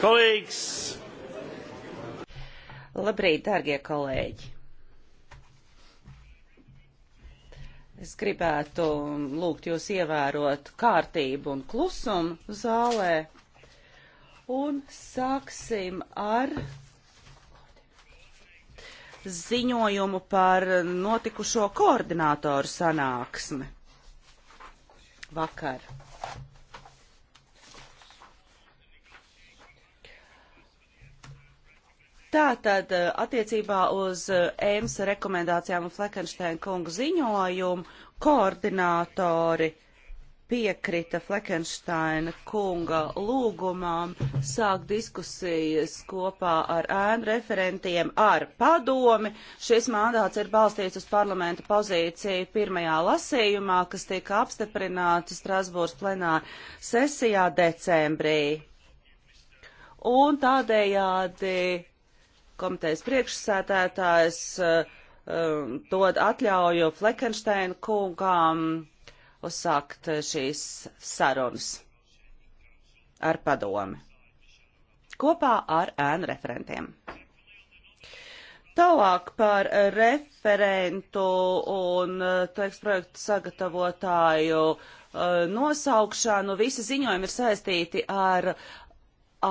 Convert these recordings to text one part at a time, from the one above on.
Kolēģis! Labrīt, dārgie kolēģi! Es gribētu lūgt jūs ievērot kārtību un klusumu zālē. Un sāksim ar ziņojumu par notikušo koordinātoru sanāksmi vakar. Tātad eh, attiecībā uz eh, EMS rekomendācijām un Fleckensteina kungu ziņojumu koordinātori piekrita Fleckensteina kunga lūgumam sākt diskusijas kopā ar ēnu referentiem ar padomi. Šis mandāts ir balstīts uz parlamenta pozīciju pirmajā lasījumā, kas tika apstiprināta Strasbūras plenāra sesijā decembrī. Un tādējādi komitejas priekšsētētājs eh, eh, dod atļauju Fleckensteina kungām uzsākt eh, šīs sarunas ar padomi kopā ar ēnu referentiem. Tālāk par referentu un tekstu projektu sagatavotāju nosaukšanu. Visi ziņojumi ir saistīti ar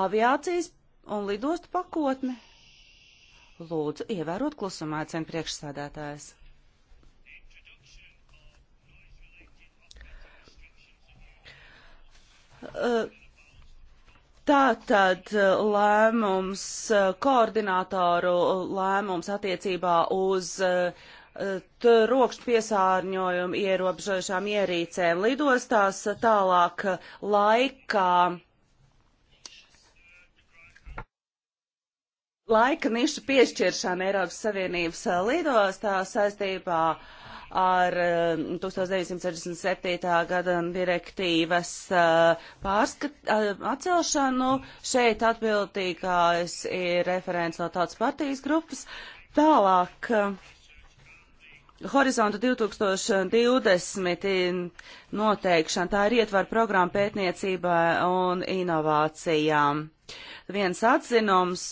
aviācijas un lidostu pakotni. Lūdzu, ievērot klusumā, cen priekšsādātājs. Eh, Tātad eh, lēmums, eh, koordinātoru lēmums attiecībā uz uh, rokšķu piesārņojumu ierobežojušām ierīcēm lidostās tālāk laikā laika nišu piešķiršana Eiropas Savienības eh, lidostā saistībā ar 1967. Eh, gada direktīvas eh, pārskat, atcelšanu. Šeit atbildīgais ir referents no tautas partijas grupas. Tālāk. Uh, Horizonta 2020 noteikšana, tā ir ietvar programma pētniecībā un inovācijām. Viens atzinums,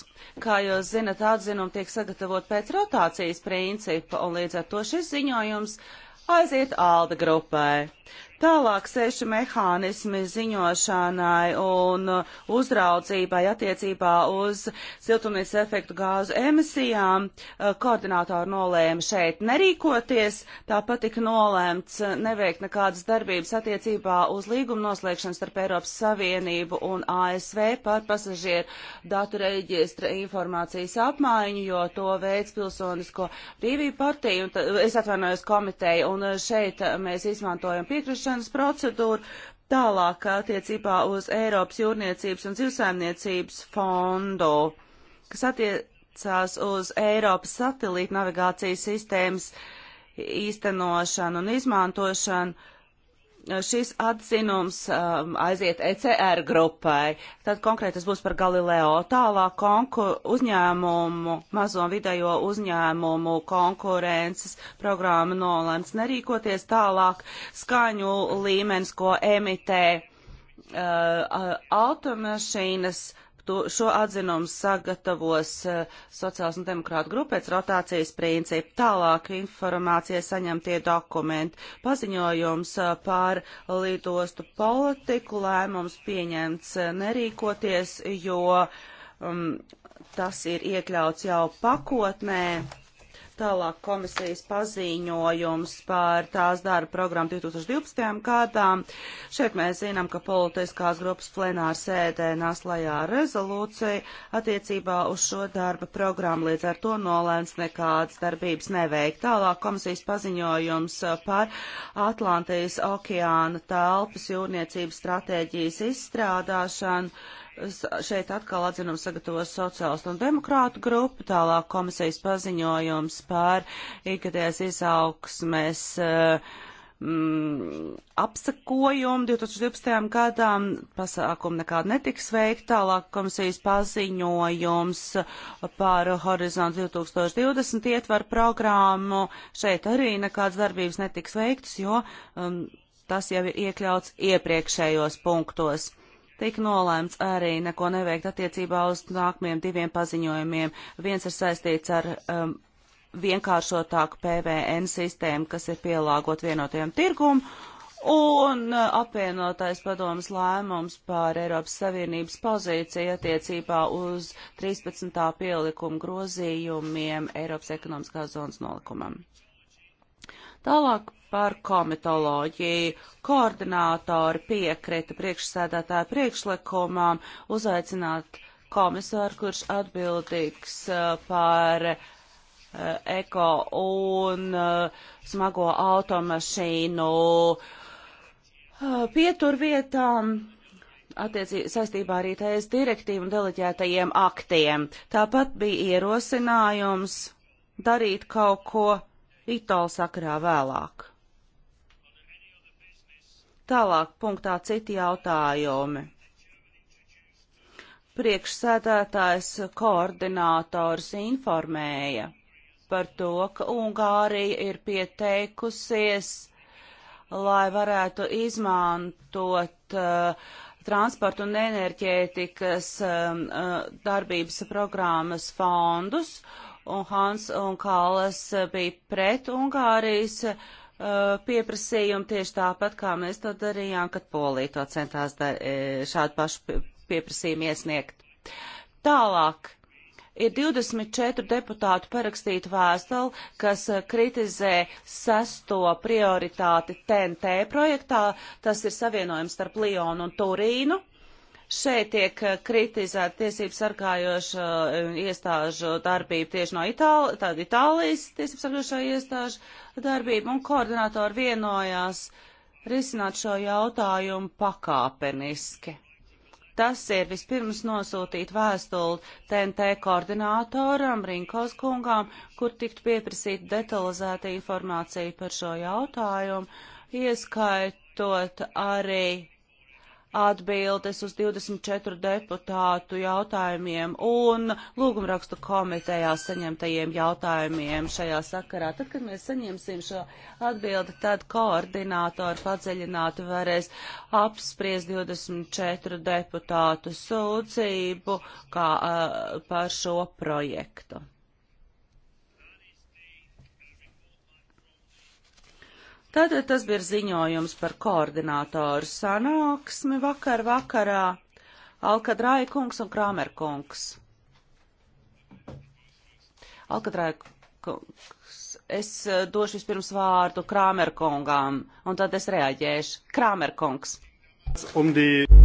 kā jūs zinat, atzinumi tiek sagatavot pēc rotācijas principa, un līdz ar to šis ziņojums aiziet ālda grupai. Tālāk seši mehānismi ziņošanai un uzraudzībai attiecībā uz siltumnīca efektu gāzu emisijām. Eh, koordinātori nolēma šeit nerīkoties, tāpat tika nolēmts neveikt nekādas darbības attiecībā uz līgumu noslēgšanu starp Eiropas Savienību un ASV par pasažieru datu reģistra informācijas apmaiņu, jo to veids pilsonisko brīvību partiju, un es atvainojos komiteju, un eh, šeit eh, mēs izmantojam piekrišanu piešķiršanas procedūru, tālāk attiecībā uz Eiropas jūrniecības un zivsaimniecības fondu, kas attiecās uz Eiropas satelīta navigācijas sistēmas īstenošanu un izmantošanu šis atzinums um, aiziet ECR grupai. Tad konkrēti tas būs par Galileo. Tālāk konku, uzņēmumu, mazo un vidējo uzņēmumu konkurences programma nolēms nerīkoties. Tālāk skaņu līmenis, ko emitē uh, automašīnas. Uh, to, šo atzinumu sagatavos eh, sociāls un demokrāta grupēc rotācijas principu. Tālāk informācija saņemtie dokumenti. Paziņojums eh, par lidostu politiku lēmums pieņemts eh, nerīkoties, jo um, tas ir iekļauts jau pakotnē. Tālāk komisijas paziņojums par tās darba programmu 2012. gadām. Šeit mēs zinām, ka politiskās grupas plenāra sēdē naslajā rezolūcija attiecībā uz šo darba programmu. Līdz ar to nolēns nekādas darbības neveikt. Tālāk komisijas paziņojums par Atlantijas okeāna telpas jūrniecības stratēģijas izstrādāšanu Šeit atkal atzinums sagatavos sociālistu un demokrātu grupu, tālāk komisijas paziņojums par IKTS izaugsmēs eh, mm, apsakojumu 2012. gadām, pasākumu nekādu netiks veikt, tālāk komisijas paziņojums par Horizont 2020 ietvaru programmu, šeit arī nekādas darbības netiks veiktas, jo um, tas jau ir iekļauts iepriekšējos punktos tika nolēmts arī neko neveikt attiecībā uz nākamajiem diviem paziņojumiem. Viens ir saistīts ar um, vienkāršotāku PVN sistēmu, kas ir pielāgot vienotajam tirgumam, un uh, apvienotais padomas lēmums par Eiropas Savienības pozīciju attiecībā uz 13. pielikumu grozījumiem Eiropas ekonomiskās zonas nolikumam. Tālāk par komitoloģiju. Koordinātori piekrita priekšsēdētāja priekšlikumam uzaicināt komisāru, kurš atbildīgs uh, par uh, eko un uh, smago automašīnu pieturvietām attiecībā saistībā arī tēs direktīvu un deleģētajiem aktiem. Tāpat bija ierosinājums darīt kaut ko itālu sakarā vēlāk. Tālāk punktā citi jautājumi. Priekšsēdētājs koordinātors informēja par to, ka Ungārija ir pieteikusies, lai varētu izmantot uh, transporta un enerģētikas um, uh, darbības programmas fondus, uh, un Hans un Kālas bija pret Ungārijas uh, pieprasījumu tieši tāpat, kā mēs to darījām, kad Polija to centās dar, eh, šādu pašu pieprasījumu iesniegt. Tālāk ir 24 deputātu parakstīta vēstule, kas eh, kritizē sesto prioritāti TNT projektā. Tas ir savienojums starp Lionu un Turīnu. Šeit tiek eh, kritizēta tiesību sargājoša eh, iestāžu darbība tieši no Itāli, tāda Itālijas tiesību sargājošā iestāžu darbība, un koordinātori vienojās risināt šo jautājumu pakāpeniski. Tas ir vispirms nosūtīt vēstuli TNT koordinātoram Rinkos kungām, kur tikt pieprasīt detalizēta informācija par šo jautājumu, ieskaitot arī atbildes uz 24 deputātu jautājumiem un lūgumrakstu komitejā saņemtajiem jautājumiem šajā sakarā. Tad, kad mēs saņemsim šo atbildi, tad koordinātori padziļināti varēs apspriest 24 deputātu sūdzību kā, uh, par šo projektu. Tātad tas bija ziņojums par koordinātoru sanāksmi vakar vakarā Alkadrāja kungs un Krāmer kungs. Alkadrāja kungs, es eh, došu vispirms vārdu Krāmer kungām, un tad es reaģēšu. Krāmer kungs. Um die...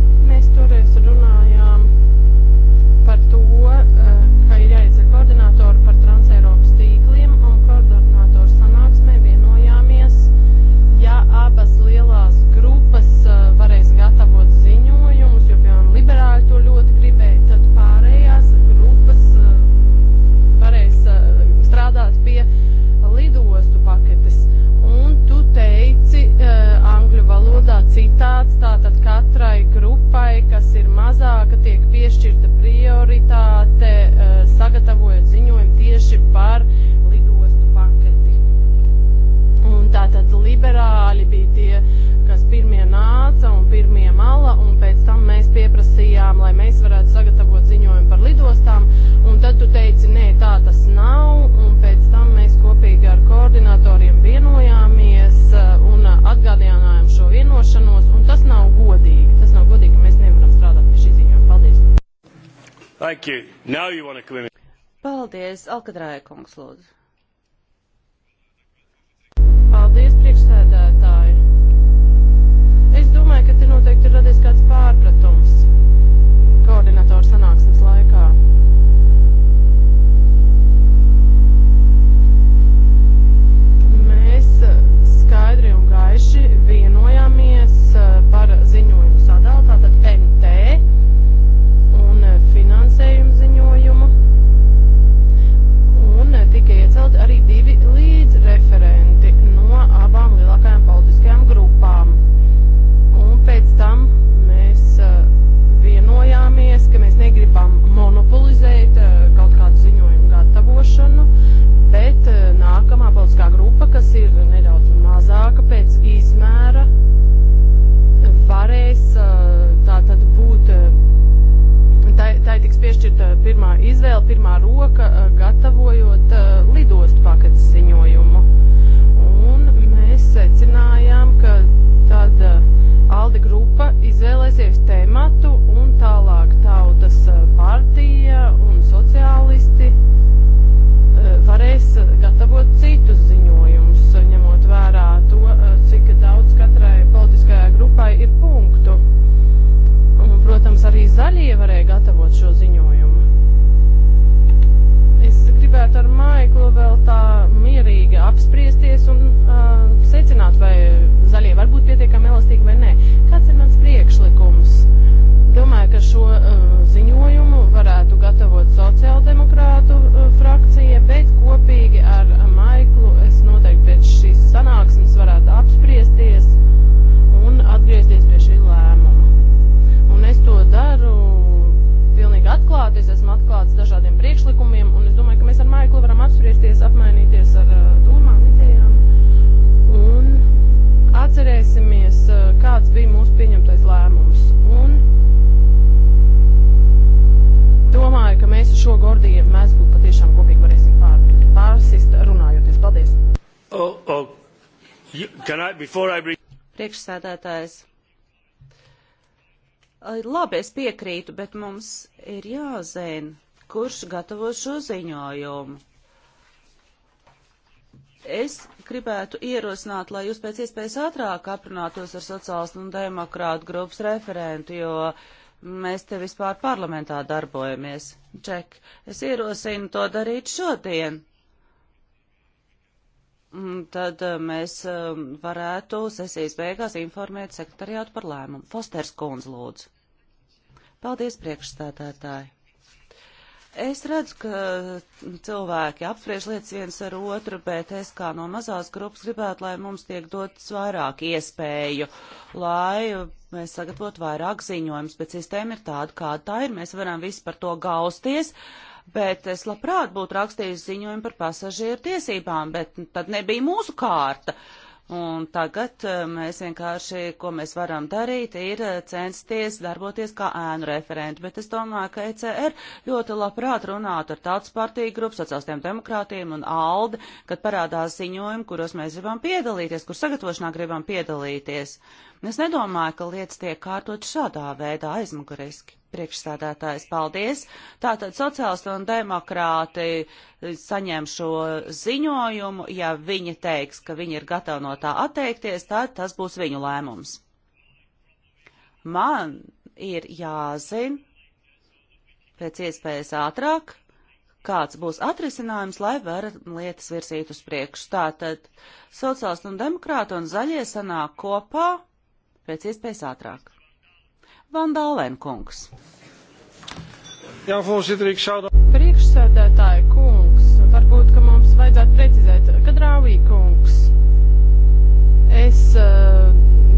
Vēlreiz Alkadrāja kungs lūdzu. Paldies, priekšsēdētāji! Es domāju, ka te noteikti ir radies kāds pārpratums. I... Priekšsēdētājs. Labi, es piekrītu, bet mums ir jāzina, kurš gatavo šo ziņojumu. Es gribētu ierosināt, lai jūs pēc iespējas ātrāk aprunātos ar sociālistu un demokrātu grupas referentu, jo mēs te vispār parlamentā darbojamies. Ček, es ierosinu to darīt šodien. Mm, tad eh, mēs eh, varētu sesijas beigās informēt sekretariātu par lēmumu. Fosters Kunz lūdzu. Paldies, priekšstādātāji. Es redzu, ka cilvēki apspriež lietas viens ar otru, bet es kā no mazās grupas gribētu, lai mums tiek dotas vairāk iespēju, lai mēs sagatavotu vairāk ziņojumus, bet sistēma ir tāda, kāda tā ir. Mēs varam visi par to gausties. Uh, bet es labprāt būtu rakstījis ziņojumu par pasažieru tiesībām, bet nu, tad nebija mūsu kārta. Un tagad eh, mēs vienkārši, ko mēs varam darīt, ir eh, censties darboties kā ēnu referenti, bet es domāju, ka ECR ļoti labprāt runātu ar tautas partiju grupu, sociālistiem demokrātiem un ALDE, kad parādās ziņojumi, kuros mēs gribam piedalīties, kur sagatavošanā gribam piedalīties. Es nedomāju, ka lietas tiek kārtot šādā veidā aizmuguriski. Priekšsādātājs, paldies. Tātad sociālisti un demokrāti saņem šo ziņojumu. Ja viņi teiks, ka viņi ir gatavi no tā atteikties, tad tas būs viņu lēmums. Man ir jāzina pēc iespējas ātrāk, kāds būs atrisinājums, lai var lietas virsīt uz priekšu. Tātad sociālisti un demokrāti un zaļie sanāk kopā pēc iespējas ātrāk. Van Dālēn kungs. Jā, voorzitter, ik zou dan... Priekšsēdētāja kungs, varbūt, ka mums vajadzētu precizēt, kad rāvī kungs. Es uh,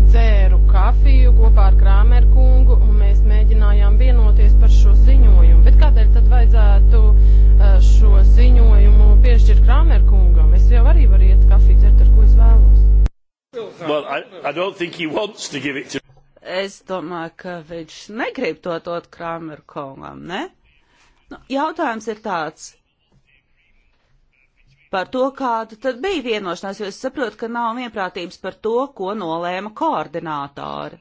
dzēru kafiju kopā ar Krāmeru kungu un mēs mēģinājām vienoties par šo ziņojumu. Bet kādēļ tad vajadzētu uh, šo ziņojumu piešķirt Krāmeru kungam? Es jau arī varu iet kafiju dzert, ar ko es vēlos. Well, I, I don't think he wants to give it to Es domāju, ka viņš negrib to dot Kramer kungam, ne? Nu, jautājums ir tāds par to, kāda tad bija vienošanās, jo es saprotu, ka nav vienprātības par to, ko nolēma koordinātori.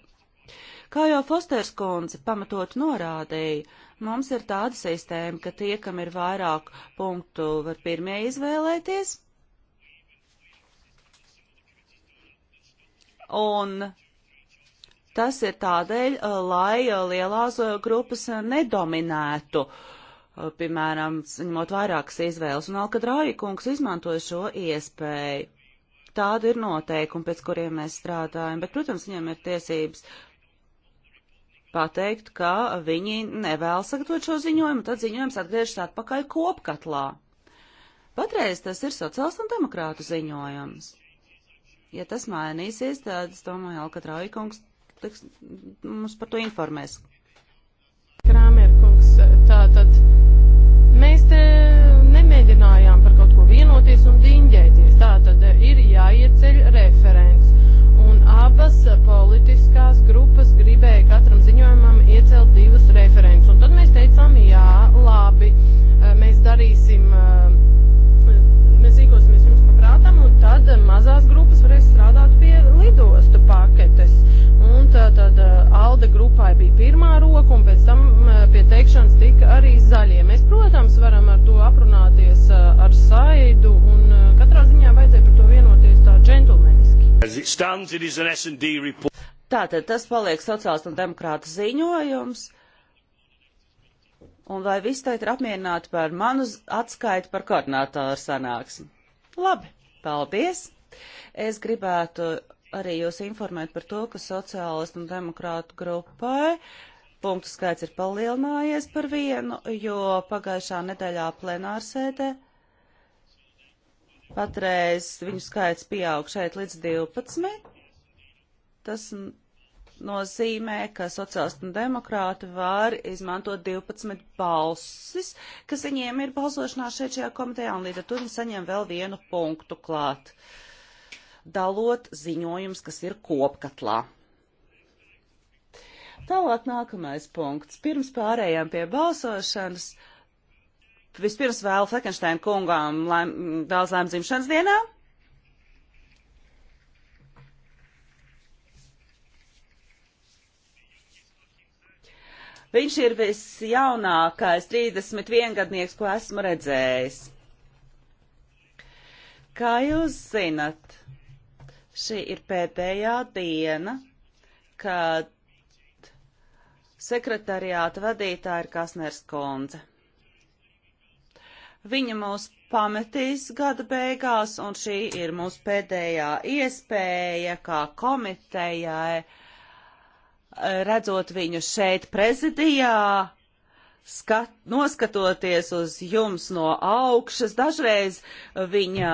Kā jau Fosters kundze pamatot norādīja, mums ir tāda sistēma, ka tie, kam ir vairāk punktu, var pirmie izvēlēties. Un Tas ir tādēļ, eh, lai eh, lielās eh, grupas nedominētu. Piemēram, ņemot vairākas izvēles, un Alkadrāja kungs izmantoja šo iespēju. Tāda ir noteikuma, pēc kuriem mēs strādājam, bet, protams, viņiem ir tiesības pateikt, ka viņi nevēlas sagatavot šo ziņojumu, tad ziņojums atgriežas atpakaļ kopkatlā. Patreiz tas ir sociāls un demokrātu ziņojums. Ja tas mainīsies, tad es domāju, Alkatraujikungs tiks, mums par to informēs. Krāmerkungs, tātad mēs te nemēģinājām par kaut ko vienoties un diņģēties. Tātad ir jāieceļ referents. Un abas politiskās grupas gribēja katram ziņojumam iecelt divus referents. Un tad mēs teicām, jā, labi, eh, mēs darīsim, eh, mēs rīkosimies jums paprātam, un tad mazās grupas varēs strādāt lidostu paketes. Un tātad Alde grupai bija pirmā roka un pēc tam pie teikšanas tika arī zaļie. Mēs, protams, varam ar to aprunāties ar Saidu un katrā ziņā vajadzēja par to vienoties tā džentlmeniski. Tātad tas paliek sociāls un demokrāta ziņojums. Un vai viss tagad ir apmierināti par manu atskaitu par koordinātoru sanāksmi? Labi, paldies! Es gribētu arī jūs informēt par to, ka sociālistu un demokrātu grupai punktu skaits ir palielinājies par vienu, jo pagājušā nedēļā plenārsēdē patreiz viņu skaits pieaug šeit līdz 12. Tas nozīmē, ka sociālisti un demokrāti var izmantot 12 balsis, kas viņiem ir balsošanā šeit šajā komitejā, un līdz ar to viņi saņem vēl vienu punktu klāt. Uh, dalot ziņojums, kas ir kopkatlā. Tālāk nākamais punkts. Pirms pārējām pie balsošanas, vispirms vēl Fleckensteina kungām laim, dāls laimdzimšanas dienā. Viņš ir visjaunākais 31 gadnieks, ko esmu redzējis. Kā jūs zinat, Šī ir pēdējā diena, kad sekretariāta vadītāja ir Kasners Konze. Viņa mūs pametīs gada beigās, un šī ir mūsu pēdējā iespēja kā komitejai, redzot viņu šeit prezidijā, skat, noskatoties uz jums no augšas, dažreiz viņa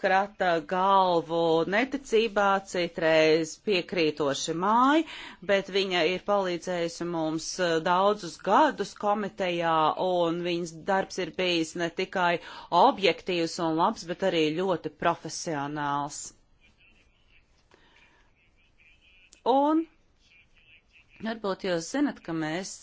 krata galvu neticībā, citreiz piekrītoši māju, bet viņa ir palīdzējusi mums e, daudzus gadus komitejā, un viņas darbs ir bijis ne tikai objektīvs un labs, bet arī ļoti profesionāls. Un varbūt jūs zinat, ka mēs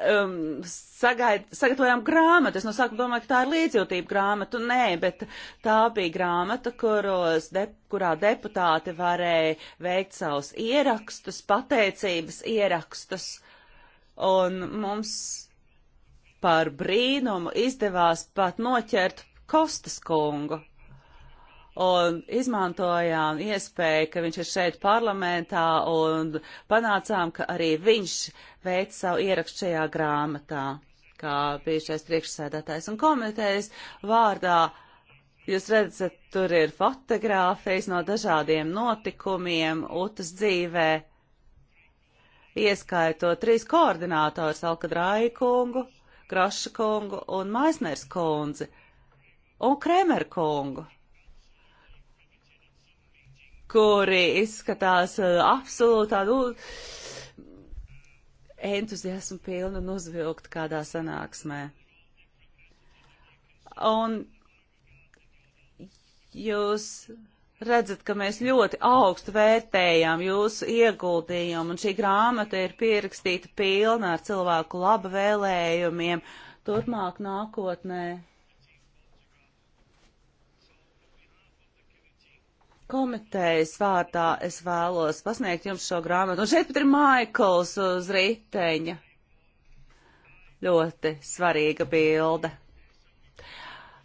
um, sagaid, sagatavojām grāmatu. Es no sākuma domāju, ka tā ir līdzjūtība grāmatu. Nē, bet tā bija grāmata, kuros, de, kurā deputāti varēja veikt savus ierakstus, pateicības ierakstus. Un mums par brīnumu izdevās pat noķert Kostas kungu un izmantojām iespēju, ka viņš ir šeit parlamentā un panācām, ka arī viņš veic savu ierakstu šajā grāmatā, kā bijušais priekšsēdētājs un komitejas vārdā. Jūs redzat, tur ir fotogrāfijas no dažādiem notikumiem Utas dzīvē, ieskaitot trīs koordinātors Alkadrāju kungu, Graša kungu un Maisners kundzi un Kremer kungu kuri izskatās eh, absolūti tādu entuziasmu pilnu un uzvilkt kādā sanāksmē. Un jūs redzat, ka mēs ļoti augstu vērtējām jūsu ieguldījumu, un šī grāmata ir pierakstīta pilna ar cilvēku laba vēlējumiem turpmāk nākotnē. komitejas vārdā es vēlos pasniegt jums šo grāmatu. Un šeit pat ir Maikls uz riteņa. Ļoti svarīga bilde.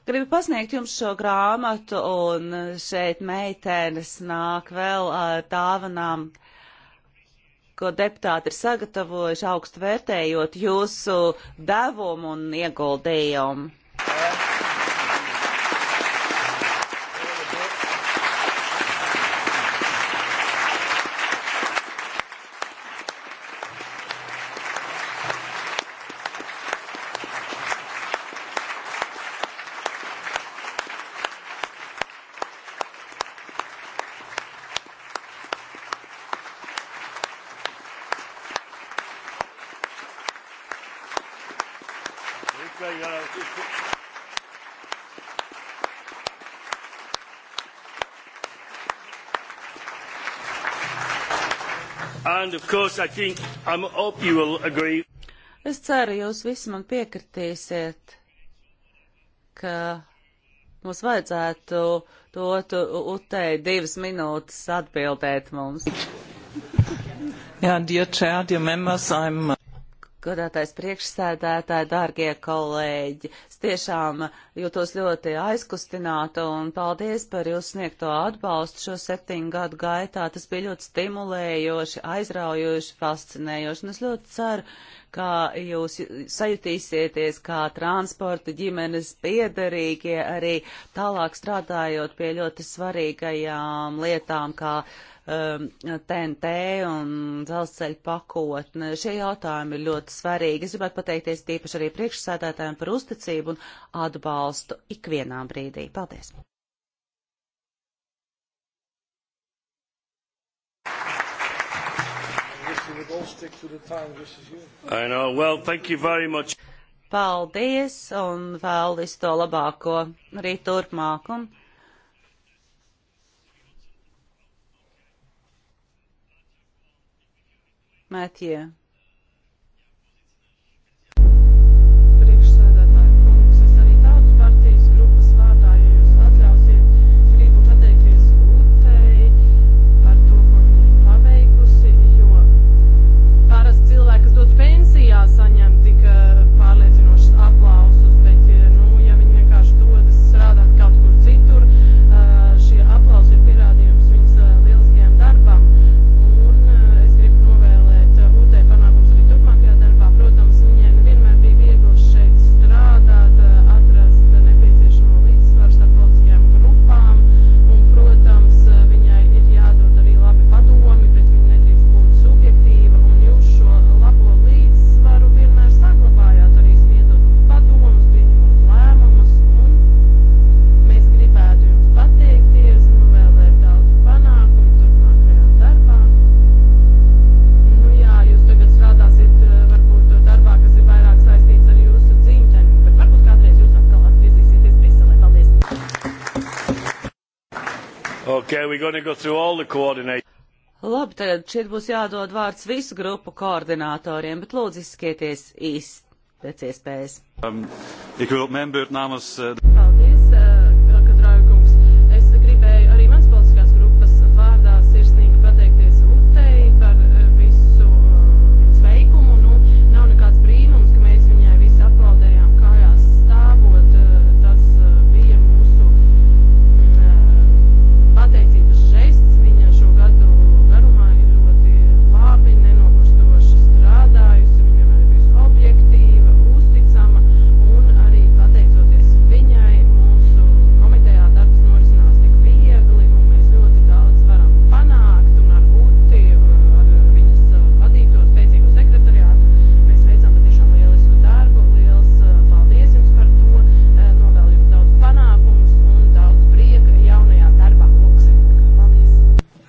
Gribu pasniegt jums šo grāmatu, un šeit meitenes nāk vēl ar dāvanām, ko deputāti ir sagatavojuši augstu vērtējot jūsu devumu un ieguldījumu. of course, I think I hope you will agree. Es ceru, jūs visi man piekritīsiet, ka mums vajadzētu dot Utei divas minūtes atbildēt mums. Jā, yeah, dear chair, dear members, I'm. Godātais priekšsēdētāji, dārgie kolēģi, es tiešām jūtos ļoti aizkustināta un paldies par jūsu sniegto atbalstu šo septiņu gadu gaitā. Tas bija ļoti stimulējoši, aizraujoši, fascinējoši, un es ļoti ceru, ka jūs sajutīsieties kā transporta ģimenes piederīgie, arī tālāk strādājot pie ļoti svarīgajām lietām, kā uh, TNT um, un dzelzceļa pakotne. Šie jautājumi ir ļoti svarīgi. Es gribētu pateikties tīpaši arī priekšsēdētājiem par uzticību un atbalstu ikvienā brīdī. Paldies! I know. Well, thank you very much. Paldies un vēl visu to labāko arī turpmāk. Un Mathieu. go Labi, tad šeit būs jādod vārds visu grupu koordinātoriem, bet lūdzu izskieties īsti pēc iespējas. Um, ik wil mijn beurt namens. Uh...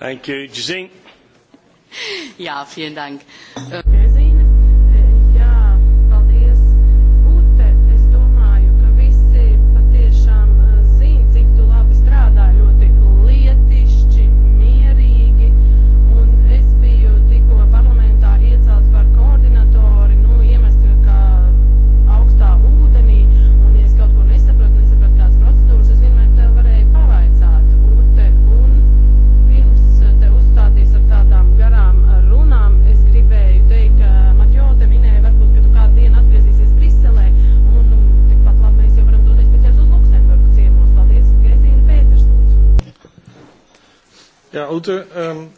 Thank you, Jazeen. ja, vielen Dank. Äh Outen. Um,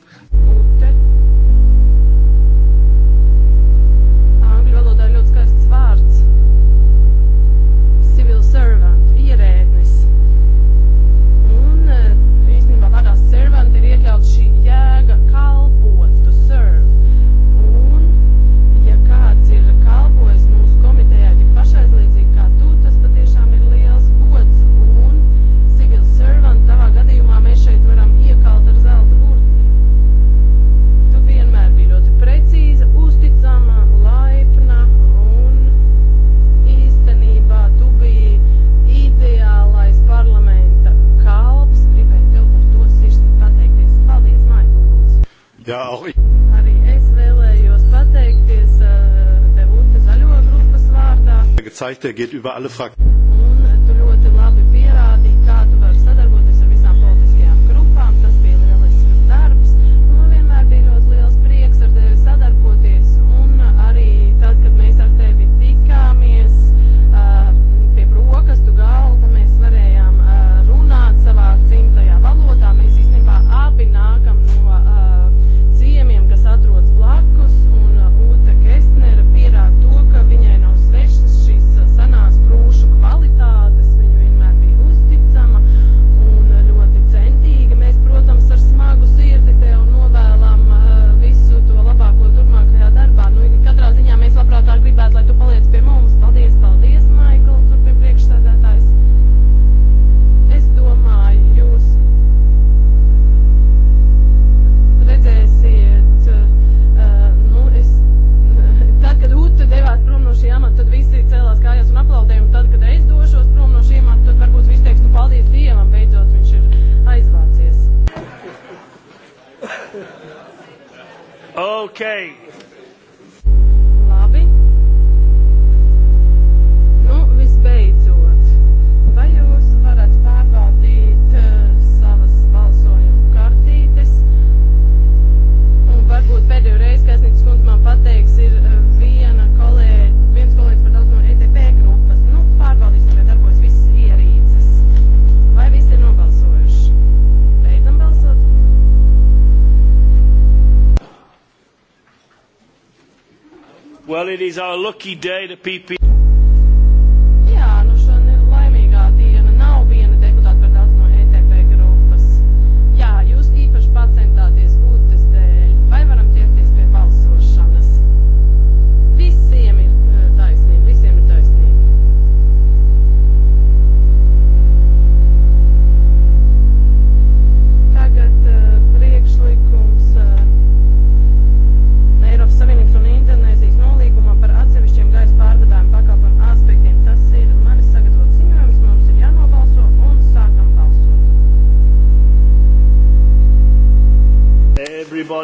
zeigt, er geht über alle Fraktionen. is our lucky day, the PP.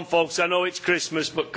on folks i know it is christmas but.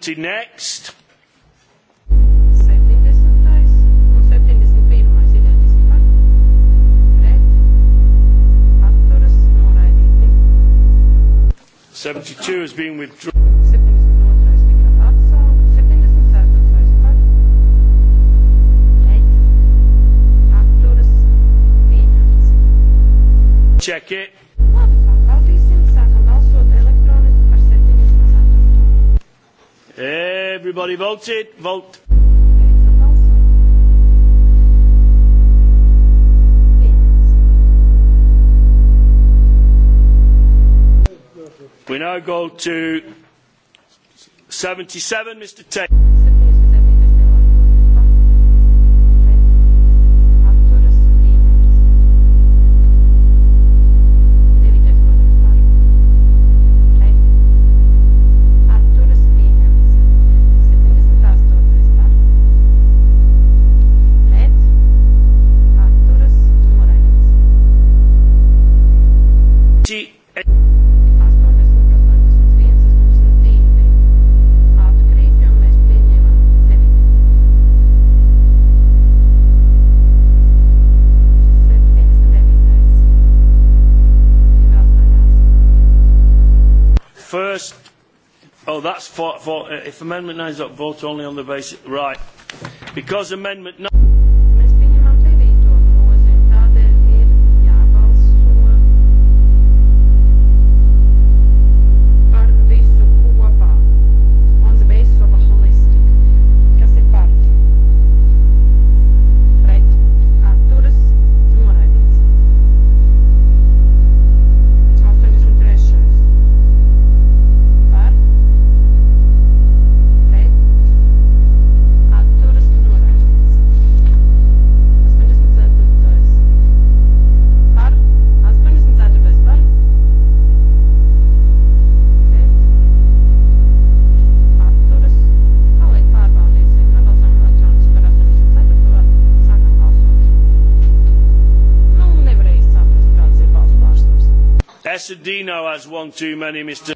seventy next. Seventy two has been withdrawn. check it. Everybody voted. Vote. We now go to 77, Mr. Tate. Oh, that's for, for uh, if Amendment 9 is up, vote only on the basis. Right. Because Amendment 9. Mr. Dino has one too many, Mr.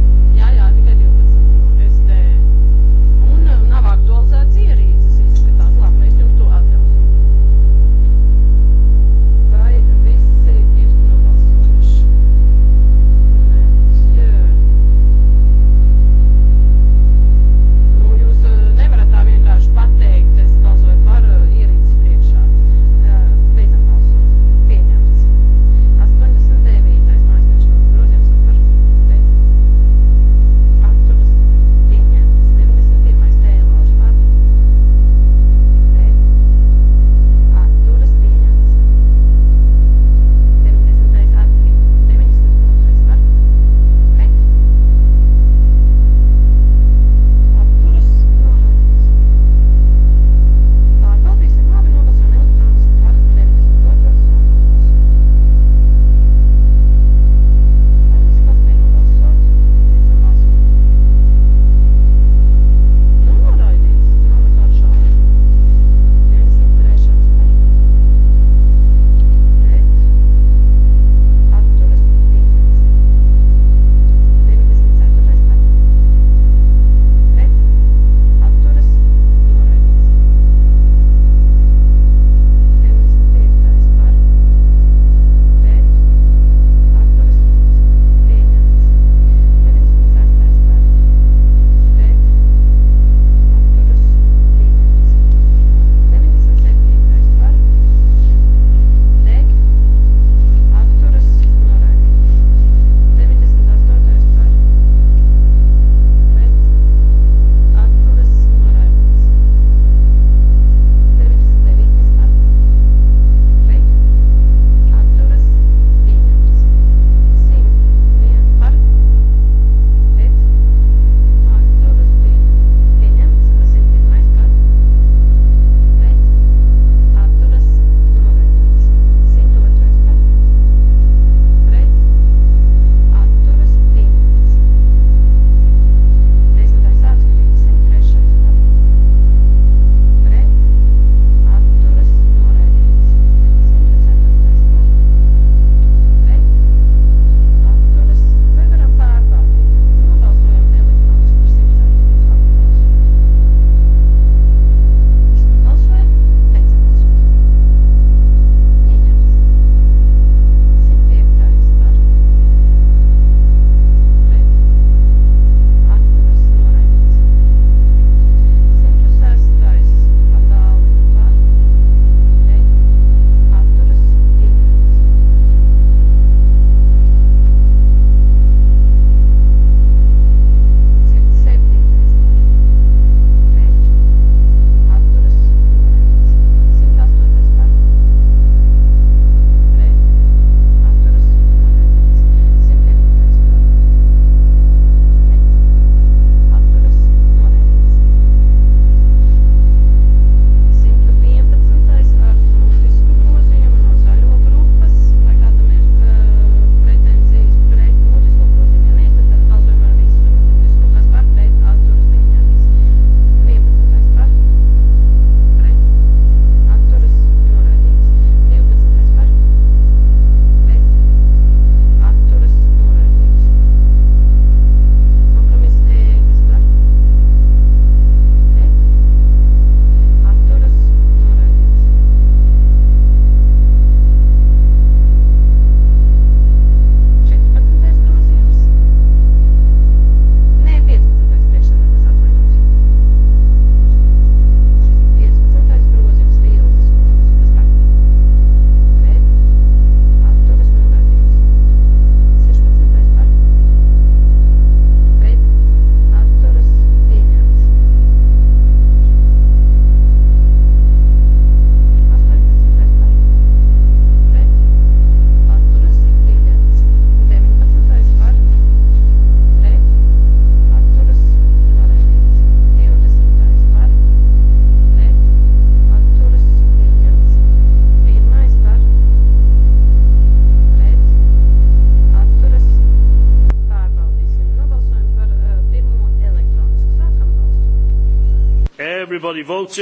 votes.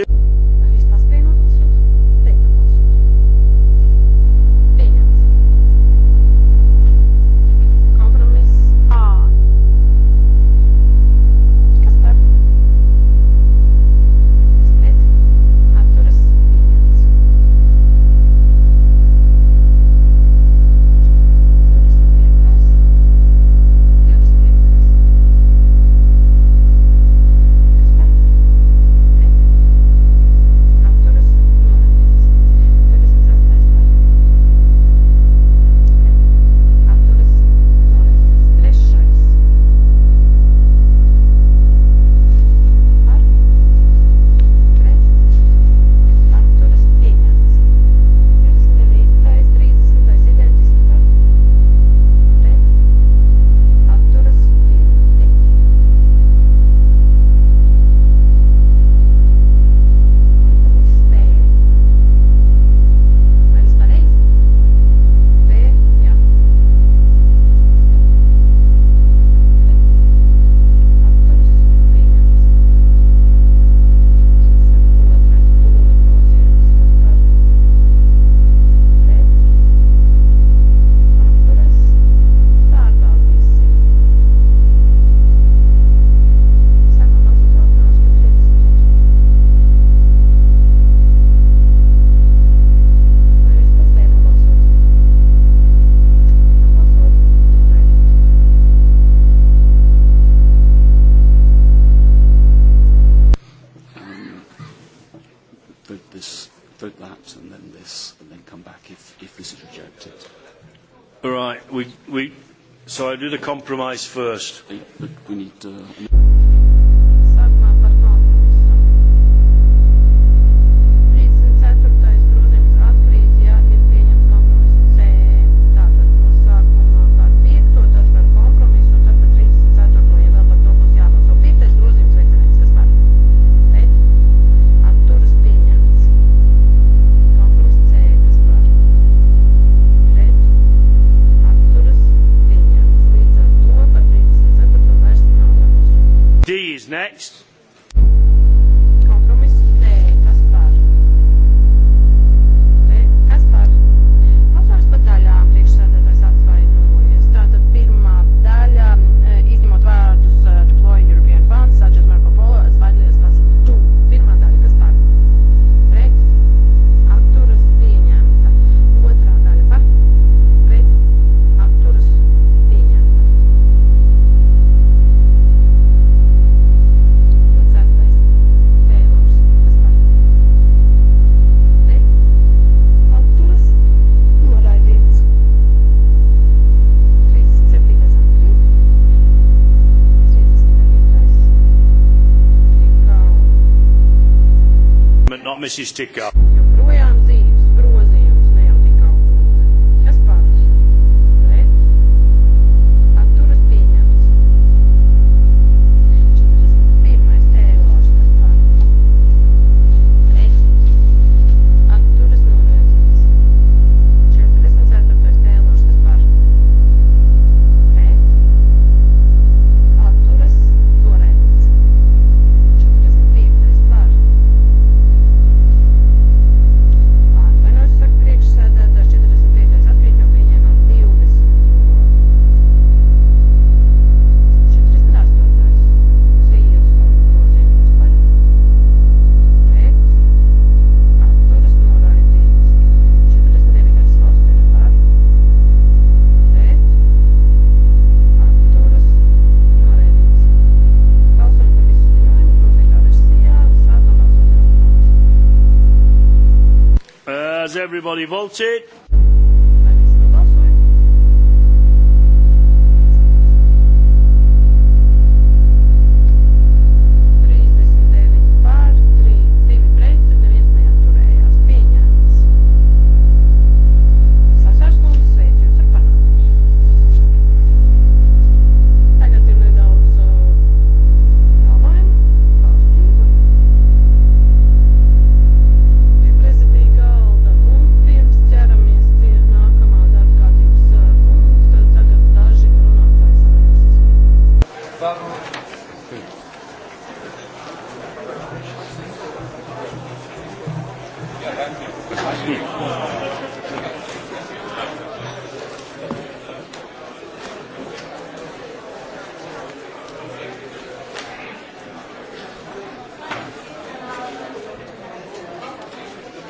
do the compromise first. We need to... Uh, next. Mrs. Tikau. everybody voted?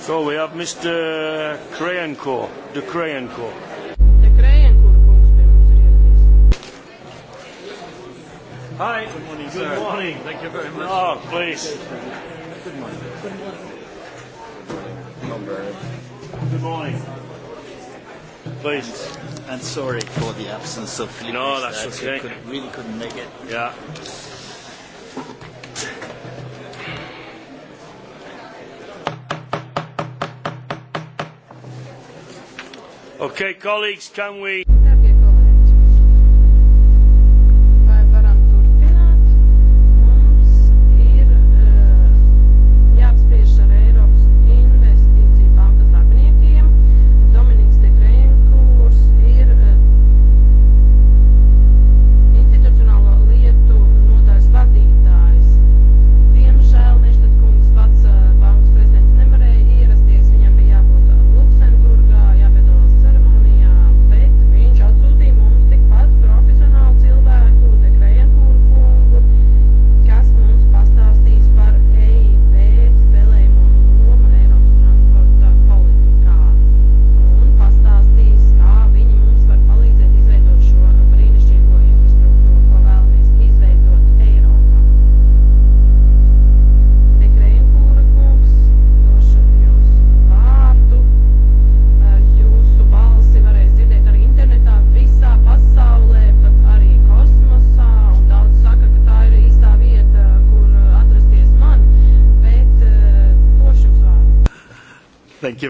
So we have Mr. Krayenko, the Krayenko. Hi. Good morning. Good sir. morning. Thank you very much. Oh, please. Good morning. Good morning. Good morning. Please. And sorry for the absence of Felipe. No, that's that okay. Could, really couldn't make it. Yeah. Okay, colleagues, can we...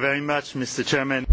very much, Mr. Chairman.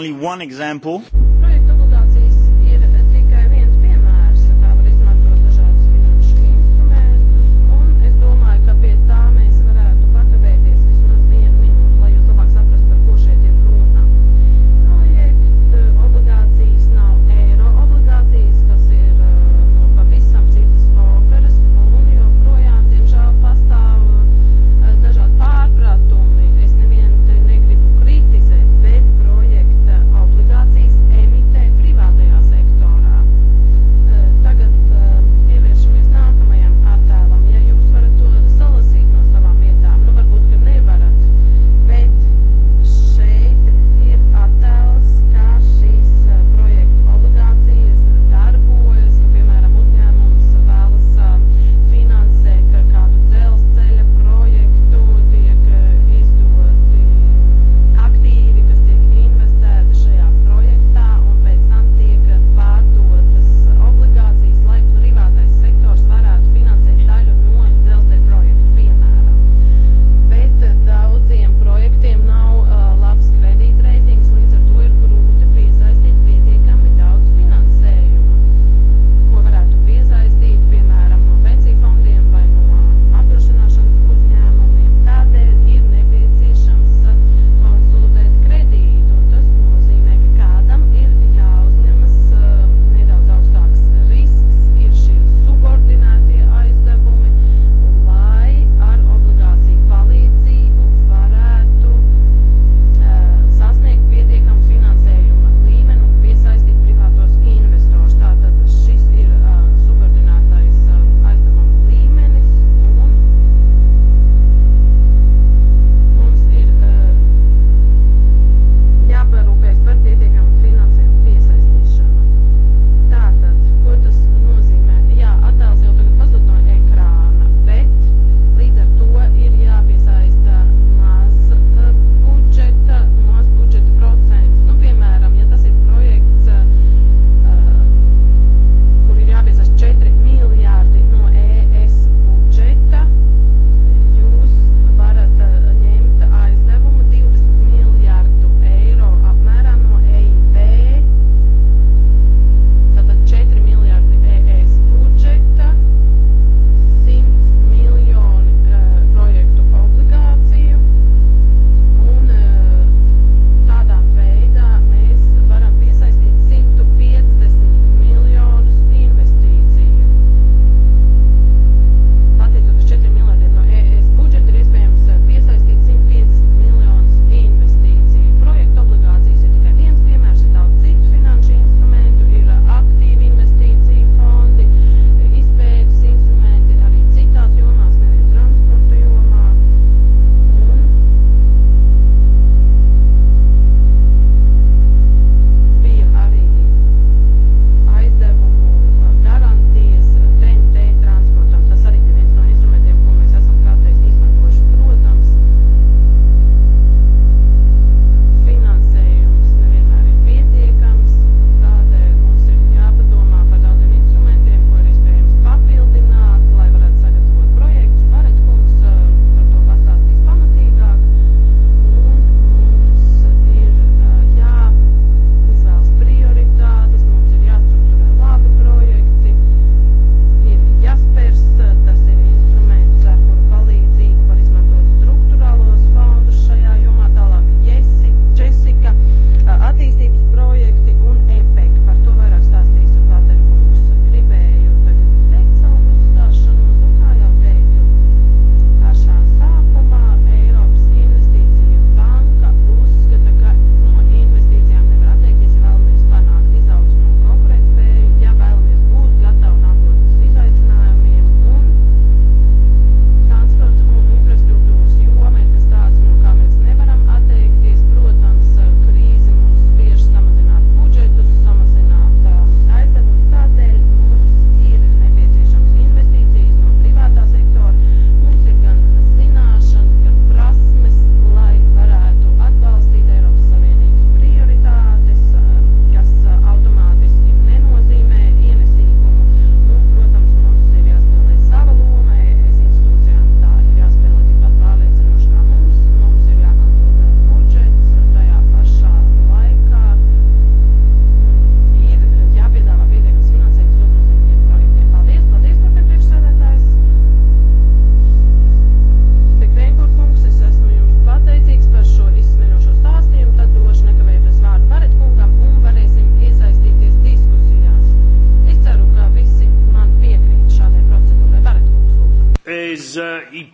only one example.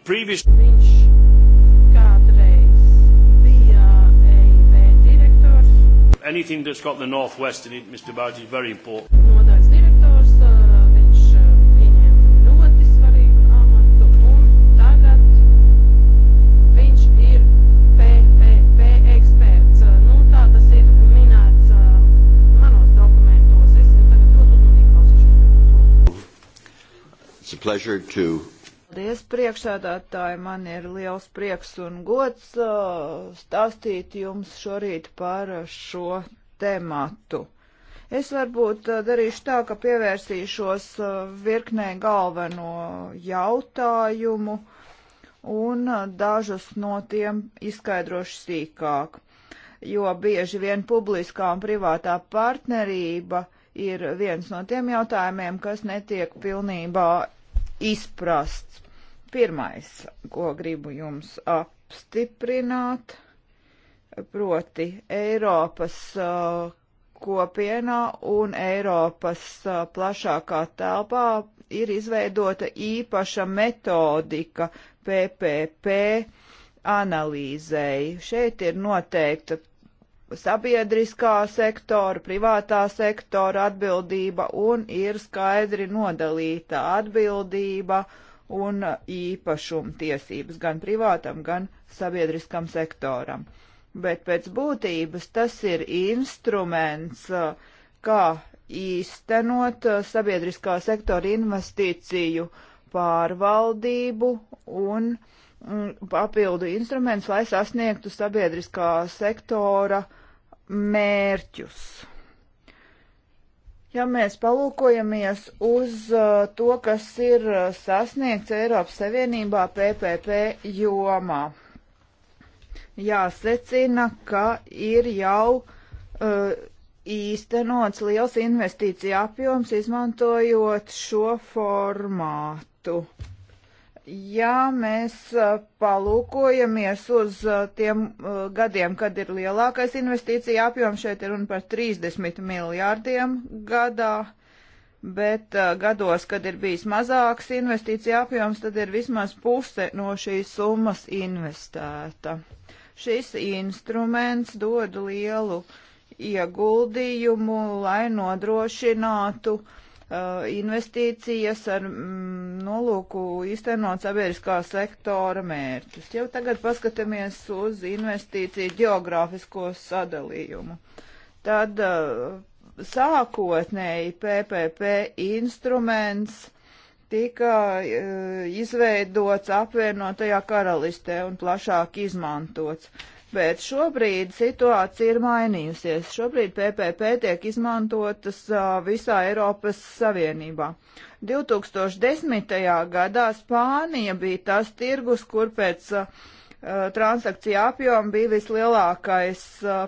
previous viņš kādreiz bija EIB direktors. Anything that's got the northwest in it, Mr. Barge, is very important. Nodaļas direktors, uh, viņš uh, ieņem ļoti svarīgu amatu un tagad viņš ir PPP eksperts. Uh, nu, tā tas ir minēts manos dokumentos. Es tagad ļoti uzmanīgi klausīšu. It's a pleasure to Paldies, priekšsēdētāji. Man ir liels prieks un gods uh, stāstīt jums šorīt par šo tematu. Es varbūt uh, darīšu tā, ka pievērsīšos uh, virknē galveno jautājumu un dažus no tiem izskaidrošu sīkāk, jo bieži vien publiskā un privātā partnerība ir viens no tiem jautājumiem, kas netiek pilnībā izprasts. Pirmais, ko gribu jums apstiprināt, proti Eiropas uh, kopienā un Eiropas uh, plašākā telpā ir izveidota īpaša metodika PPP analīzēji. Šeit ir noteikta sabiedriskā sektora, privātā sektora atbildība un ir skaidri nodalīta atbildība un īpašuma tiesības gan privātam, gan sabiedriskam sektoram. Bet pēc būtības tas ir instruments, kā īstenot sabiedriskā sektora investīciju pārvaldību un mm, papildu instruments, lai sasniegtu sabiedriskā sektora mērķus. Ja mēs palūkojamies uz uh, to, kas ir uh, sasniegts Eiropas Savienībā PPP jomā, jāsecina, ka ir jau uh, īstenots liels investīcija apjoms, izmantojot šo formātu. Uh, ja mēs uh, palūkojamies uz uh, tiem uh, gadiem, kad ir lielākais investīcija apjoms, šeit ir runa par 30 miljārdiem gadā, bet gados, kad ir bijis mazāks investīcija apjoms, tad ir vismaz puse no šīs summas investēta. Šis instruments dod lielu ieguldījumu, lai nodrošinātu uh, Uh, investīcijas ar mm, nolūku īstenot sabiedriskā sektora mērķus. Jau tagad paskatāmies uz investīciju geogrāfisko sadalījumu. Tad uh, sākotnēji PPP instruments tika uh, izveidots apvienotajā karalistē un plašāk izmantots bet šobrīd situācija ir mainījusies. Šobrīd PPP tiek izmantotas visā Eiropas Savienībā. 2010. gadā Spānija bija tas tirgus, kur pēc uh, transakcija apjoma bija vislielākais uh,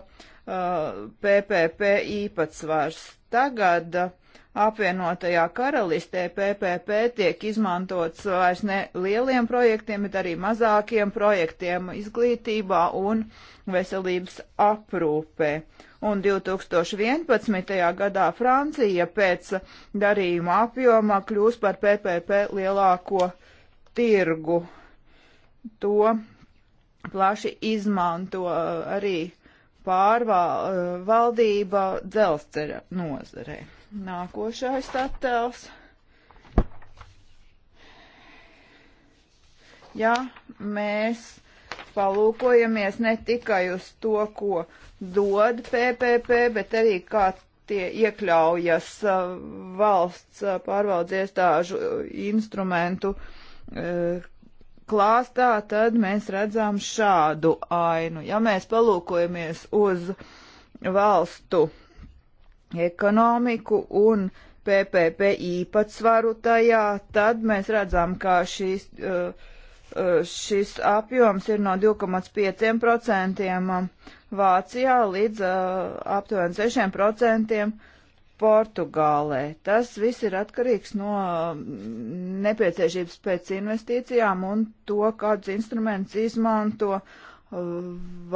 PPP īpatsvars. Tagad uh, apvienotajā karalistē PPP tiek izmantots vairs ne lieliem projektiem, bet arī mazākiem projektiem izglītībā un veselības aprūpē. Un 2011. gadā Francija pēc darījuma apjoma kļūs par PPP lielāko tirgu. To plaši izmanto uh, arī pārvaldība uh, dzelzceļa nozarei. Nākošais attēls. Ja mēs palūkojamies ne tikai uz to, ko dod PPP, bet arī kā tie iekļaujas uh, valsts uh, pārvaldes iestāžu uh, instrumentu klāstā, tad mēs redzam šādu ainu. Ja mēs palūkojamies uz valstu ekonomiku un PPP īpatsvaru tajā, tad mēs redzam, ka šīs, uh, uh, šis apjoms ir no 2,5% um, Vācijā līdz uh, aptuveni 6% Portugālē. Tas viss ir atkarīgs no um, nepieciešības pēc investīcijām un to, kādus instrumentus izmanto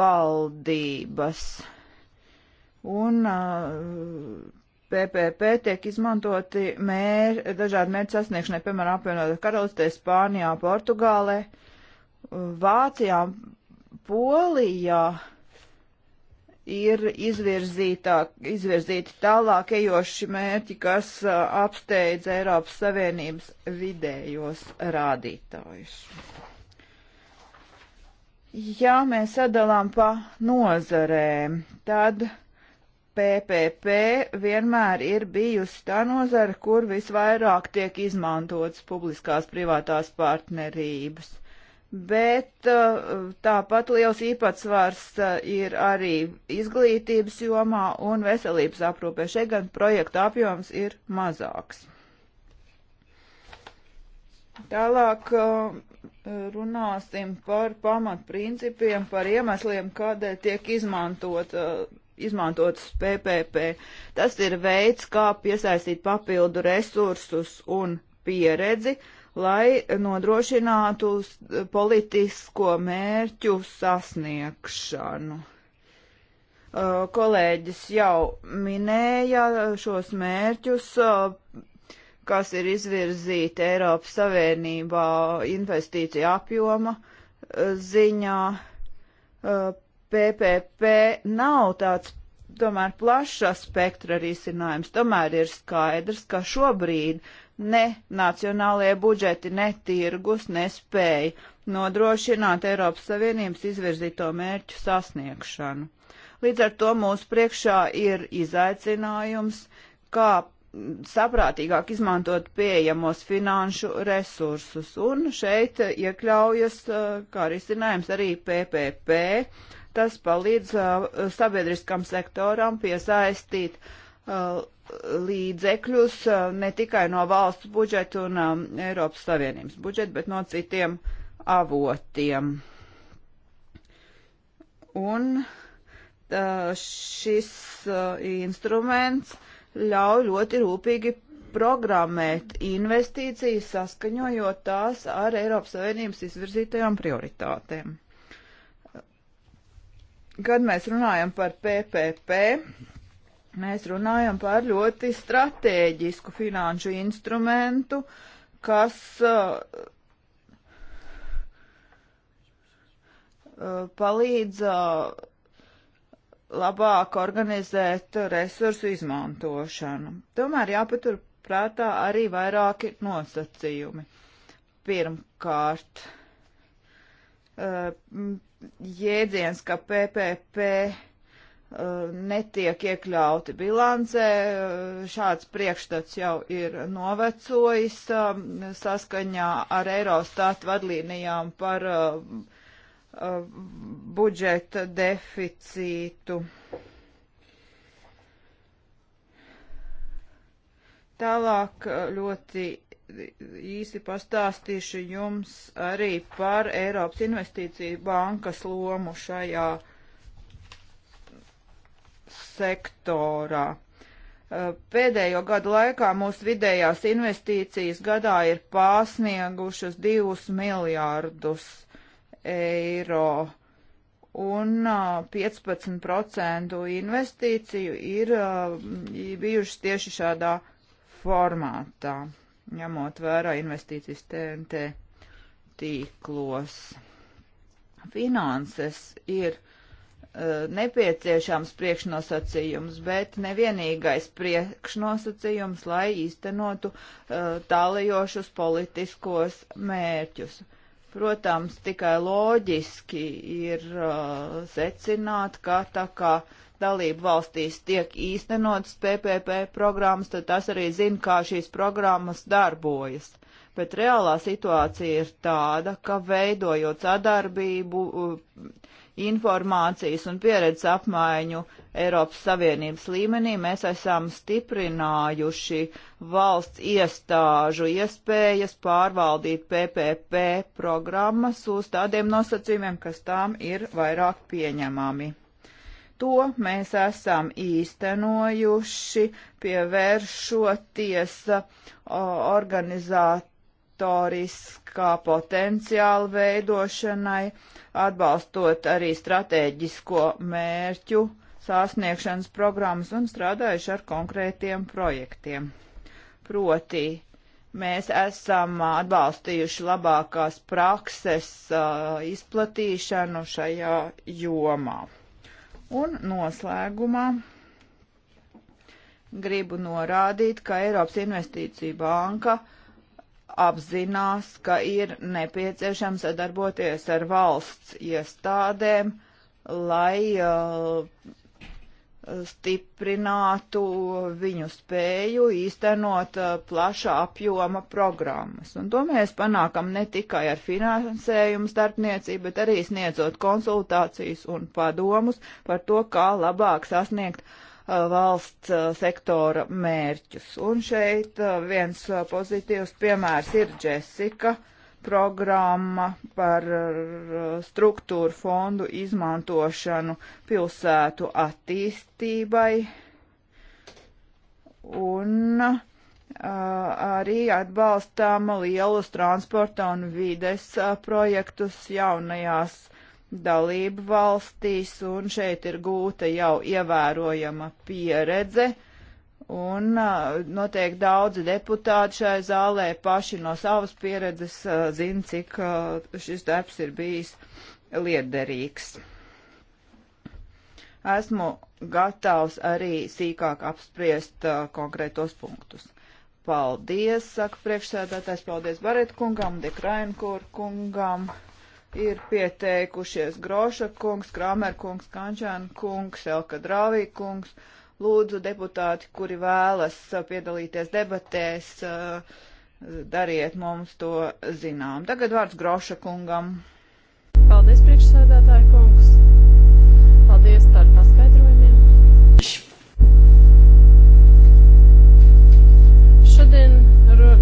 valdības. Uh, un PPP uh, tiek izmantoti mēr, dažādi mērķi sasniegšanai, piemēram, apvienotā karalistē, Spānijā, Portugālē, Vācijā, Polijā ir izvirzīti tālāk ejoši mērķi, kas uh, apsteidz Eiropas Savienības vidējos rādītājus. Ja mēs sadalām pa nozarēm, tad PPP vienmēr ir bijusi tā nozara, kur visvairāk tiek izmantotas publiskās privātās partnerības. Bet uh, tāpat liels īpatsvars uh, ir arī izglītības jomā un veselības aprūpē. Šeit gan projekta apjoms ir mazāks. Tālāk uh, runāsim par pamatprincipiem, par iemesliem, kādēļ tiek izmantota izmantotas PPP. Tas ir veids, kā piesaistīt papildu resursus un pieredzi, lai nodrošinātu politisko mērķu sasniegšanu. Uh, kolēģis jau minēja šos mērķus, uh, kas ir izvirzīti Eiropas Savienībā investīcija apjoma uh, ziņā. PPP nav tāds tomēr plaša spektra risinājums. Tomēr ir skaidrs, ka šobrīd ne nacionālajie budžeti, ne tirgus nespēja nodrošināt Eiropas Savienības izvirzīto mērķu sasniegšanu. Līdz ar to mūsu priekšā ir izaicinājums, kā saprātīgāk izmantot pieejamos finanšu resursus. Un šeit iekļaujas, uh, kā risinājums, arī PPP Tas palīdz uh, sabiedriskam sektoram piesaistīt uh, līdzekļus uh, ne tikai no valsts budžeta un um, Eiropas Savienības budžeta, bet no citiem avotiem. Un šis instruments ļauj ļoti rūpīgi programmēt investīcijas, saskaņojot tās ar Eiropas Savienības izvirzītajām prioritātēm. Kad mēs runājam par PPP, mēs runājam par ļoti stratēģisku finanšu instrumentu, kas uh, uh, palīdz uh, labāk organizēt resursu izmantošanu. Tomēr jāpatur prātā arī vairāki nosacījumi. Pirmkārt, jēdziens, ka PPP uh, netiek iekļauti bilancē. Uh, šāds priekšstats jau ir novecojis um, saskaņā ar Eirostat vadlīnijām par uh, budžeta deficītu. Tālāk ļoti īsi pastāstīšu jums arī par Eiropas investīciju bankas lomu šajā sektorā. Eh, pēdējo gadu laikā mūsu vidējās investīcijas gadā ir pārsniegušas 2 miljārdus eiro, un 15% eh, investīciju ir eh, bijušas tieši šādā formātā ņemot vērā investīcijas TNT tīklos. Finanses ir e, nepieciešams priekšnosacījums, bet nevienīgais priekšnosacījums, lai īstenotu uh, tālajošus politiskos mērķus. Protams, tikai loģiski ir uh, secināt, ka tā kā dalību valstīs tiek īstenotas PPP programmas, tad tas arī zina, kā šīs programmas darbojas. Bet reālā situācija ir tāda, ka veidojot sadarbību, informācijas un pieredzes apmaiņu Eiropas Savienības līmenī, mēs esam stiprinājuši valsts iestāžu iespējas pārvaldīt PPP programmas uz tādiem nosacījumiem, kas tām ir vairāk pieņemami. To mēs esam īstenojuši, pievēršoties uh, organizatoriskā potenciāla veidošanai, atbalstot arī strateģisko mērķu sasniegšanas programmas un strādājuši ar konkrētiem projektiem. Proti, mēs esam atbalstījuši labākās prakses uh, izplatīšanu šajā jomā. Un noslēgumā gribu norādīt, ka Eiropas Investīcija banka apzinās, ka ir nepieciešams sadarboties ar valsts iestādēm, lai uh, stiprinātu viņu spēju īstenot uh, plašā apjoma programmas. Un to mēs panākam ne tikai ar finansējumu starpniecību, bet arī sniedzot konsultācijas un padomus par to, kā labāk sasniegt uh, valsts uh, sektora mērķus. Un šeit viens pozitīvs piemērs ir Jessica programma par eh, struktūru fondu izmantošanu pilsētu attīstībai un uh, arī atbalstām lielus transporta un vides eh, projektus jaunajās dalību valstīs, un šeit ir gūta jau ievērojama pieredze uh, Un noteikti daudzi deputāti šai zālē paši no savas pieredzes zina, cik šis darbs ir bijis liederīgs. Esmu gatavs arī sīkāk apspriest konkrētos punktus. Paldies, saka priekšsēdētājs, paldies Baretkungam, Dekrainkur kungam. Ir pieteikušies Groša kungs, Kramer kungs, Kančēna kungs, Elka Drāvī kungs. Lūdzu, deputāti, kuri vēlas uh, piedalīties debatēs, uh, dariet mums to zinām. Tagad vārds Groša kungam. Paldies, priekšsēdētāji kungs. Paldies par paskaidrojumiem. Šodien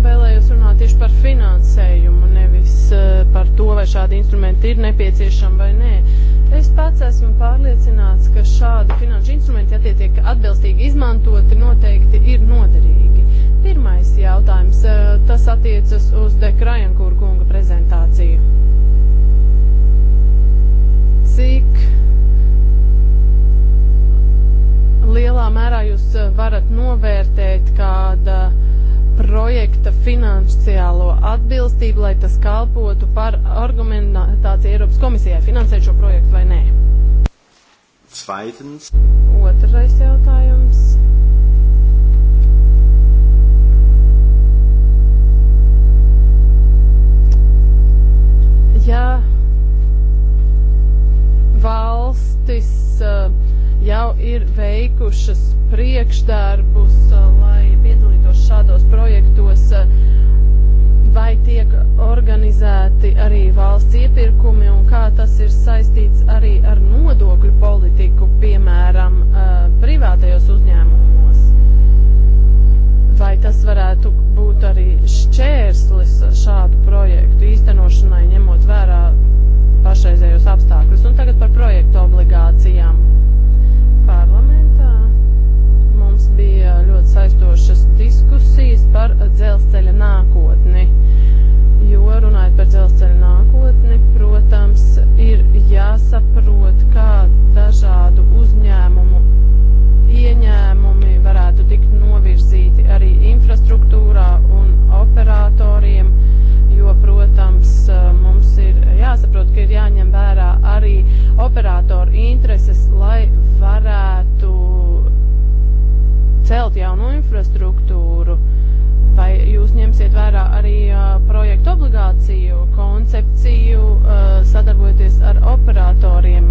vēlējos runāt tieši par finansējumu, nevis uh, par to, vai šādi instrumenti ir nepieciešami vai nē. Ne Es pats esmu pārliecināts, ka šādi finanšu instrumenti, ja tie tiek atbilstīgi izmantoti, noteikti ir noderīgi. Pirmais jautājums, eh, tas attiecas uz Dekrajankūra kunga prezentāciju. Cik lielā mērā jūs eh, varat novērtēt kāda uh, projekta finansiālo atbilstību, lai tas kalpotu par argumentāciju Eiropas komisijai finansēt šo projektu vai nē? Zweitens. Otrais jautājums. Ja valstis uh, jau ir veikušas priekšdarbus, uh, lai šādos projektos, eh, vai tiek organizēti arī valsts iepirkumi un kā tas ir saistīts arī ar nodokļu politiku, piemēram, eh, privātajos uzņēmumos. Vai tas varētu būt arī šķērslis šādu projektu īstenošanai, ņemot vērā pašreizējos apstākļus? Un tagad par projektu obligācijām. Pārlāk bija ļoti saistošas diskusijas par dzelzceļa nākotni. Jo runājot par dzelzceļa nākotni, protams, ir jāsaprot, kā dažādu uzņēmumu ieņēmumi varētu tikt novirzīti arī infrastruktūrā un operatoriem, jo, protams, mums ir jāsaprot, ka ir jāņem vērā arī operatoru intereses, lai varētu celt jaunu infrastruktūru. Vai jūs ņemsiet vērā arī uh, projektu obligāciju koncepciju, uh, sadarbojoties ar operatoriem,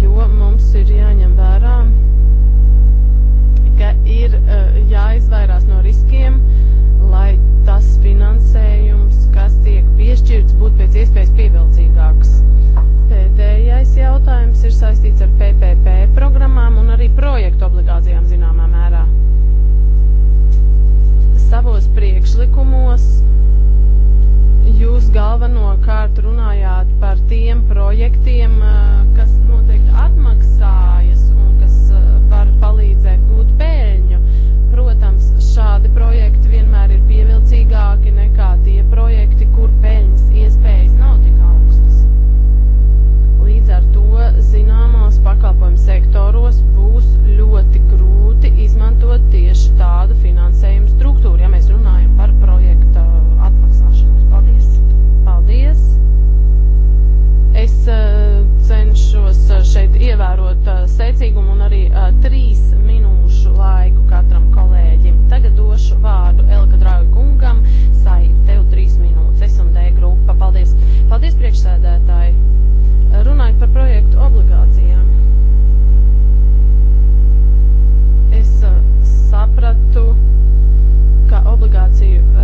jo mums ir jāņem vērā, ka ir uh, jāizvairās no riskiem, lai tas finansējums, kas tiek piešķirts, būtu pēc iespējas pievilcīgāks. Pēdējais jautājums ir saistīts ar PPP programmām un arī projektu obligācijām zināmā mērā. Savos priekšlikumos jūs galvenokārt runājāt par tiem projektiem, eh, kas noteikti atmaksājas un kas eh, var palīdzēt gūt pēļņu. Protams, šādi projekti pakalpojumu sektoros būs ļoti grūti izmantot tieši tādu finansējumu struktūru, ja mēs runājam par projekta atmaksāšanu. Paldies! Paldies! Es uh, cenšos eh, šeit ievērot uh, secīgumu un arī uh, trīs minūšu laiku katram kolēģim. Tagad došu vārdu Elka Draugu kungam. Sai, tev trīs minūtes. Es un D grupa. Paldies! Paldies priekšsēdētāji! runājot par projektu obligāti. delegāciju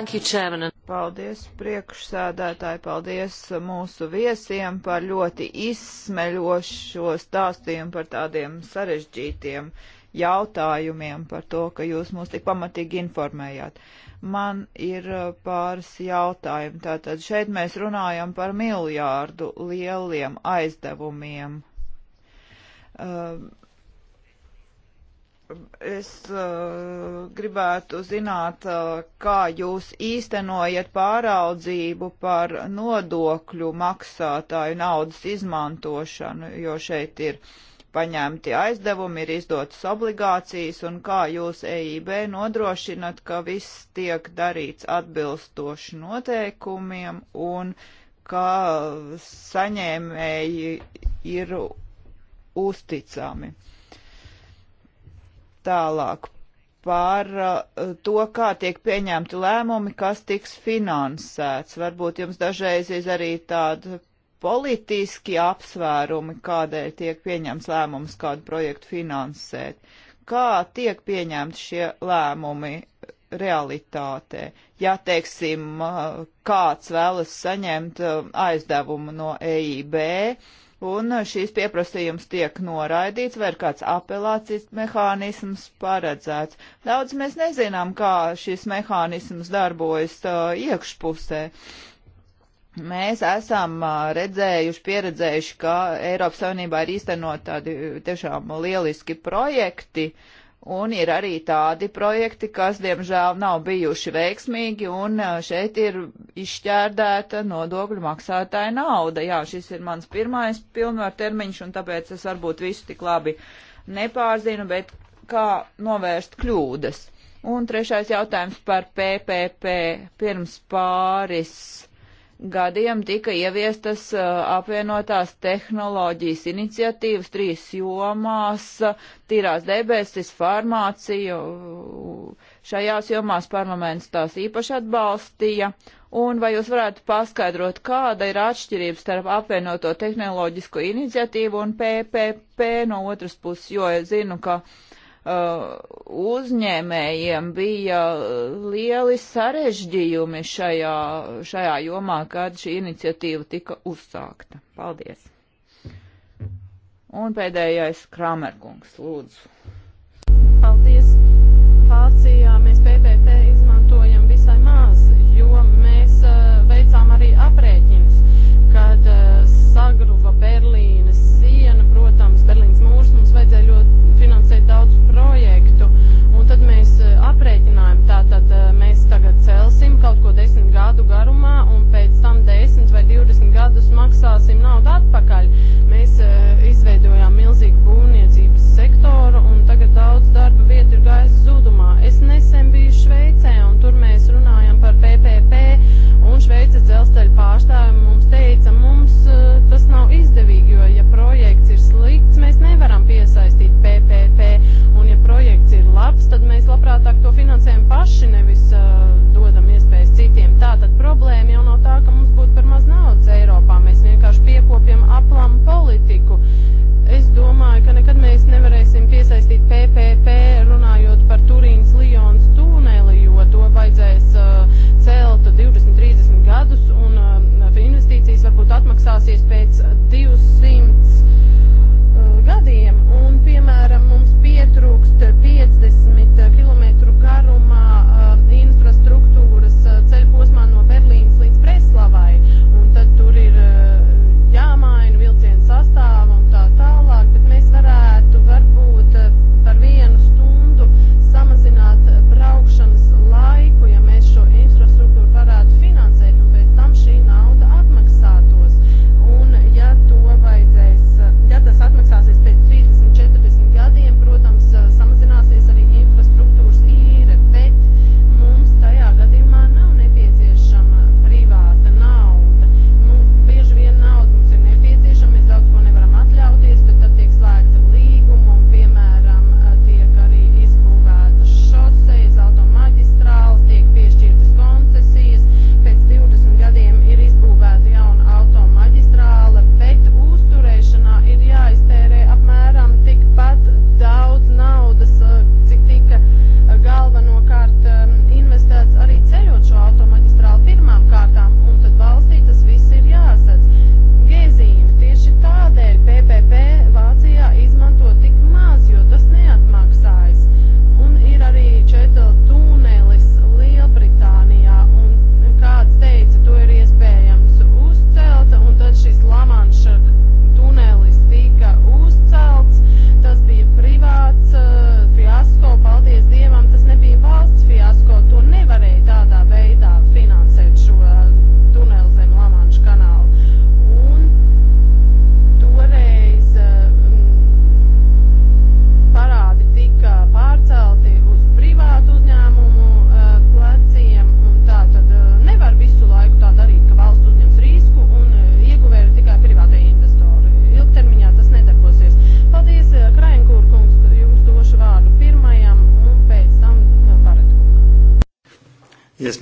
Thank you, Chairman. Paldies priekšsēdētāji, paldies mūsu viesiem par ļoti izsmeļošo stāstījumu par tādiem sarežģītiem jautājumiem par to, ka jūs mūs tik pamatīgi informējāt. Man ir uh, pāris jautājumi. Tātad šeit mēs runājam par miljārdu lieliem aizdevumiem. Um, es uh, gribētu zināt, uh, kā jūs īstenojat pāraudzību par nodokļu maksātāju naudas izmantošanu, jo šeit ir paņemti aizdevumi, ir izdotas obligācijas, un kā jūs EIB nodrošinat, ka viss tiek darīts atbilstoši noteikumiem un ka saņēmēji ir uzticami. Tālāk par uh, to, kā tiek pieņemti lēmumi, kas tiks finansēts. Varbūt jums dažreiz ir arī tādi politiski apsvērumi, kādēļ tiek pieņemts lēmums kādu projektu finansēt. Kā tiek pieņemti šie lēmumi realitātē? Ja, teiksim, uh, kāds vēlas saņemt uh, aizdevumu no EIB, un eh, šīs pieprasījums tiek noraidīts, vai ir kāds apelācijas mehānisms paredzēts. Daudz mēs nezinām, kā šis mehānisms darbojas uh, iekšpusē. Mēs esam uh, redzējuši, pieredzējuši, ka Eiropas Savienībā ir īstenot tādi tiešām lieliski projekti, uh, Un ir arī tādi projekti, kas, diemžēl, nav bijuši veiksmīgi, un uh, šeit ir izšķērdēta nodokļu maksātāja nauda. Jā, šis ir mans pirmais pilnvārtermiņš, un tāpēc es varbūt visu tik labi nepārzinu, bet kā novērst kļūdas. Un trešais jautājums par PPP. Pirms pāris gadiem tika ieviestas apvienotās tehnoloģijas iniciatīvas trīs jomās - tīrās debesis, farmācija. Šajās jomās parlaments tās īpaši atbalstīja. Un vai jūs varētu paskaidrot, kāda ir atšķirība starp apvienoto tehnoloģisko iniciatīvu un PPP no otras puses, jo es zinu, ka uh, Uh, uzņēmējiem bija uh, lieli sarežģījumi šajā, šajā jomā, kad šī iniciatīva tika uzsākta. Paldies! Un pēdējais Kramerkungs, lūdzu. Paldies! Vācijā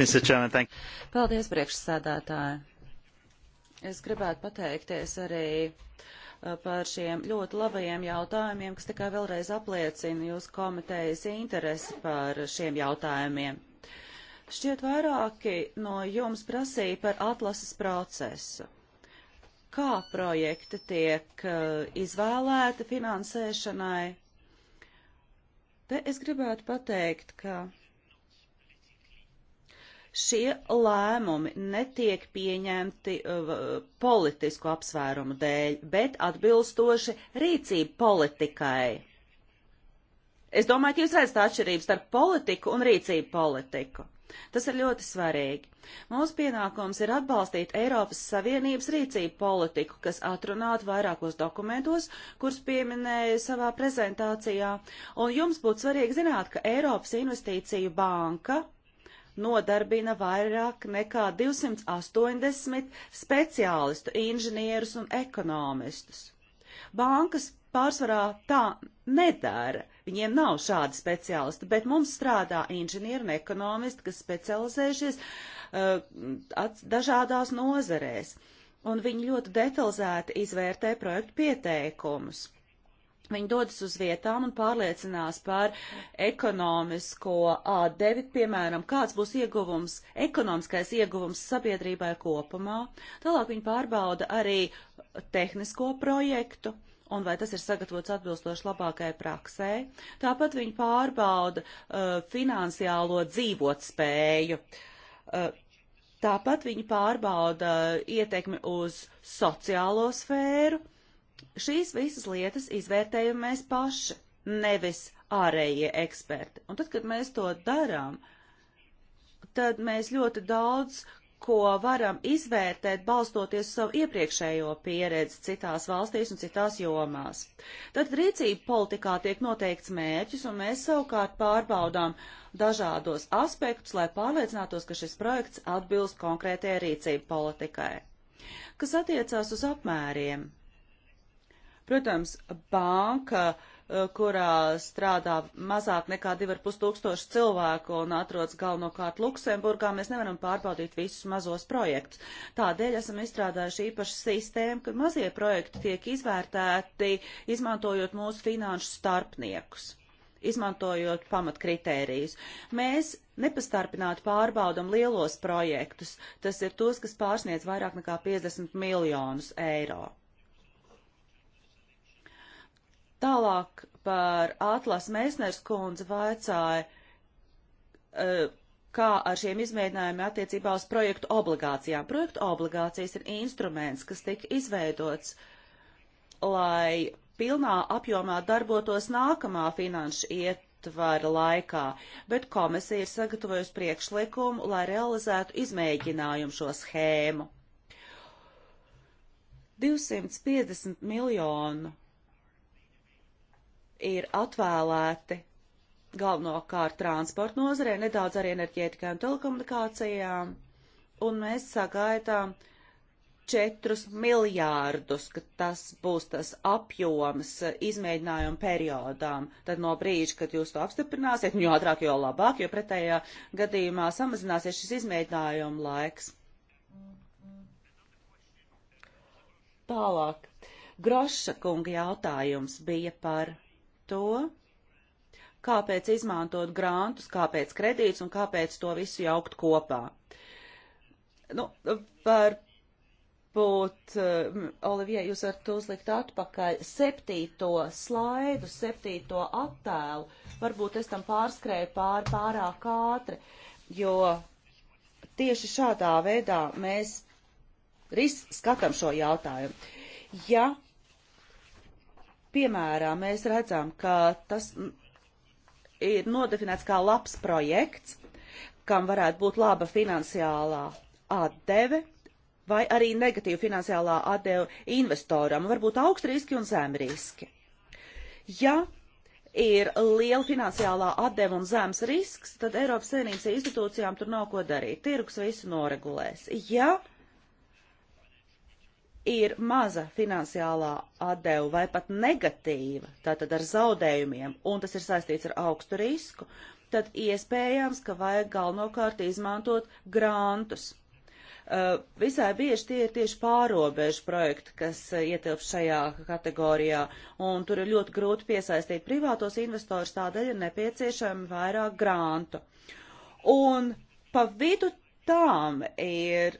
Mr. Chairman, thank you. Paldies, priekšsēdētāji. Es gribētu pateikties arī uh, par šiem ļoti labajiem jautājumiem, kas tikai vēlreiz apliecina jūsu komitejas interesi par šiem jautājumiem. Šķiet vairāki no jums prasīja par atlases procesu. Kā projekti tiek uh, izvēlēti finansēšanai? Te es gribētu pateikt, ka Šie lēmumi netiek pieņemti uh, politisku apsvērumu dēļ, bet atbilstoši rīcību politikai. Es domāju, ka jūs redzat atšķirības starp politiku un rīcību politiku. Tas ir ļoti svarīgi. Mūsu pienākums ir atbalstīt Eiropas Savienības rīcību politiku, kas atrunāta vairākos dokumentos, kurus pieminēju savā prezentācijā. Un jums būtu svarīgi zināt, ka Eiropas Investīciju banka nodarbina vairāk nekā 280 speciālistu, inženierus un ekonomistus. Bankas pārsvarā tā nedara. Viņiem nav šādi speciālisti, bet mums strādā inženieri un ekonomisti, kas specializējušies uh, dažādās nozerēs, un viņi ļoti detalizēti izvērtē projektu pieteikumus. Viņi dodas uz vietām un pārliecinās par ekonomisko atdevi, piemēram, kāds būs ieguvums, ekonomiskais ieguvums sabiedrībai kopumā. Tālāk viņi pārbauda arī tehnisko projektu un vai tas ir sagatavots atbilstoši labākajai praksē. Tāpat viņi pārbauda uh, finansiālo dzīvotspēju. Uh, tāpat viņi pārbauda uh, ietekmi uz sociālo sfēru. Uh, Šīs visas lietas izvērtējam mēs paši, nevis ārējie eksperti. Un tad, kad mēs to darām, tad mēs ļoti daudz ko varam izvērtēt, balstoties uz savu iepriekšējo pieredzi citās valstīs un citās jomās. Tad rīcība politikā tiek noteikts mērķis, un mēs savukārt pārbaudām dažādos aspektus, lai pārliecinātos, ka šis projekts atbilst konkrētajai rīcība politikai. Kas attiecās uz apmēriem? Protams, banka, eh, kurā strādā mazāk nekā 2,5 tūkstoši cilvēku un atrodas galvenokārt Luksemburgā, mēs nevaram pārbaudīt visus mazos projektus. Tādēļ esam izstrādājuši īpašu sistēmu, kur mazie projekti tiek izvērtēti, izmantojot mūsu finanšu starpniekus izmantojot pamatkritērijus. Mēs nepastarpināti pārbaudam lielos projektus, tas ir tos, kas pārsniedz vairāk nekā 50 miljonus eiro. Tālāk par Atlas Mēsners kundze vaicāja, eh, kā ar šiem izmēģinājumiem attiecībā uz projektu obligācijām. Projektu obligācijas ir instruments, kas tika izveidots, lai pilnā apjomā darbotos nākamā finanšu iet ietvara laikā, bet komisija ir sagatavojusi priekšlikumu, lai realizētu izmēģinājumu šo schēmu. 250 miljonu ir atvēlēti galvenokārt transporta nozarē, nedaudz arī enerģētikai un telekomunikācijām, un mēs sagaidām 4 miljārdus, ka tas būs tas apjoms izmēģinājumu periodām. Tad no brīža, kad jūs to apstiprināsiet, jo ātrāk, jo labāk, jo pretējā gadījumā samazināsies šis izmēģinājuma laiks. Tālāk. Groša kunga jautājums bija par to, kāpēc izmantot grantus, kāpēc kredītus un kāpēc to visu jaukt kopā. Nu, varbūt, uh, eh, Olivie, jūs varat uzlikt atpakaļ septīto slaidu, septīto attēlu. Varbūt es tam pārskrēju pār pārāk ātri, jo tieši šādā veidā mēs ris skatām šo jautājumu. Ja Piemēram, mēs redzam, ka tas ir nodefinēts kā labs projekts, kam varētu būt laba finansiālā atdeve vai arī negatīva finansiālā atdeve investoram, varbūt augsti riski un zemi riski. Ja ir liela finansiālā atdeva un zems risks, tad Eiropas Savienības institūcijām tur nav ko darīt. Tirgus visu noregulēs. Ja ir maza finansiālā atdeva vai pat negatīva, tātad ar zaudējumiem, un tas ir saistīts ar augstu risku, tad iespējams, ka vajag galvenokārt izmantot grantus. Uh, visai bieži tie ir tieši pārobežu projekti, kas uh, ietilpst šajā kategorijā, un tur ir ļoti grūti piesaistīt privātos investorus, tādēļ ir nepieciešami vairāk grantu. Un pa vidu tām ir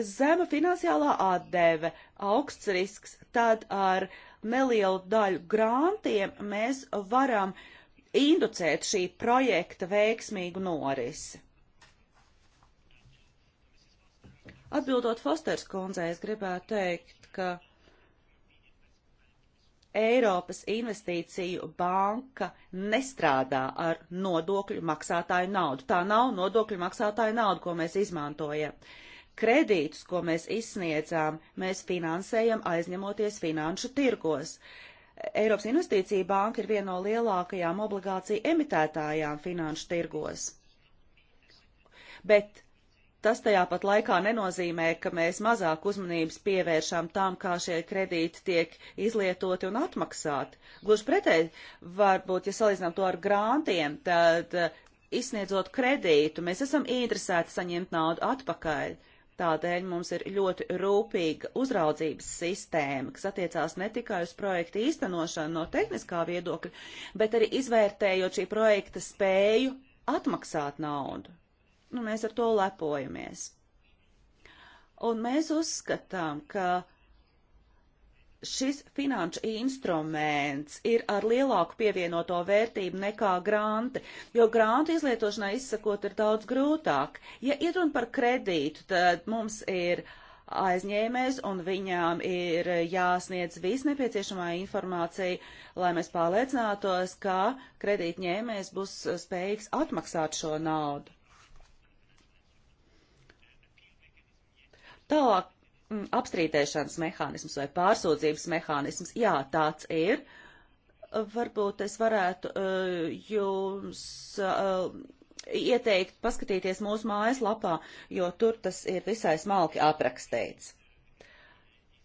Zema finansiālā atdeve, augsts risks, tad ar nelielu daļu grāntiem mēs varam inducēt šī projekta veiksmīgu norisi. Atbildot Fosters kundzei, es gribētu teikt, ka Eiropas investīciju banka nestrādā ar nodokļu maksātāju naudu. Tā nav nodokļu maksātāju nauda, ko mēs izmantojam. Uh, Kredītus, ko mēs izsniedzām, mēs finansējam aizņemoties finanšu tirgos. Eiropas Investīcija banka ir viena no lielākajām obligāciju emitētājām finanšu tirgos. Bet tas tajā pat laikā nenozīmē, ka mēs mazāk uzmanības pievēršam tam, kā šie kredīti tiek izlietoti un atmaksāti. Gluži pretēji, varbūt, ja salīdzinām to ar grāntiem, tad eh, izsniedzot kredītu, mēs esam interesēti saņemt naudu atpakaļ. Uh, Tādēļ mums ir ļoti rūpīga uzraudzības sistēma, kas attiecās ne tikai uz projekta īstenošanu no tehniskā viedokļa, bet arī izvērtējot šī projekta spēju atmaksāt naudu. Nu, mēs ar to lepojamies. Un mēs uzskatām, ka šis finanšu instruments ir ar lielāku pievienoto vērtību nekā granti, jo grantu izlietošanai izsakot ir daudz grūtāk. Ja ir runa par kredītu, tad mums ir aizņēmējs un viņām ir jāsniedz viss nepieciešamā informācija, lai mēs pārliecinātos, ka kredītņēmējs būs spējīgs atmaksāt šo naudu. Tālāk Mm, apstrīdēšanas mehānisms vai pārsūdzības mehānisms. Jā, tāds ir. Varbūt es varētu eh, jums eh, ieteikt paskatīties mūsu mājaslapā, jo tur tas ir visai smalki aprakstīts.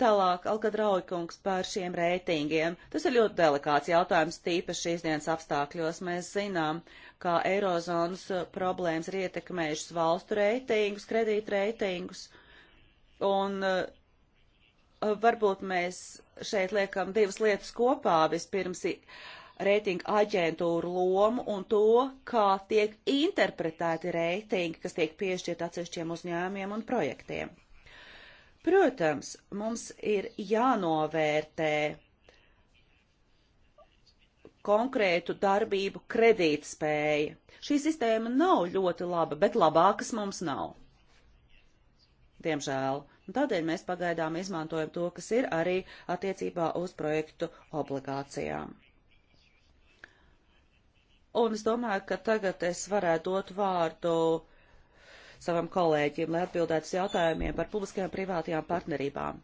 Tālāk, Alkadraujkungs par šiem reitingiem. Tas ir ļoti delikāts jautājums, tīpaši šīs dienas apstākļos. Mēs zinām, kā eirozonas eh, problēmas ir ietekmējušas valstu reitingus, kredīt reitingus. Uh, Un uh, varbūt mēs šeit liekam divas lietas kopā. Vispirms reitinga aģentūru lomu un to, kā tiek interpretēti reitingi, kas tiek piešķirt atsevišķiem uzņēmumiem un projektiem. Protams, mums ir jānovērtē konkrētu darbību kredītspēja. Šī sistēma nav ļoti laba, bet labākas mums nav diemžēl. Un tādēļ mēs pagaidām izmantojam to, kas ir arī attiecībā uz projektu obligācijām. Un es domāju, ka tagad es varētu dot vārdu savam kolēģim, lai atbildētu uz jautājumiem par publiskajām privātajām partnerībām.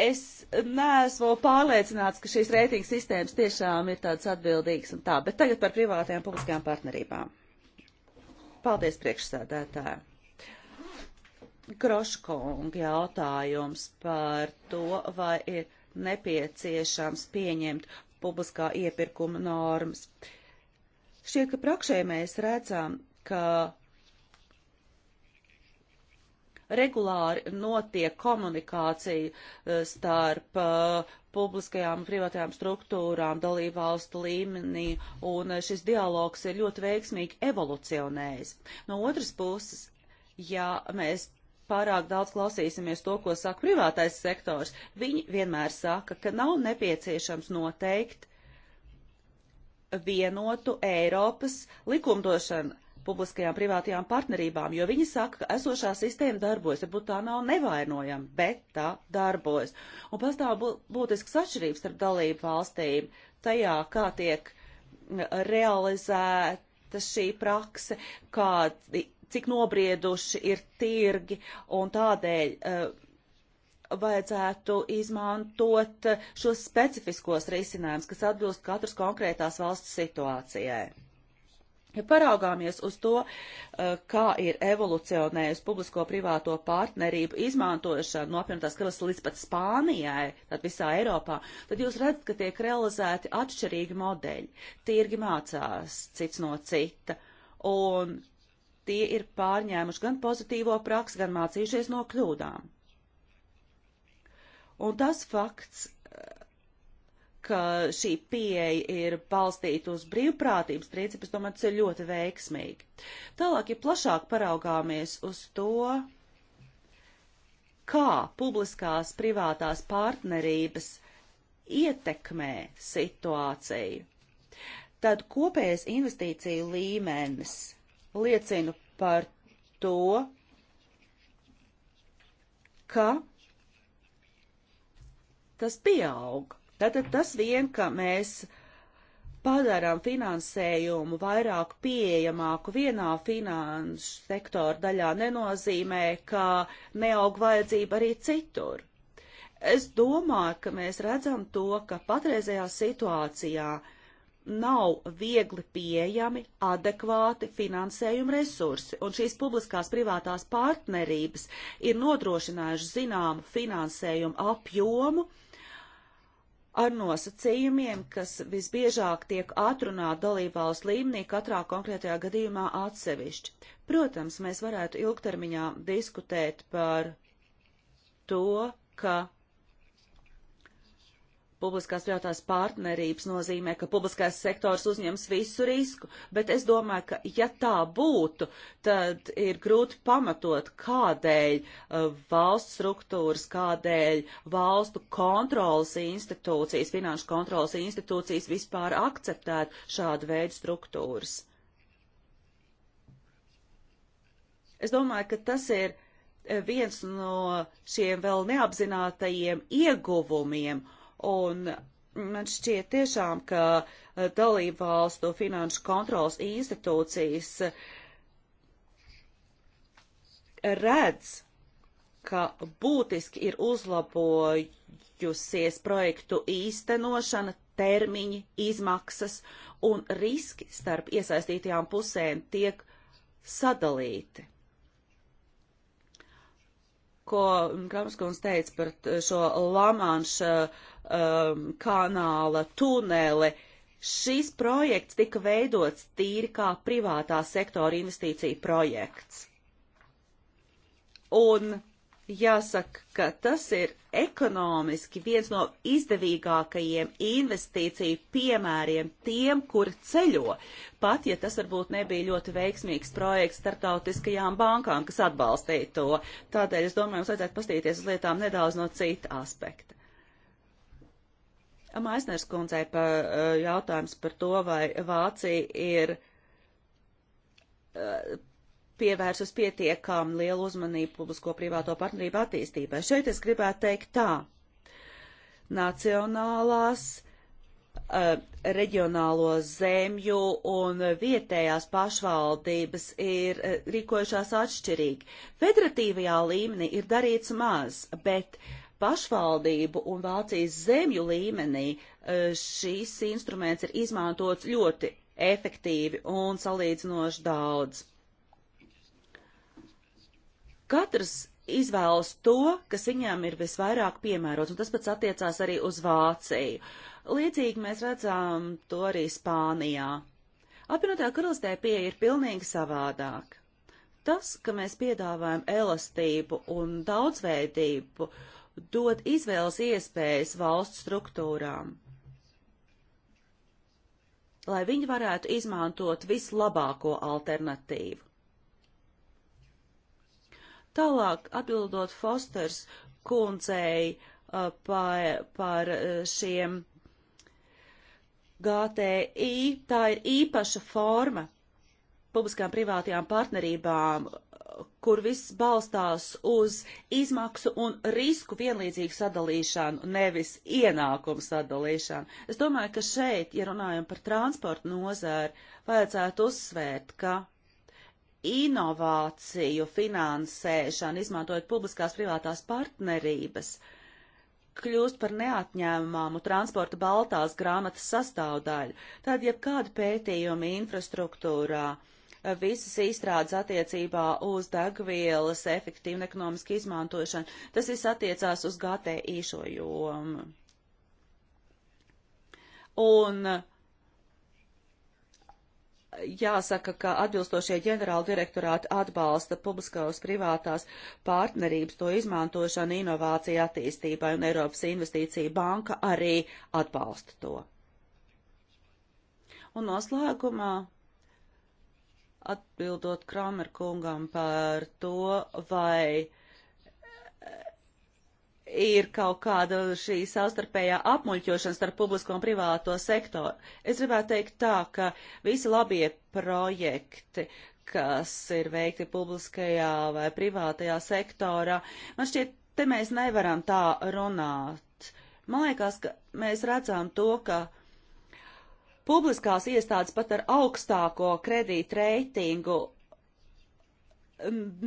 Es neesmu pārliecināts, ka šīs reitinga sistēmas tiešām ir tādas atbildīgas un tā, bet tagad par privātajām publiskajām partnerībām. Paldies priekšsēdētājiem! Groškonga jautājums par to, vai ir nepieciešams pieņemt publiskā iepirkuma normas. Šķiet, ka prakšē mēs redzam, ka regulāri notiek komunikācija eh, starp uh, publiskajām un privātajām struktūrām dalībvalstu līmenī, un eh, šis dialogs ir ļoti veiksmīgi evolucionējis. No otras puses, ja mēs pārāk daudz klausīsimies to, ko saka privātais sektors, viņi vienmēr saka, ka nav nepieciešams noteikt vienotu Eiropas likumdošanu publiskajām privātajām partnerībām, jo viņi saka, ka esošā sistēma darbojas, varbūt tā nav nevainojama, bet tā darbojas. Un pastāv būtisks atšķirības starp dalību valstīm tajā, kā tiek realizēta šī prakse, kādi cik nobrieduši ir tirgi, un tādēļ uh, vajadzētu izmantot šos specifiskos risinājumus, kas atbilst katras konkrētās valsts situācijai. Ja paraugāmies uz to, uh, kā ir evolucionējusi publisko-privāto partnerību izmantošana no apvienotās karalists līdz pat Spānijai, tad visā Eiropā, tad jūs redzat, ka tiek realizēti atšķirīgi modeļi. Tirgi mācās cits no cita. Un tie ir pārņēmuši gan pozitīvo praksi, gan mācījušies no kļūdām. Un tas fakts, ka šī pieeja ir balstīta uz brīvprātības principu, es domāju, tas ir ļoti veiksmīgi. Tālāk, ja plašāk paraugāmies uz to, kā publiskās privātās partnerības ietekmē situāciju, tad kopējais investīciju līmenis liecinu par to, ka tas pieaug. Tātad tas vien, ka mēs padarām finansējumu vairāk pieejamāku vienā finanšu sektora daļā, nenozīmē, ka neaug vajadzība arī citur. Es domāju, ka mēs redzam to, ka patreizajā situācijā uh, nav viegli pieejami adekvāti finansējuma resursi, un šīs publiskās privātās partnerības ir nodrošinājuši zināmu finansējumu apjomu ar nosacījumiem, kas visbiežāk tiek atrunāti dalībvalsts līmenī katrā konkrētajā gadījumā atsevišķi. Protams, mēs varētu ilgtermiņā diskutēt par to, ka Publiskās privātās partnerības nozīmē, ka publiskais sektors uzņems visu risku, bet es domāju, ka ja tā būtu, tad ir grūti pamatot, kādēļ uh, valsts struktūras, kādēļ valstu kontrolas institūcijas, finanšu kontrolas institūcijas vispār akceptētu šādu veidu struktūras. Es domāju, ka tas ir eh, viens no šiem vēl neapzinātajiem ieguvumiem Un man šķiet tiešām, ka eh, dalību valstu finanšu kontrolas institūcijas eh, redz, ka būtiski ir uzlabojusies projektu īstenošana, termiņi, izmaksas un riski starp iesaistītajām pusēm tiek sadalīti. Ko Kramskunds teica par šo Lamanša uh, um, kanāla tuneli. Šis projekts tika veidots tīri kā privātā sektora investīcija projekts. Un jāsaka, ka tas ir ekonomiski viens no izdevīgākajiem investīciju piemēriem tiem, kuri ceļo, pat ja tas varbūt nebija ļoti veiksmīgs projekts starptautiskajām bankām, kas atbalstīja to. Tādēļ es domāju, mums vajadzētu pastīties uz lietām nedaudz no cita aspekta. Maisners kundzei pa, eh, jautājums par to, vai Vācija ir eh, pievērsus pietiekām lielu uzmanību publisko-privāto partnerību attīstībai. Šeit es gribētu teikt tā. Nacionālās, eh, reģionālo zemju un vietējās pašvaldības ir rīkojušās atšķirīgi. Federatīvajā līmenī ir darīts maz, bet uh, pašvaldību un Vācijas zemju līmenī e, šīs instruments ir izmantots ļoti efektīvi un salīdzinoši daudz. Katrs izvēlas to, kas viņam ir visvairāk piemērots, un tas pats attiecās arī uz Vāciju. Līdzīgi mēs redzam to arī Spānijā. Apvienotā karalistē pieeja ir pilnīgi savādāk. Tas, ka mēs piedāvājam elastību un daudzveidību, uh, dod izvēles iespējas valsts struktūrām, lai viņi varētu izmantot vislabāko alternatīvu. Tālāk atbildot Fosters kundzei uh, par, par uh, šiem GTI, tā ir īpaša forma publiskām privātajām partnerībām, kur viss balstās uz izmaksu un risku vienlīdzīgu sadalīšanu, nevis ienākumu sadalīšanu. Es domāju, ka šeit, ja runājam par transportu nozēru, vajadzētu uzsvērt, ka inovāciju finansēšana, izmantojot publiskās privātās partnerības, kļūst par neatņēmāmu transporta baltās grāmatas sastāvdaļu. Tad, ja kāda pētījuma infrastruktūrā, uh, Eh, visas izstrādes attiecībā uz degvielas efektīvu un ekonomisku izmantošanu. Tas viss attiecās uz GTI šo jomu. Un eh, jāsaka, ka atbilstošie ģenerāla direktorāti atbalsta publiskās privātās partnerības to izmantošanu inovāciju attīstībai un Eiropas investīcija banka arī atbalsta to. Un noslēgumā Atbildot Kramer kungam par to, vai eh, ir kaut kāda šī savstarpējā apmuļķošana starp publisko un privāto sektoru. Es gribētu teikt tā, ka visi labie projekti, kas ir veikti publiskajā vai privātajā sektorā, man šķiet, te mēs nevaram tā runāt. Man liekas, ka mēs redzam to, ka publiskās iestādes pat ar augstāko kredīt reitingu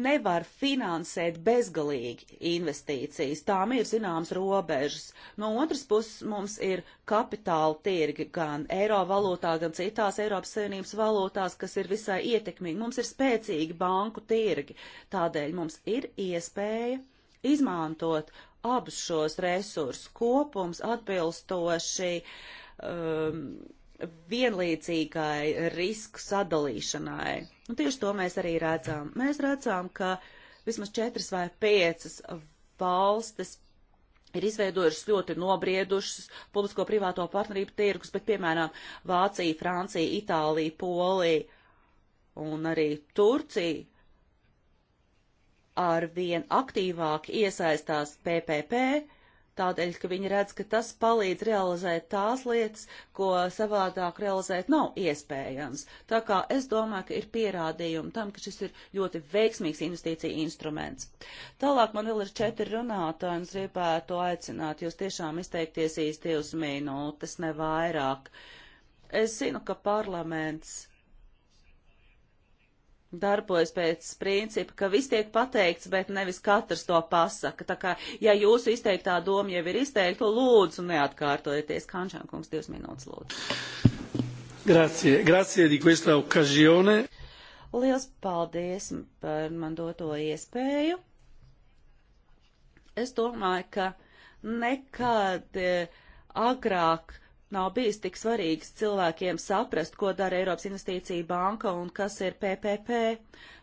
nevar finansēt bezgalīgi investīcijas. Tām ir zināmas robežas. No otras puses mums ir kapitāla tirgi gan eiro valūtā, gan citās Eiropas Savienības valūtās, kas ir visai ietekmīgi. Mums ir spēcīgi banku tirgi. Tādēļ mums ir iespēja izmantot abus šos resursus kopums atbilstoši um, vienlīdzīgai risku sadalīšanai. Un nu, tieši to mēs arī redzam. Mēs redzam, ka vismaz četras vai piecas valstis ir izveidojušas ļoti nobriedušas publisko-privāto partnerību tirgus, bet, piemēram, Vācija, Francija, Itālija, Polija un arī Turcija arvien aktīvāk iesaistās PPP tādēļ, ka viņi redz, ka tas palīdz realizēt tās lietas, ko savādāk realizēt nav iespējams. Tā kā es domāju, ka ir pierādījumi tam, ka šis ir ļoti veiksmīgs investīcija instruments. Tālāk man vēl ir četri runātāji, un es gribētu aicināt jūs tiešām izteikties īsti uz minūtes, ne vairāk. Es zinu, ka parlaments darbojas pēc principa, ka viss tiek pateikts, bet nevis katrs to pasaka. Tā kā, ja jūsu izteiktā doma jau ir izteikta, lūdzu, neatkārtojieties. Kančēn kungs, divas minūtes, lūdzu. Grazie, grazie di questa occasione. Liels paldies par man doto iespēju. Es domāju, ka nekad eh, agrāk nav bijis tik svarīgs cilvēkiem saprast, ko dara Eiropas Investīcija banka un kas ir PPP,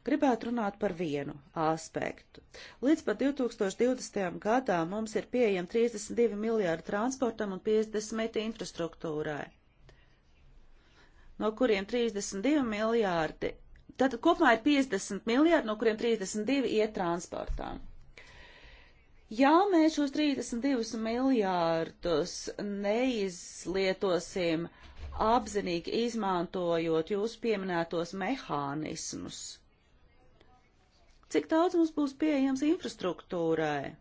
gribētu runāt par vienu aspektu. Līdz pat 2020. gadām mums ir pieejami 32 miljārdi transportam un 50 infrastruktūrai, no kuriem 32 miljārdi. Tātad kopumā ir 50 miljārdi, no kuriem 32 iet transportām. Ja mēs šos 32 miljārdus neizlietosim apzinīgi izmantojot jūsu pieminētos mehānismus, cik daudz mums būs pieejams infrastruktūrai?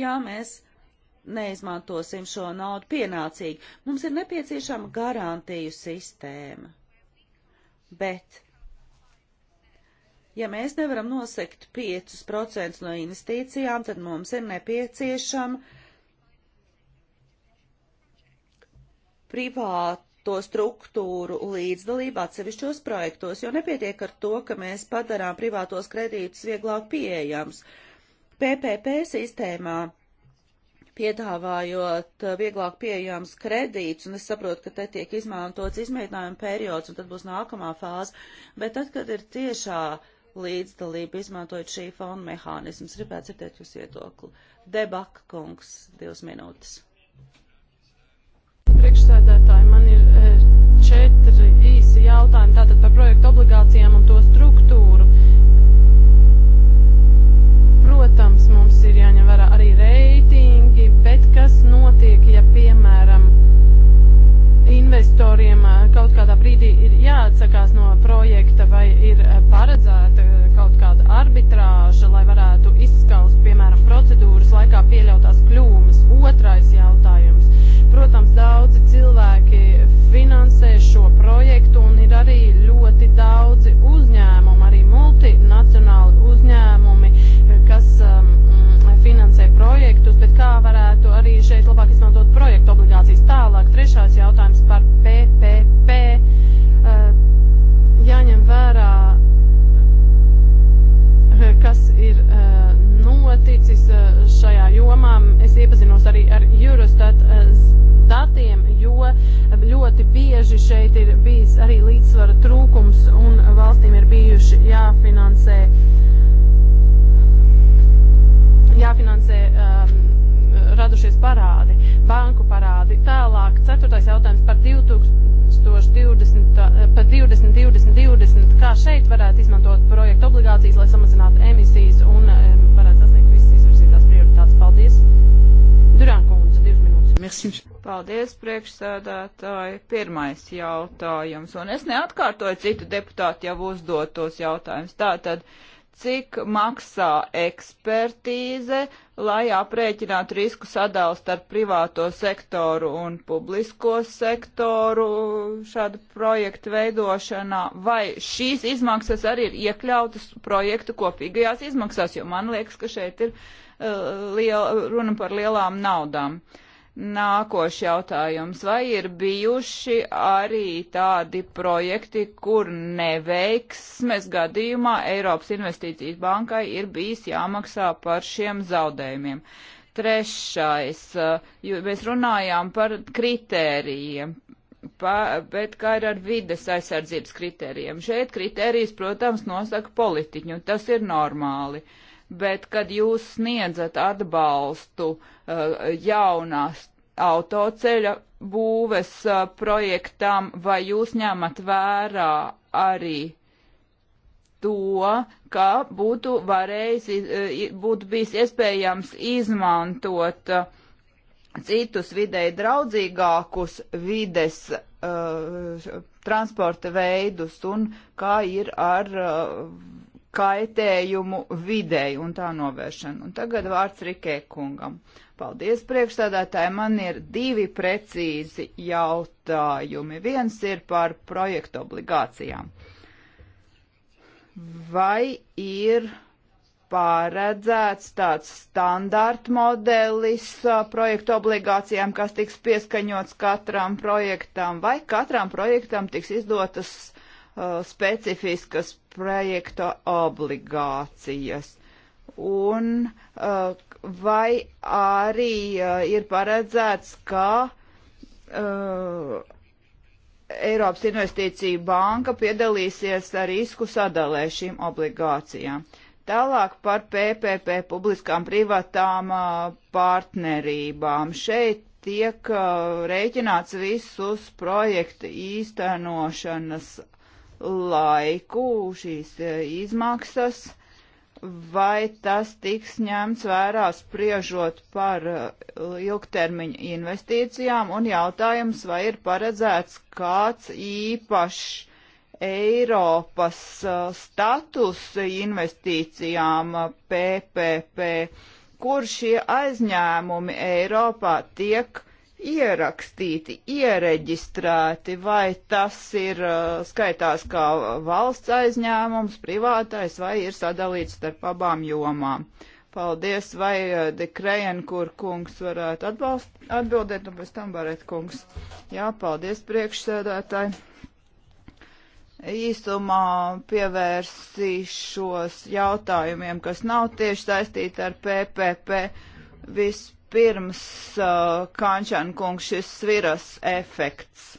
Ja mēs neizmantosim šo naudu pienācīgi, mums ir nepieciešama garantiju sistēma. Bet Ja mēs nevaram nosekt 5% no investīcijām, tad mums ir nepieciešama privāto struktūru līdzdalība atsevišķos projektos, jo nepietiek ar to, ka mēs padarām privātos kredītus vieglāk pieejams. PPP sistēmā piedāvājot uh, vieglāk pieejams kredīts, un es saprotu, ka te tiek izmantots izmēģinājuma periods, un tad būs nākamā fāze, bet tad, kad ir tiešā uh, līdzdalību, izmantojot šī fonda mehānismus. Gribētu dzirdēt jūs viedokli. Debaka kungs, divas minūtes. Priekšsēdētāji, man ir eh, četri īsi jautājumi tātad par projektu obligācijām un to struktūru. Protams, mums ir jāņem vērā arī reitingi, bet kas notiek, ja piemēram investoriem eh, kaut kādā brīdī ir jāatsakās no projekta vai ir eh, paredzēta eh, kaut kāda arbitrāža, lai varētu izskaust, piemēram, procedūras laikā pieļautās kļūmes. Otrais jautājums. Protams, daudzi cilvēki finansē šo projektu un ir arī ļoti daudzi uzņēmumi, arī multinacionāli projektus, bet kā varētu arī šeit labāk izmantot projektu obligācijas tālāk. Trešais jautājums par PPP. Uh, eh, jāņem vērā, eh, kas ir uh, noticis uh, šajā jomā. Es iepazinos arī ar Eurostat datiem, jo ļoti bieži šeit ir bijis arī līdzsvara trūkums un valstīm ir bijuši jāfinansē uh, jāfinansē um, radušies parādi, banku parādi. Tālāk, ceturtais jautājums par 2020, eh, par 20, 20, 20, kā šeit varētu izmantot projektu obligācijas, lai samazinātu emisijas un um, varētu sasniegt visas izvirzītās prioritātes. Paldies! Durankundze, divas minūtes. Merci. Paldies, priekšsēdētāji. Pirmais jautājums, un es neatkārtoju citu deputātu jau uzdotos jautājumus. Tātad cik maksā ekspertīze, lai aprēķinātu risku sadalu starp privāto sektoru un publisko sektoru šādu projektu veidošanā, vai šīs izmaksas arī ir iekļautas projektu kopīgajās izmaksās, jo man liekas, ka šeit ir uh, eh, liela, runa par lielām naudām. Uh, Nākošais jautājums. Vai ir bijuši arī tādi projekti, kur neveiksmes gadījumā Eiropas investīcijas bankai ir bijis jāmaksā par šiem zaudējumiem? Trešais, eh, jo mēs runājām par kritērijiem, pa, bet kā ir ar vides aizsardzības kritērijiem? Šeit kritērijas, protams, nosaka politiķi, un tas ir normāli. Bet, kad jūs sniedzat atbalstu uh, Uh, jaunās autoceļa būves uh, projektam, vai jūs ņemat vērā arī to, ka būtu varējis, uh, būtu bijis iespējams izmantot citus videi draudzīgākus vides uh, transporta veidus un kā ir ar uh, kaitējumu videi un tā novēršanu. Un tagad vārds Rikē kungam. Uh, Paldies, priekšstādātāji. Man ir divi precīzi jautājumi. Viens ir par projektu obligācijām. Vai ir paredzēts tāds standārta modelis projektu obligācijām, kas tiks pieskaņots katram projektam, vai katram projektam tiks izdotas uh, specifiskas projekta obligācijas? Un uh, vai arī uh, ir paredzēts, ka uh, Eiropas Investīcija banka piedalīsies ar risku sadalē šīm obligācijām. Tālāk par PPP publiskām privātām eh, partnerībām. Šeit tiek rēķināts visus projekta īstenošanas laiku, šīs izmaksas. Uh, vai tas tiks ņemts vērā spriežot par uh, ilgtermiņa investīcijām un jautājums, vai ir paredzēts kāds īpašs Eiropas uh, status investīcijām PPP, uh, kur šie aizņēmumi Eiropā tiek ierakstīti, iereģistrēti, vai tas ir uh, skaitās kā valsts aizņēmums, privātais, vai ir sadalīts starp abām jomām. Paldies, vai uh, Dekrēn, kur kungs varētu atbalst, atbildēt, un pēc tam varētu kungs. Jā, paldies priekšsēdētāji. Īsumā pievērsīšos jautājumiem, kas nav tieši saistīti ar PPP. Vispār pirms uh, Kančana kungs šis sviras efekts.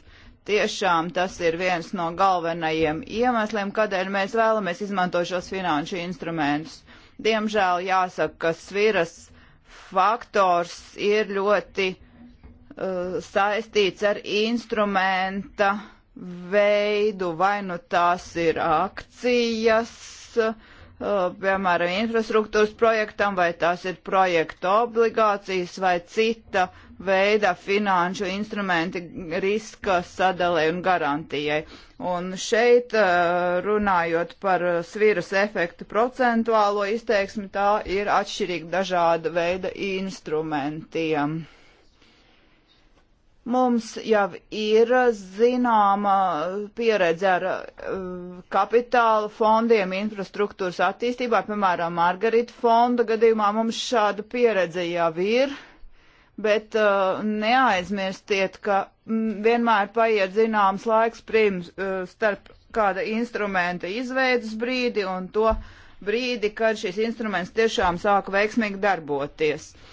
Tiešām tas ir viens no galvenajiem iemesliem, kādēļ mēs vēlamies izmantot šos finanšu instrumentus. Diemžēl jāsaka, ka sviras faktors ir ļoti uh, saistīts ar instrumenta veidu, vai nu tās ir akcijas, uh, Uh, piemēram, infrastruktūras projektam, vai tās ir projekta obligācijas vai cita veida finanšu instrumenti riska sadalē un garantijai. Un šeit uh, runājot par sviras efektu procentuālo izteiksmi, tā ir atšķirīga dažāda veida instrumentiem. Mums jau ir zināma pieredze ar uh, kapitāla fondiem, infrastruktūras attīstībā, piemēram, Margarita fonda gadījumā mums šāda pieredze jau ir, bet uh, neaizmirstiet, ka mm, vienmēr paiet zināms laiks pirms uh, starp kāda instrumenta izveidas brīdi un to brīdi, kad šis instruments tiešām sāka veiksmīgi darboties. Uh,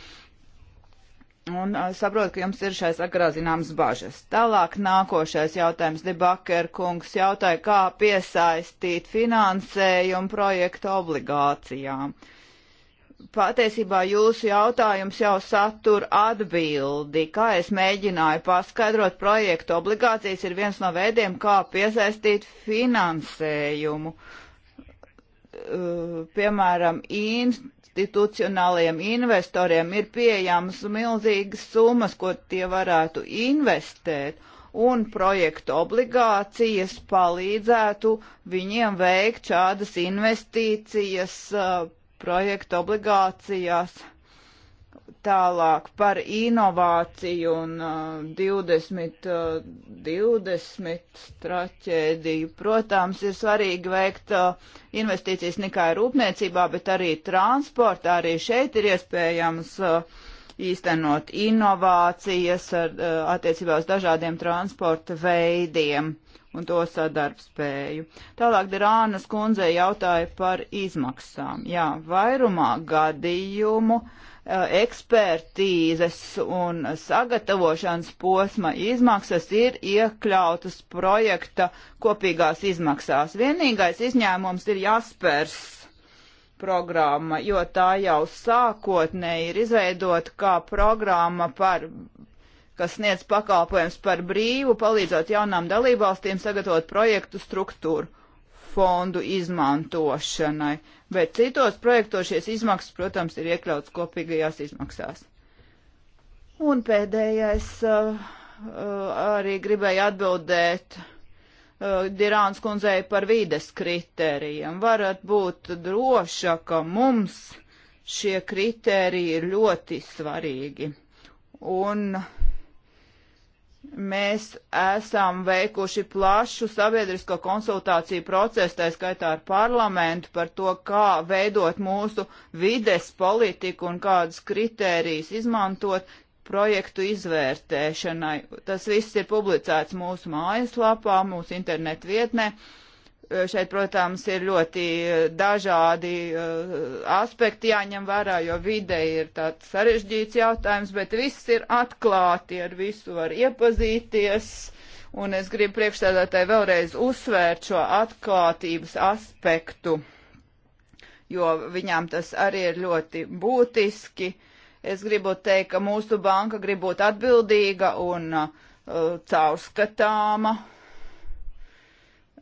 Un saprotu, ka jums ir šai sakarā zināmas bažas. Tālāk nākošais jautājums. Debaker kungs jautāja, kā piesaistīt finansējumu projektu obligācijām. Patiesībā jūsu jautājums jau satur atbildi. Kā es mēģināju paskaidrot, projektu obligācijas ir viens no veidiem, kā piesaistīt finansējumu. Uh, piemēram, in institucionāliem investoriem ir pieejamas milzīgas summas, ko tie varētu investēt, un projektu obligācijas palīdzētu viņiem veikt šādas investīcijas uh, projektu obligācijās. Tālāk par inovāciju un uh, 2020 uh, 20 traķēdiju. Protams, ir svarīgi veikt uh, investīcijas ne tikai rūpniecībā, bet arī transportā. Arī šeit ir iespējams uh, īstenot inovācijas ar, uh, attiecībā uz dažādiem transporta veidiem un to sadarbspēju. Tālāk Dirānas kundze jautāja par izmaksām. Jā, vairumā gadījumu. Uh, Eh, ekspertīzes un sagatavošanas posma izmaksas ir iekļautas projekta kopīgās izmaksās. Vienīgais izņēmums ir Jaspers programma, jo tā jau sākotnēji ir izveidota kā programma par kas sniedz pakalpojums par brīvu, palīdzot jaunām dalībvalstīm sagatavot projektu struktūru fondu izmantošanai. Uh, bet citos projektos šies izmaksas, protams, ir iekļauts kopīgajās izmaksās. Un pēdējais uh, uh, arī gribēju atbildēt uh, Dirāns kundzei par vides kritērijiem. Varat būt droša, ka mums šie kritēriji ir ļoti svarīgi. Un uh, Mēs esam veikuši plašu sabiedrisko konsultāciju procesu, tā skaitā ar parlamentu, par to, kā veidot mūsu vides politiku un kādas kritērijas izmantot projektu izvērtēšanai. Tas viss ir publicēts mūsu mājaslapā, mūsu internetu vietnē. Uh, Eh, šeit, protams, ir ļoti eh, dažādi eh, aspekti jāņem vērā, jo vide ir tāds sarežģīts jautājums, bet viss ir atklāti, ar visu var iepazīties. Un es gribu priekšstādātāji vēlreiz uzsvērt šo atklātības aspektu, jo viņām tas arī ir ļoti būtiski. Es gribu teikt, ka mūsu banka grib būt atbildīga un uh, caurskatāma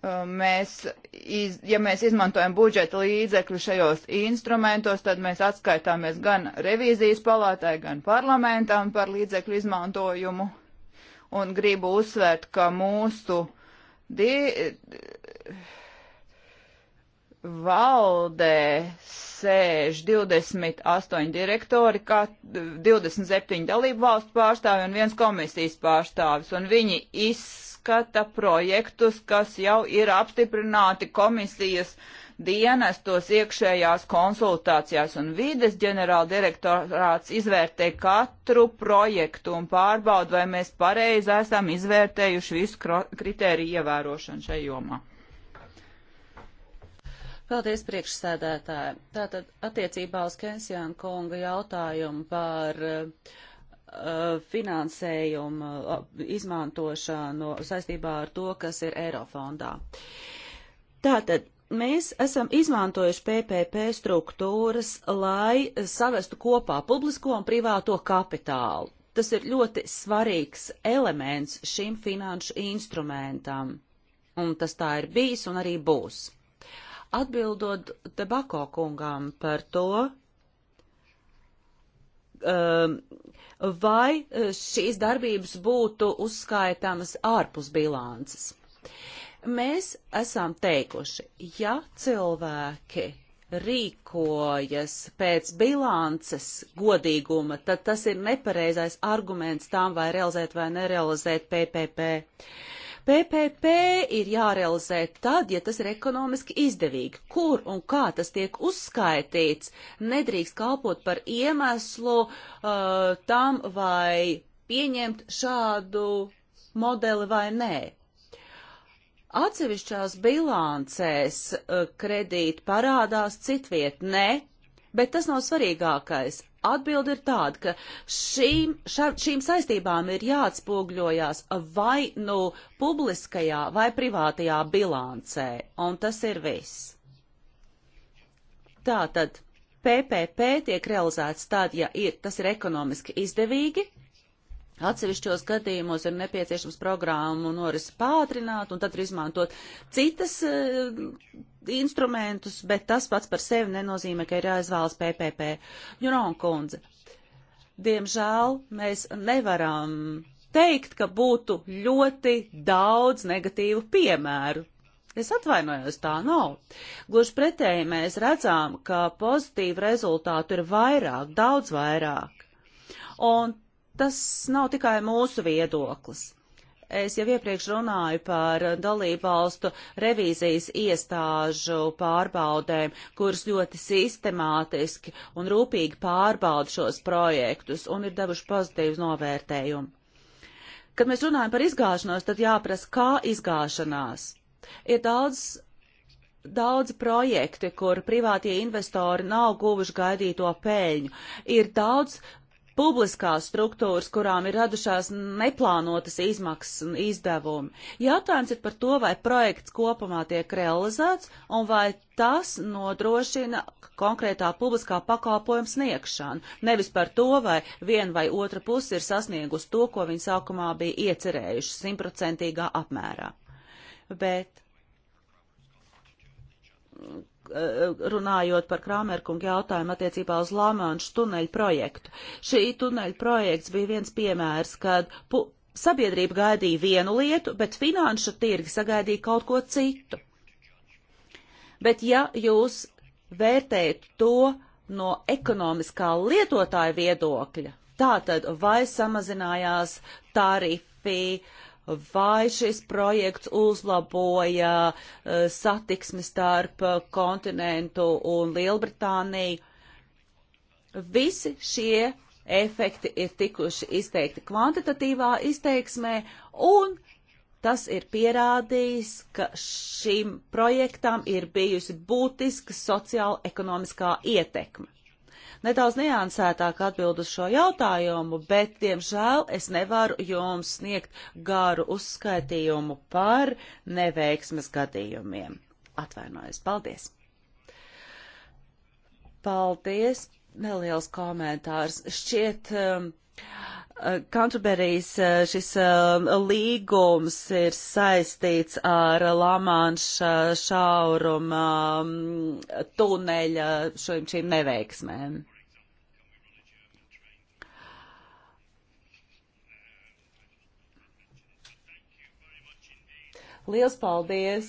Um, mēs, iz, ja mēs izmantojam budžeta līdzekļu šajos instrumentos, tad mēs atskaitāmies gan revīzijas palātai, gan parlamentam par līdzekļu izmantojumu. Un gribu uzsvērt, ka mūsu di, valdēs sēž 28 direktori, kā 27 dalību valstu pārstāvi un viens komisijas pārstāvis, un viņi izskata projektus, kas jau ir apstiprināti komisijas dienestos iekšējās konsultācijās, un vides ģenerāldirektorāts izvērtē katru projektu un pārbauda, vai mēs pareizi esam izvērtējuši visu kritēriju ievērošanu šajomā. Paldies, priekšsēdētāji. Tātad attiecībā uz Kensjāna kunga jautājumu par uh, uh finansējumu uh, izmantošanu saistībā ar to, kas ir Eirofondā. Tātad mēs esam izmantojuši PPP struktūras, lai savestu kopā publisko un privāto kapitālu. Tas ir ļoti svarīgs elements šim finanšu instrumentam, un tas tā ir bijis un arī būs. Atbildot debako kungām par to, um, vai eh, šīs darbības būtu uzskaitāmas ārpus bilances. Mēs esam teikuši, ja cilvēki rīkojas pēc bilances godīguma, tad tas ir nepareizais arguments tām vai realizēt vai nerealizēt PPP. Uh, PPP ir jārealizē tad, ja tas ir ekonomiski izdevīgi. Kur un kā tas tiek uzskaitīts, nedrīkst kalpot par iemeslu uh, tam, vai pieņemt šādu modeli vai nē. Atsevišķās bilancēs uh, kredīti parādās citviet, ne Bet tas nav svarīgākais. Atbilde ir tāda, ka šīm, ša, šīm saistībām ir jāatspūgļojās vai nu publiskajā vai privātajā bilancē, un tas ir viss. Tātad PPP tiek realizēts tad, ja ir, tas ir ekonomiski izdevīgi, Atsevišķos gadījumos ir nepieciešams programmu norisi pātrināt un tad ir izmantot citas uh, instrumentus, bet tas pats par sevi nenozīmē, ka ir jāizvēlas PPP. Juron kundze, diemžēl mēs nevaram teikt, ka būtu ļoti daudz negatīvu piemēru. Es atvainojos, tā nav. Gluži pretēji mēs redzām, ka pozitīvu rezultātu ir vairāk, daudz vairāk. Un tas nav tikai mūsu viedoklis. Es jau iepriekš runāju par dalību valstu revīzijas iestāžu pārbaudēm, kuras ļoti sistemātiski un rūpīgi pārbauda šos projektus un ir devuši pozitīvu novērtējumu. Kad mēs runājam par izgāšanos, tad jāprasa, kā izgāšanās. Ir daudz, daudz projekti, kur privātie investori nav guvuši gaidīto peļņu. Ir daudz publiskās struktūras, kurām ir radušās neplānotas izmaksas un izdevumi. Jautājums ir par to, vai projekts kopumā tiek realizēts un vai tas nodrošina konkrētā publiskā pakalpojuma sniegšanu, nevis par to, vai viena vai otra puse ir sasniegusi to, ko viņi sākumā bija iecerējuši simtprocentīgā apmērā. Bet Eh, runājot par Krāmerkunga jautājumu attiecībā uz Lamanšu tuneļu projektu. Šī tuneļu projekts bija viens piemērs, kad sabiedrība gaidīja vienu lietu, bet finanšu tirgi sagaidīja kaut ko citu. Bet ja jūs vērtējat to no ekonomiskā lietotāja viedokļa, tātad vai samazinājās tarifi, uh, vai šis projekts uzlaboja eh, satiksmi starp eh, kontinentu un Lielbritāniju. Visi šie efekti ir tikuši izteikti kvantitatīvā izteiksmē, un tas ir pierādījis, ka šim projektam ir bijusi būtiska sociāla ekonomiskā ietekme nedaudz neansētāk atbild uz šo jautājumu, bet, diemžēl, es nevaru jums sniegt garu uzskaitījumu par neveiksmes gadījumiem. Atvainojos, paldies! Paldies! Neliels komentārs. Šķiet, um, Kanturberijas uh, šis um, līgums ir saistīts ar Lamanša šauruma um, tuneļa šīm neveiksmēm. Liels paldies,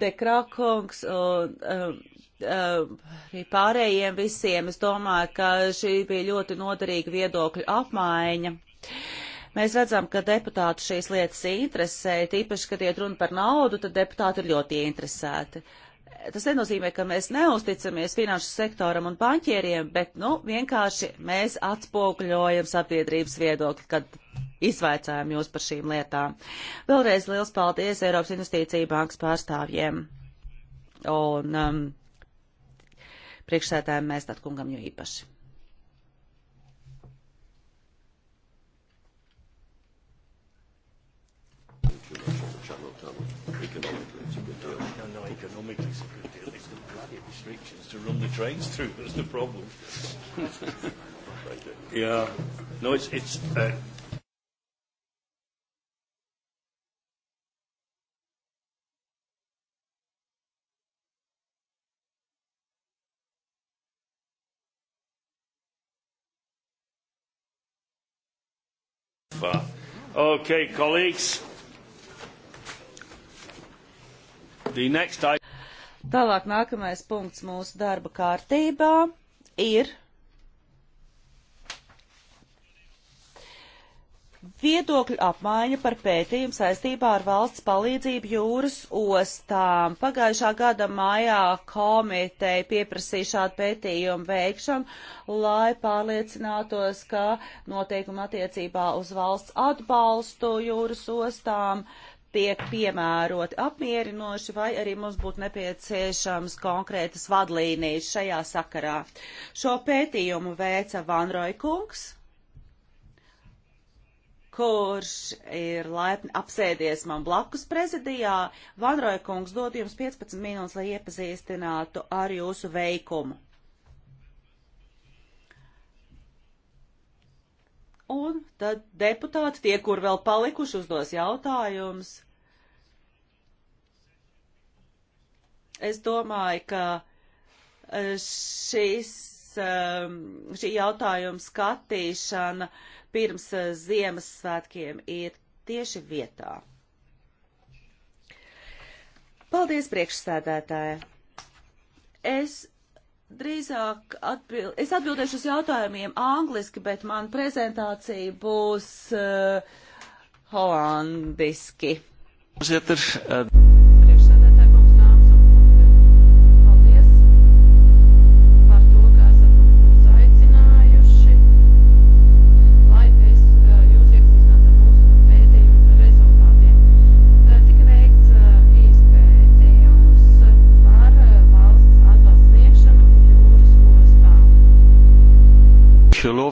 Dekrakungs, un um, um, arī pārējiem visiem. Es domāju, ka šī bija ļoti noderīga viedokļu apmaiņa. Mēs redzam, ka deputātu šīs lietas interesē, tīpaši, kad iet runa par naudu, tad deputāti ir ļoti interesēti. Uh, tas nenozīmē, ka mēs neusticamies finanšu sektoram un banķieriem, bet, nu, vienkārši mēs atspoguļojam sabiedrības viedokli, kad izvaicājam jūs par šīm lietām. Vēlreiz liels paldies Eiropas Investīcija bankas pārstāvjiem un um, priekšsētājiem mēs tad kungam jau īpaši. economically to run the trains through. That's the problem. yeah. No, it's it's. Uh, Okay, colleagues. The next item. Tālāk nākamais punkts mūsu darba kārtībā ir Viedokļu apmaiņa par pētījumu saistībā ar valsts palīdzību jūras ostām. Pagājušā gada maijā komiteja pieprasīja šādu pētījumu veikšanu, lai pārliecinātos, ka noteikumi attiecībā uz valsts atbalstu jūras ostām uh, tiek piemēroti apmierinoši, vai arī mums būtu nepieciešams konkrētas vadlīnijas šajā sakarā. Šo pētījumu veica Vanroja kungs, kurš ir laipni apsēdies man blakus prezidijā. Vanroja kungs dod jums 15 minūtes, lai iepazīstinātu ar jūsu veikumu. Un tad deputāti, tie, kur vēl palikuši, uzdos jautājumus. Es domāju, ka e, šis, e, šī jautājuma skatīšana pirms e, Ziemassvētkiem ir tieši vietā. Paldies, priekšsēdētāja. Es drīzāk atbild, es atbildēšu uz jautājumiem angliski, bet man prezentācija būs uh, holandiski. Voorzitter, eh,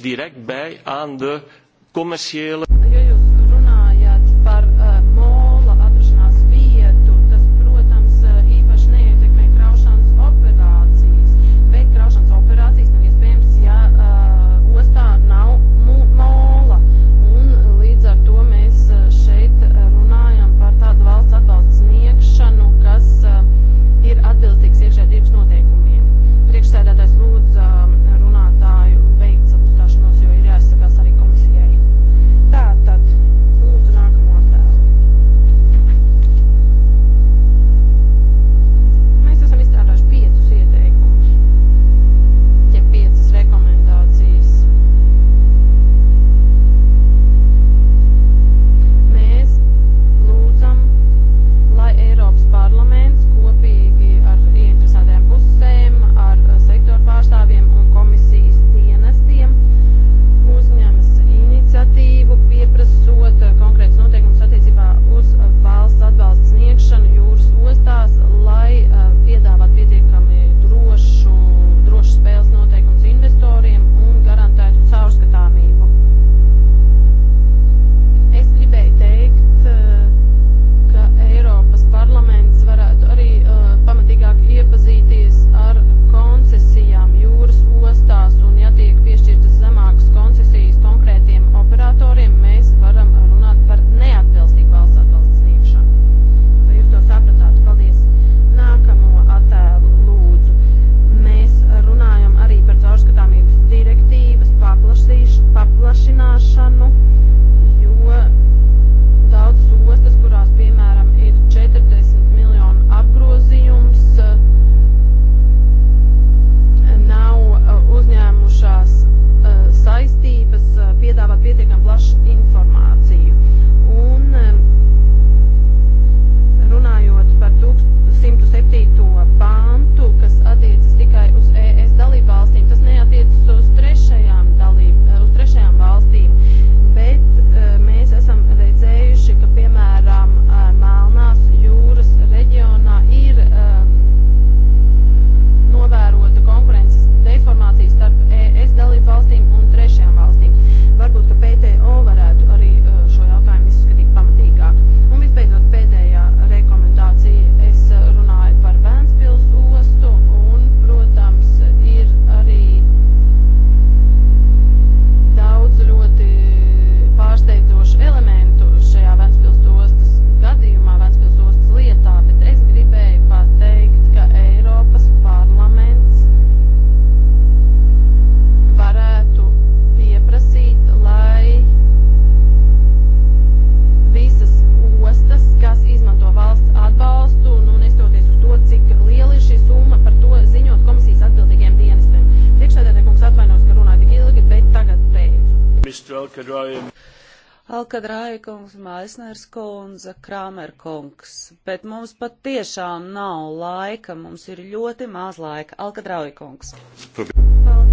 niks direct bij aan de commerciële. kad Raikungs, Maisners kundze, Kramer kungs, bet mums pat tiešām nav laika, mums ir ļoti maz laika. Alkadrauj kungs. Paldies.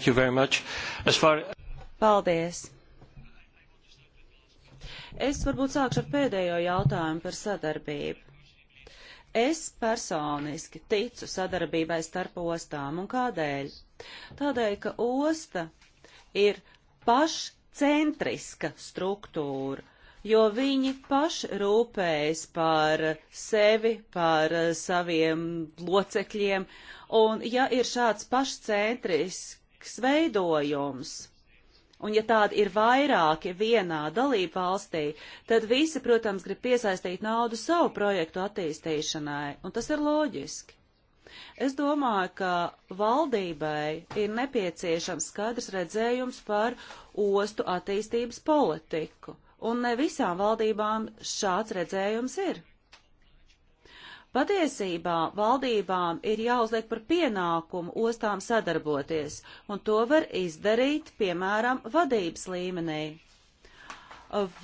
Thank you very much. As far... Paldies. Es varbūt sākšu ar pēdējo jautājumu par sadarbību. Es personiski ticu sadarbībai starp ostām un kādēļ? Tādēļ, ka osta ir pašcentriska struktūra, jo viņi paši rūpējas par sevi, par saviem locekļiem, un ja ir šāds pašcentrisks liekas veidojums. Un ja tāda ir vairāki vienā dalību valstī, tad visi, protams, grib piesaistīt naudu savu projektu attīstīšanai, un tas ir loģiski. Es domāju, ka valdībai ir nepieciešams skaidrs redzējums par ostu attīstības politiku, un ne visām valdībām šāds redzējums ir. Patiesībā valdībām ir jāuzliek par pienākumu ostām sadarboties, un to var izdarīt, piemēram, vadības līmenī.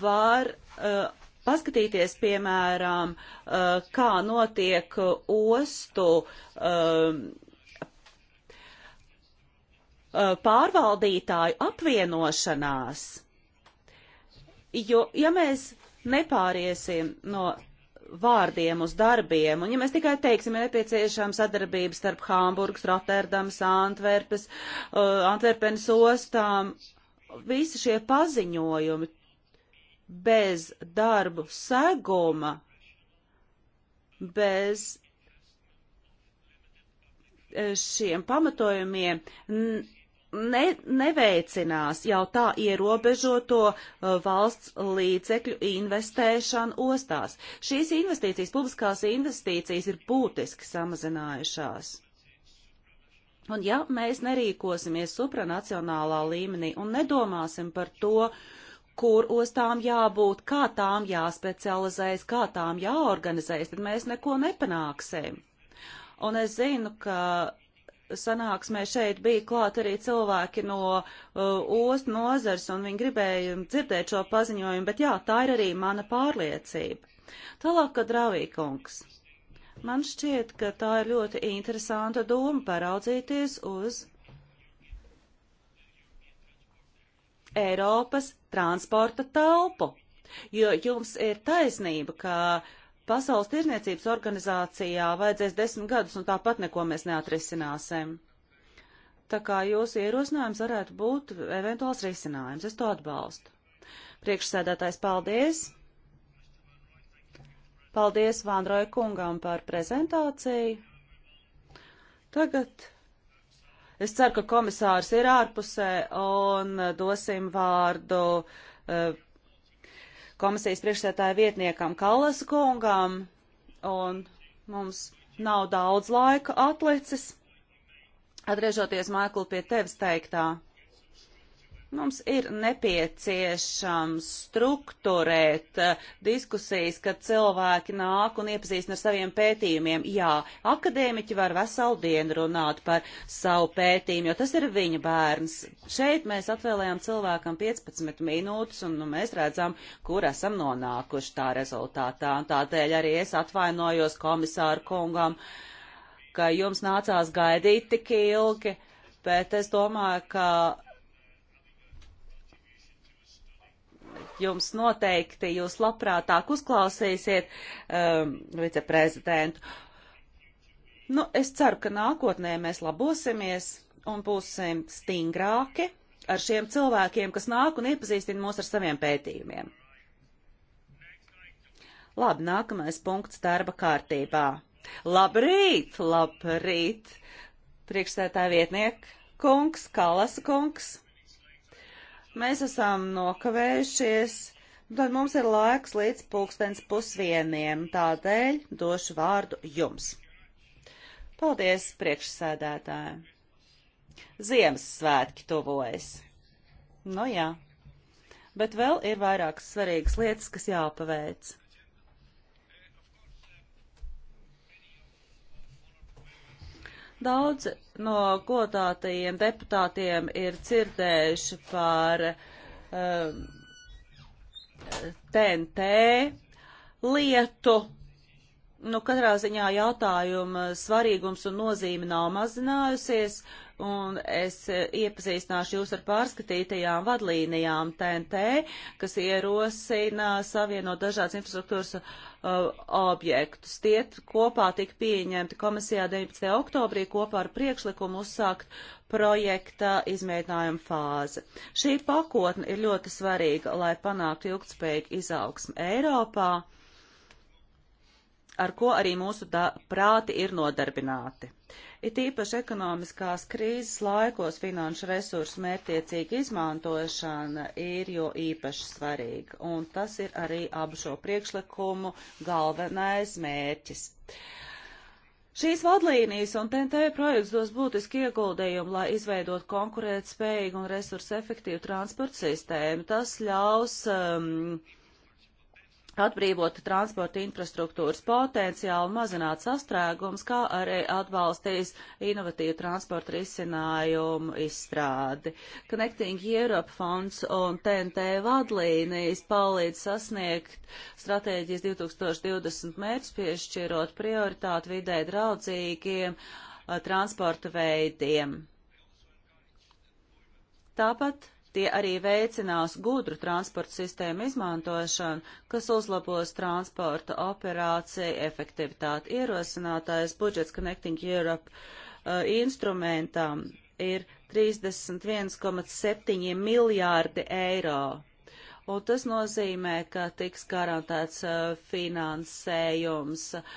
Var uh, paskatīties, piemēram, uh, kā notiek ostu uh, pārvaldītāju apvienošanās. Jo, ja mēs nepāriesim no vārdiem uz darbiem, un ja mēs tikai teiksim, ir nepieciešama sadarbība starp Hamburgas, Rotterdams, Antverpes, uh, Antverpenes ostām, visi šie paziņojumi bez darbu seguma, bez eh, šiem pamatojumiem ne, neveicinās jau tā ierobežoto uh, valsts līdzekļu investēšanu ostās. Šīs investīcijas, publiskās investīcijas ir būtiski samazinājušās. Un ja mēs nerīkosimies supranacionālā līmenī un nedomāsim par to, kur ostām jābūt, kā tām jāspecializējas, kā tām jāorganizējas, tad mēs neko nepanāksim. Un es zinu, ka sanāksmē šeit bija klāt arī cilvēki no uh, ostu nozars, un viņi gribēja dzirdēt šo paziņojumu, bet jā, tā ir arī mana pārliecība. Tālāk, kad Ravīkungs. Man šķiet, ka tā ir ļoti interesanta doma paraudzīties uz Eiropas transporta telpu, jo jums ir taisnība, ka uh, Pasaules tirniecības organizācijā vajadzēs desmit gadus, un tāpat neko mēs neatrisināsim. Tā kā jūsu ierosinājums varētu būt eventuāls risinājums, es to atbalstu. Priekšsēdētājs, paldies! Paldies Vānroja kungam par prezentāciju. Tagad es ceru, ka komisārs ir ārpusē un dosim vārdu uh, komisijas priekšsētāja vietniekam Kallas kungam, un mums nav daudz laika atlicis. Atgriežoties, Maikl, pie tevis teiktā, Mums ir nepieciešams struktūrēt eh, diskusijas, kad cilvēki nāk un iepazīstina ar saviem pētījumiem. Jā, akadēmiķi var veselu dienu runāt par savu pētījumu, jo tas ir viņa bērns. Šeit mēs atvēlējām cilvēkam 15 minūtes, un nu, mēs redzam, kur esam nonākuši tā rezultātā. Un tādēļ arī es atvainojos komisāru kungam, ka jums nācās gaidīt tik ilgi, bet es domāju, ka jums noteikti jūs labprātāk uzklausīsiet um, viceprezidentu. Nu, es ceru, ka nākotnē mēs labosimies un būsim stingrāki ar šiem cilvēkiem, kas nāk un iepazīstina mūs ar saviem pētījumiem. Labi, nākamais punkts darba kārtībā. Labrīt, labrīt, priekšsētāja vietniek, kungs, kalas kungs mēs esam nokavējušies, tad mums ir laiks līdz pulkstens pusvieniem, tādēļ došu vārdu jums. Paldies, priekšsēdētāji! Ziemassvētki tuvojas. Nu jā, bet vēl ir vairākas svarīgas lietas, kas jāpaveic. Daudz no godātajiem deputātiem ir dzirdējuši par um, TNT lietu. Nu, katrā ziņā jautājuma svarīgums un nozīme nav mazinājusies. Uh, un es eh, iepazīstināšu jūs ar pārskatītajām vadlīnijām TNT, kas ierosina savienot dažādas infrastruktūras uh, objektus. Tie kopā tika pieņemti komisijā 19. oktobrī kopā ar priekšlikumu uzsākt projekta izmēģinājuma fāzi. Šī pakotne ir ļoti svarīga, lai panāktu ilgtspējīgu izaugsmu Eiropā. Uh, ar ko arī mūsu tā, prāti ir nodarbināti. It īpaši ekonomiskās krīzes laikos finanšu resursu mērtiecīga izmantošana ir jo īpaši svarīga, un tas ir arī abu šo priekšlikumu galvenais mērķis. Šīs vadlīnijas un TNT projekts dos būtiski ieguldījumu, lai izveidot konkurēt spējīgu un resursu efektīvu transporta sistēmu. Tas ļaus um, atbrīvot transporta infrastruktūras potenciālu, mazināt sastrēgums, kā arī atbalstīs inovatīvu transporta risinājumu izstrādi. Connecting Europe fonds un TNT vadlīnijas palīdz sasniegt stratēģijas 2020 mērķus, piešķirot prioritāti vidē draudzīgiem transporta veidiem. Tāpat Tie arī veicinās gudru transporta sistēmu izmantošanu, kas uzlabos transporta operāciju, efektivitāti. Ierosinātājs budžets Connecting Europe uh, instrumentam ir 31,7 miljārdi eiro. Un tas nozīmē, ka tiks garantēts uh, finansējums uh,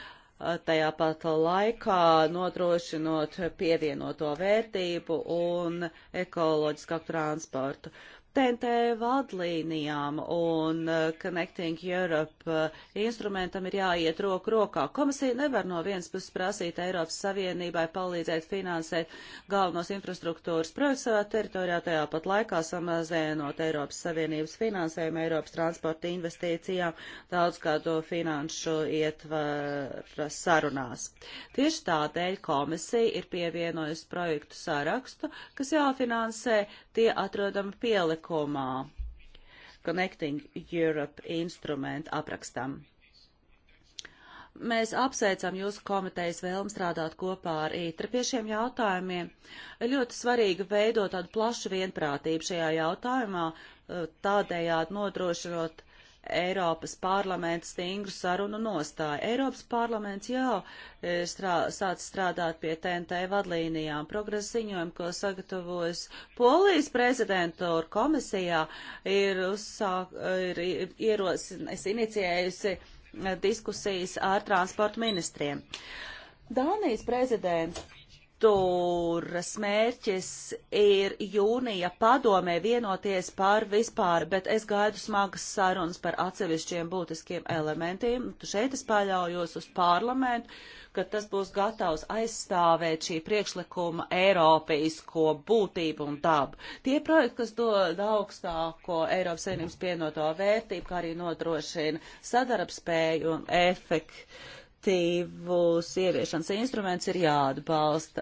tajā pat laikā nodrošinot pievienoto vērtību un ekoloģiskāku transportu. TNT vadlīnijām un uh, Connecting Europe uh, instrumentam ir jāiet roku rokā. Komisija nevar no vienas puses prasīt Eiropas Savienībai palīdzēt finansēt galvenos infrastruktūras projekts savā teritorijā, tajā pat laikā samazinot Eiropas Savienības finansējumu Eiropas transporta investīcijām daudzgado finanšu ietvara sarunās. Tieši tādēļ komisija ir pievienojusi projektu sarakstu, kas jāfinansē, tie atrodami pielikumi pielikumā Connecting Europe instrumentu aprakstam. Mēs apsveicam jūsu komitejas vēlmu strādāt kopā ar ITRA pie šiem jautājumiem. Ļoti svarīgi veidot tādu plašu vienprātību šajā jautājumā, tādējādi nodrošinot Eiropas parlaments stingru sarunu nostāju. Eiropas parlaments jau e, strā, sāc strādāt pie TNT vadlīnijām. Progresa ziņojumu, ko sagatavojas Polijas prezidentūra komisijā, ir, uzsāk, ir, ir ierosinājusi, inicijējusi e, diskusijas ar transportu ministriem. Dānijas prezidents Turas mērķis ir jūnija padomē vienoties par vispār, bet es gaidu smagas sarunas par atsevišķiem būtiskiem elementiem. Šeit es paļaujos uz parlamentu, ka tas būs gatavs aizstāvēt šī priekšlikuma Eiropeisko būtību un dabu. Tie projekti, kas dod augstāko Eiropas saimnības pienoto vērtību, kā arī nodrošina sadarbspēju un efektu direktīvas ieviešanas instruments ir jāatbalsta.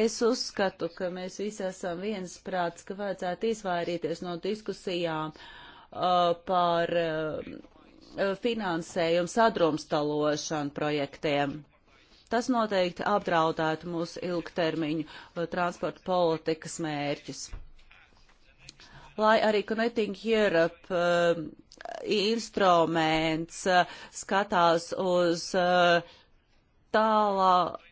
Es uzskatu, ka mēs visi esam viensprāts, ka vajadzētu izvairīties no diskusijām uh, par uh, finansējumu sadrumstalošanu projektiem. Tas noteikti apdraudētu mūsu ilgtermiņu uh, transporta politikas mērķus lai arī Connecting Europe uh, instruments uh, skatās uz uh, eh, tālāk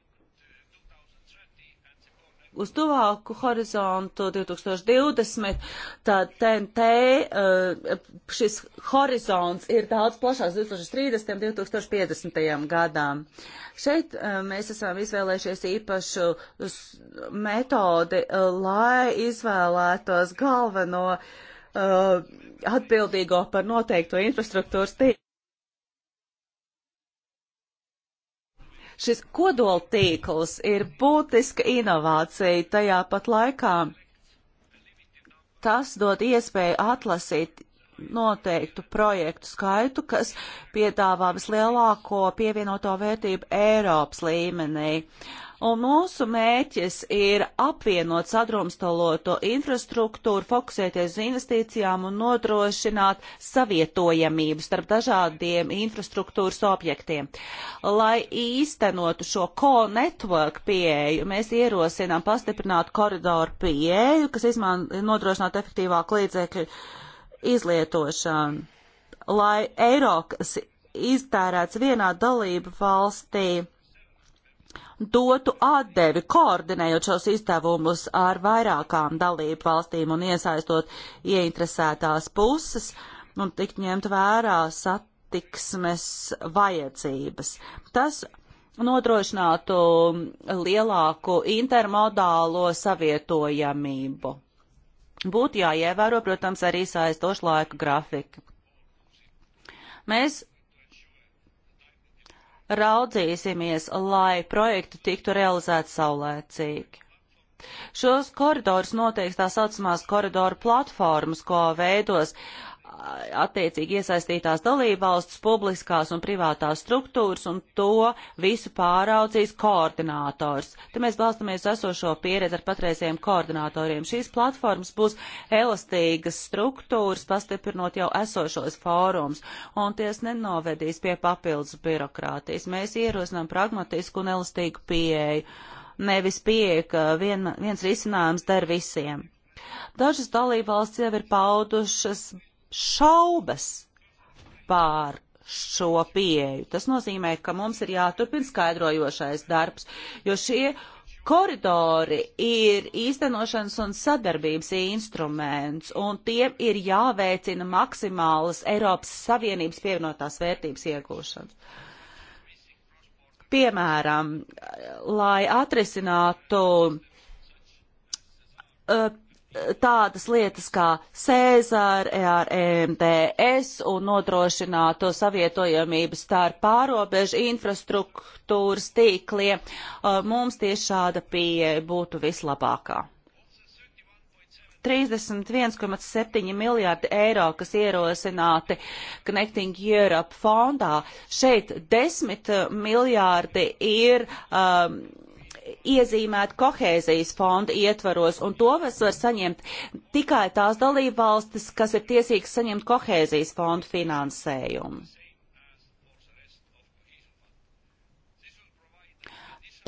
uz tuvāku horizontu 2020, tad TNT eh, šis horizonts ir daudz plašāks 2030. un 2050. gadām. Šeit eh, mēs esam izvēlējušies īpašu metodi, eh, lai izvēlētos galveno atbildīgo par noteikto infrastruktūras tīklu. Šis kodoltīkls ir būtiska inovācija tajā pat laikā. Tas dod iespēju atlasīt noteiktu projektu skaitu, kas piedāvā vislielāko pievienoto vērtību Eiropas līmenī. Uh, un mūsu mēķis ir apvienot sadrumstaloto infrastruktūru, fokusēties uz investīcijām un nodrošināt savietojamību starp dažādiem infrastruktūras objektiem. Lai īstenotu šo co-network pieeju, mēs ierosinām pastiprināt koridoru pieeju, kas izman, nodrošinātu efektīvāku līdzekļu izlietošanu. Lai Eiropas iztērēts vienā dalību valstī dotu atdevi, koordinējot šos izdevumus ar vairākām dalību valstīm un iesaistot ieinteresētās puses un tikt ņemt vērā satiksmes vajadzības. Tas nodrošinātu lielāku intermodālo savietojamību. Būtu jāievēro, protams, arī saistošu laiku grafiku. Mēs raudzīsimies, lai projekti tiktu realizēti saulēcīgi. Šos koridorus noteiks tā saucamās koridoru platformas, ko veidos uh, attiecīgi iesaistītās dalībvalsts, publiskās un privātās struktūras, un to visu pāraudzīs koordinators. Te mēs balstamies esošo pieredzi ar patreiziem koordinatoriem. Šīs platformas būs elastīgas struktūras, pastiprinot jau esošos fórums, un ties nenovedīs pie papildus birokrātijas. Mēs ierosinām pragmatisku un elastīgu pieeju, nevis pieeja, ka vien, viens risinājums der visiem. Dažas dalībvalsts jau ir paudušas šaubas pār šo pieeju. Tas nozīmē, ka mums ir jāturpina skaidrojošais darbs, jo šie koridori ir īstenošanas un sadarbības instruments, un tiem ir jāveicina maksimālas Eiropas Savienības pievienotās vērtības iegūšanas. Piemēram, lai atrisinātu uh, tādas lietas kā Cēzāra, ERMTS e un nodrošināto savietojamību starp pārobežu infrastruktūras tīkliem, mums tieši šāda pieeja būtu vislabākā. 31,7 miljārdi eiro, kas ierosināti Connecting Europe fondā. Šeit 10 miljārdi ir um, iezīmēti kohēzijas fonda ietvaros, un to var saņemt tikai tās dalībvalstis, kas ir tiesīgas saņemt kohēzijas fonda finansējumu.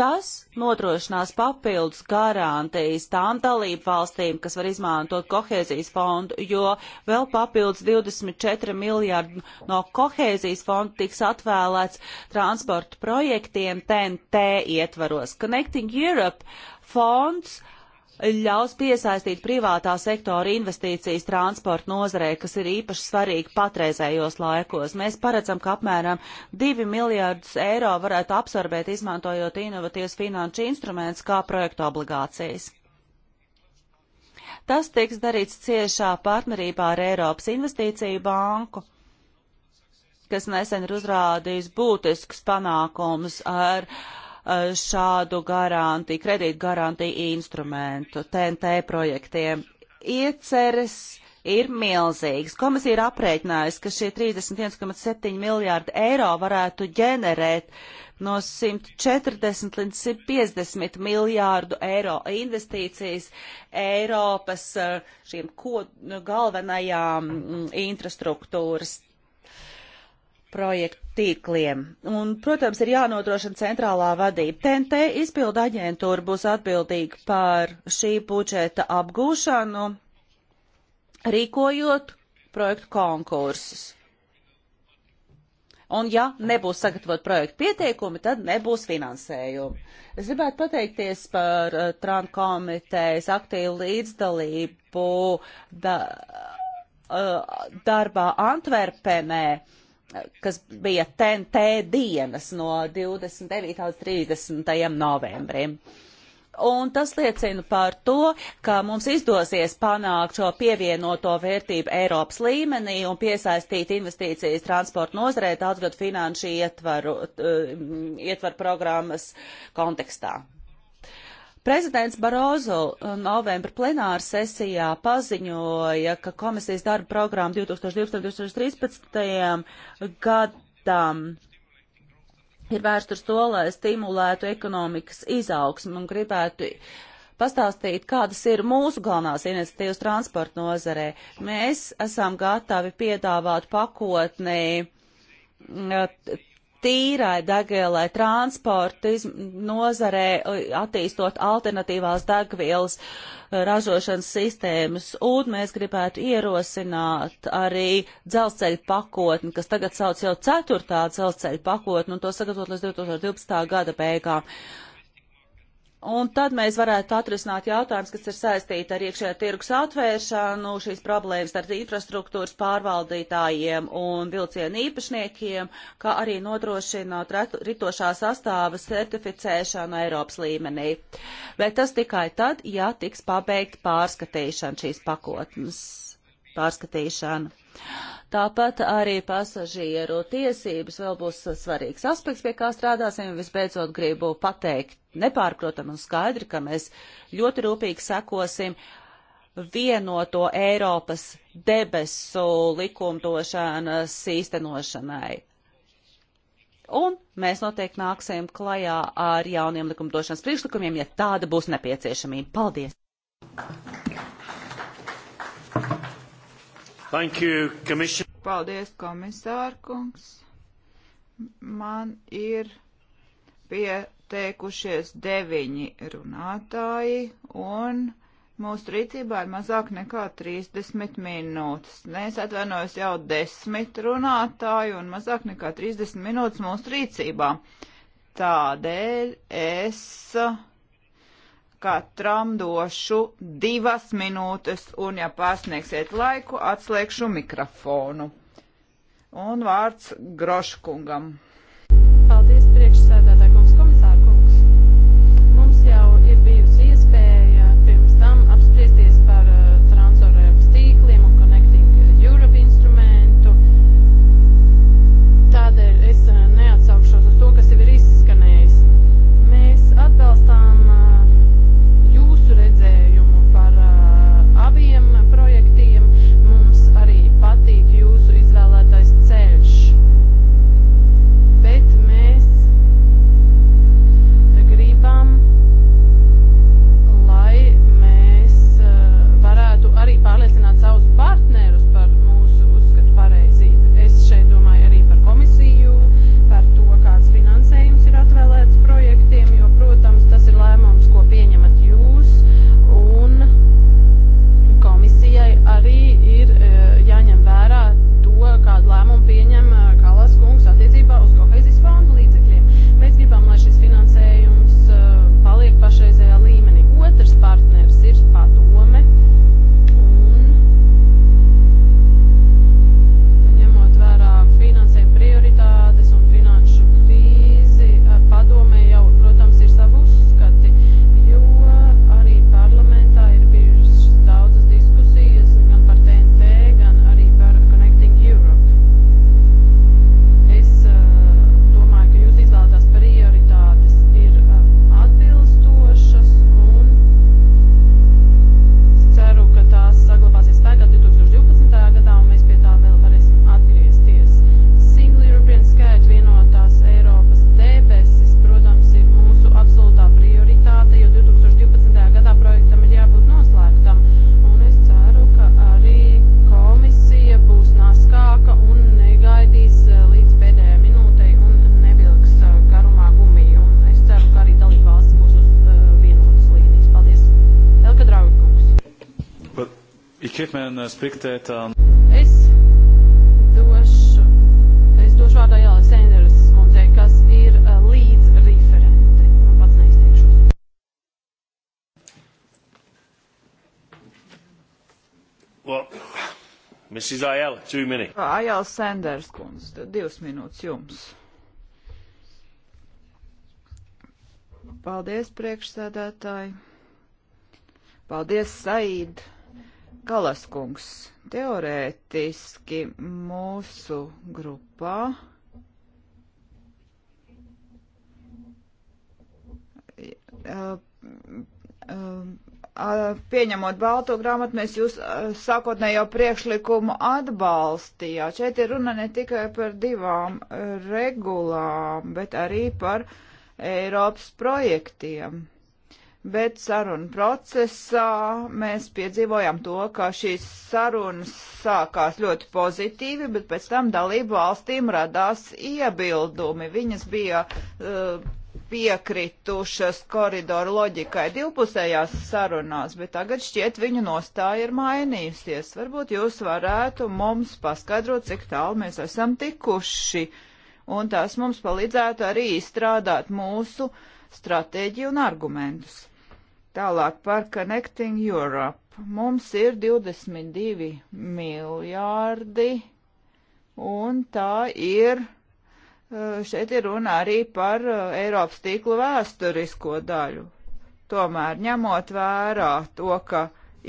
Tas nodrošinās papildus garantijas tām dalību valstīm, kas var izmantot kohēzijas fondu, jo vēl papildus 24 miljārdu no kohēzijas fonda tiks atvēlēts transporta projektiem TNT ietvaros. Connecting Europe fonds uh, ļaus piesaistīt privātā sektora investīcijas transporta nozarē, kas ir īpaši svarīgi patreizējos laikos. Mēs paredzam, ka apmēram 2 miljārdus eiro varētu absorbēt, izmantojot inovatīvas finanšu instrumentus kā projektu obligācijas. Tas tiks darīts ciešā partnerībā ar Eiropas Investīciju banku, kas nesen ir uzrādījis būtiskus panākumus ar uh, Eh, šādu garantiju, kredīt garantiju instrumentu TNT projektiem. Ieceres ir milzīgas. Komisija ir aprēķinājusi, ka šie 31,7 miljārdi eiro varētu ģenerēt no 140 līdz 150 miljārdu eiro investīcijas Eiropas eh, šīm galvenajām mm, infrastruktūras projektu tīkliem. Un, protams, ir jānodrošina centrālā vadība. TNT izpilda aģentūra būs atbildīga par šī budžeta apgūšanu, rīkojot projektu konkursus. Un ja nebūs sagatavot projektu pieteikumi, tad nebūs finansējumi. Es gribētu pateikties par uh, eh, Trump komitejas aktīvu līdzdalību da, uh, darbā Antverpenē. Uh, kas bija TNT dienas no 29. līdz 30. novembrim. Un tas liecina par to, ka mums izdosies panākt šo pievienoto vērtību Eiropas līmenī un piesaistīt investīcijas transporta nozarē daudzgad finanšu ietvaru, um, ietvaru programmas kontekstā. Prezidents Barozo uh, novembra plenāra sesijā paziņoja, ka komisijas darba programma 2012-2013. gadam ir vērsta uz to, lai stimulētu ekonomikas izaugsmu un gribētu pastāstīt, kādas ir mūsu galvenās iniciatīvas transporta nozarē. Mēs esam gatavi piedāvāt pakotnī uh, tīrai degvielai, transporta nozarē, attīstot alternatīvās degvielas eh, ražošanas sistēmas, un mēs gribētu ierosināt arī dzelzceļa pakotni, kas tagad sauc jau ceturtā dzelzceļa pakotni, un to sagatavot līdz 2012. gada beigām. Un tad mēs varētu atrisināt jautājumus, kas ir saistīti ar iekšējā tirgus atvēršanu, šīs problēmas ar infrastruktūras pārvaldītājiem un vilcienu īpašniekiem, kā arī nodrošināt ritošā sastāva certificēšanu Eiropas līmenī. Bet tas tikai tad, ja tiks pabeigt pārskatīšana šīs pakotnes pārskatīšanu. Tāpat arī pasažieru tiesības vēl būs svarīgs aspekts, pie kā strādāsim. Visbeidzot, gribu pateikt nepārprotam un skaidri, ka mēs ļoti rūpīgi sekosim vienoto Eiropas debesu likumdošanas īstenošanai. Un mēs noteikti nāksim klajā ar jauniem likumdošanas priekšlikumiem, ja tāda būs nepieciešamība. Paldies! Thank you, commission. Paldies, komisārkungs. Man ir pieteikušies deviņi runātāji un mūsu rīcībā ir mazāk nekā 30 minūtes. Nē, es atvainojos jau desmit runātāju un mazāk nekā 30 minūtes mūsu rīcībā. Tādēļ es. Uh, katram došu divas minūtes, un ja pārsniegsiet laiku, atslēgšu mikrofonu. Un vārds Groškungam. respektēt. Es došu, es došu vārdā Jālis Enderes kundzei, kas ir uh, līdz referente. Un pats neizteikšos. Well, Mrs. Ayala, two minutes. Uh, Ayala Sanders kundze, divas minūtes jums. Paldies, priekšsēdētāji! Paldies, Saīd! Kalaskungs, teorētiski mūsu grupā uh, uh, pieņemot balto grāmatu, mēs jūs uh, sākotnējo priekšlikumu atbalstījāt. Šeit ir runa ne tikai par divām regulām, bet arī par Eiropas projektiem bet sarunu procesā mēs piedzīvojām to, ka šīs sarunas sākās ļoti pozitīvi, bet pēc tam dalību valstīm radās iebildumi. Viņas bija uh, piekritušas koridoru loģikai divpusējās sarunās, bet tagad šķiet viņu nostāja ir mainījusies. Varbūt jūs varētu mums paskaidrot, cik tālu mēs esam tikuši, un tas mums palīdzētu arī izstrādāt mūsu stratēģiju un argumentus. Tālāk par Connecting Europe. Mums ir 22 miljārdi, un tā ir, eh, šeit ir runa arī par eh, Eiropas tīklu vēsturisko daļu. Tomēr ņemot vērā to, ka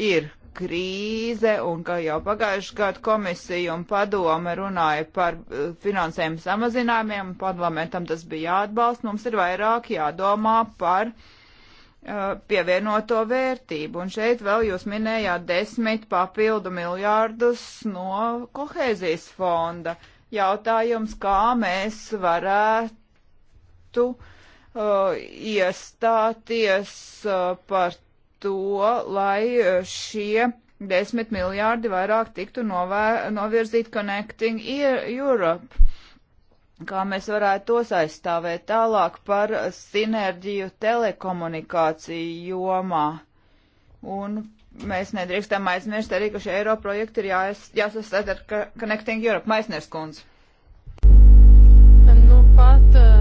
ir krīze un ka jau pagājuši gadu komisija un padome runāja par eh, finansējumu samazinājumiem, parlamentam tas bija jāatbalsta, mums ir vairāk jādomā par uh, Uh, pievienoto vērtību. Un šeit vēl jūs minējāt desmit papildu miljārdus no kohēzijas fonda. Jautājums, kā mēs varētu uh, iestāties uh, par to, lai šie desmit miljārdi vairāk tiktu novē, novirzīt Connecting e- Europe kā mēs varētu tos aizstāvēt tālāk par sinerģiju telekomunikāciju jomā. Un mēs nedrīkstam aizmirst arī, ka šie Eiropa projekti ir jās, jāsastāv ar Connecting Europe. Maisners kundze. Nu, pat, uh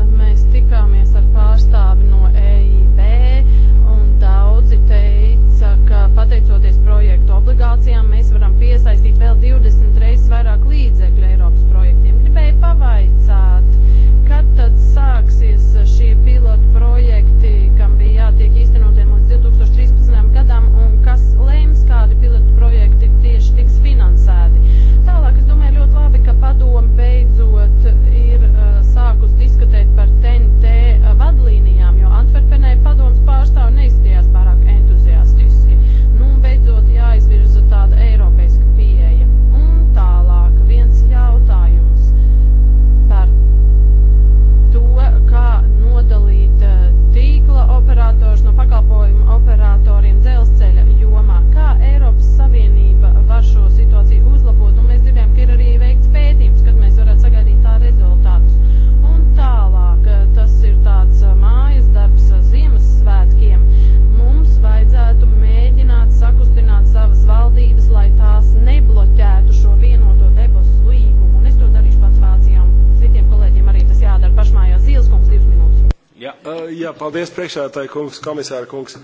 Paldies, priekšsētāji kungs, komisāra kungs.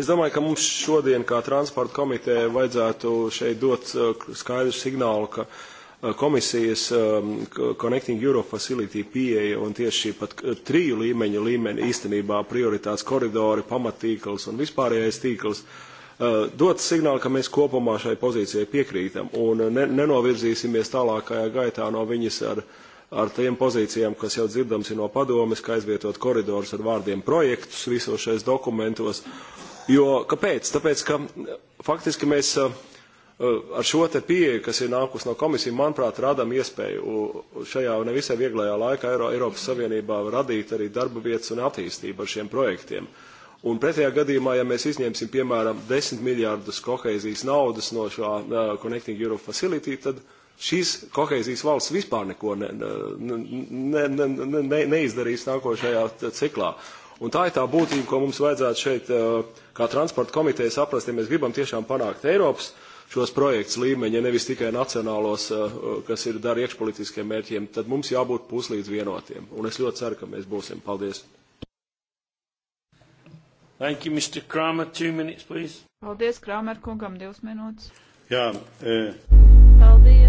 Es domāju, ka mums šodien, kā transporta komiteja, vajadzētu šeit dot uh, skaidru signālu, ka uh, komisijas um, Connecting Europe Facility pieeja un tieši šī pat uh, triju līmeņu līmeni īstenībā prioritātes koridori, pamatīkls un vispārējais tīkls dot signālu, ka mēs kopumā šai pozīcijai piekrītam un ne, nenovirzīsimies tālākajā gaitā no viņas ar uh, ar tiem pozīcijām, kas jau dzirdams ir no padomes, kā aizvietot koridorus ar vārdiem projektus visos šais dokumentos. Jo, kāpēc? Tāpēc, ka eh, faktiski mēs eh, eh, ar šo te pieeju, kas ir nākus no komisijas, manuprāt, radam iespēju šajā nevisai vieglajā laikā Eiro, Eiropas Savienībā radīt arī darba vietas un attīstību ar šiem projektiem. Un pretējā gadījumā, ja mēs izņemsim, piemēram, 10 miljārdus kohēzijas naudas no šā uh, Connecting Europe Facility, tad uh, šīs kohēzijas valsts vispār neko ne, ne, ne, ne, ne, neizdarīs nākošajā ciklā. Un tā ir tā būtība, ko mums vajadzētu šeit, kā transporta komiteja, saprast, ja mēs gribam tiešām panākt Eiropas šos projekts līmeņa, nevis tikai nacionālos, kas ir dar iekšpolitiskiem mērķiem, tad mums jābūt puslīdz vienotiem. Un es ļoti ceru, ka mēs būsim. Paldies! Thank you, Mr. Kramer. Two minutes, please. Paldies, Kramer kungam, divas minūtes. Jā. E... Paldies.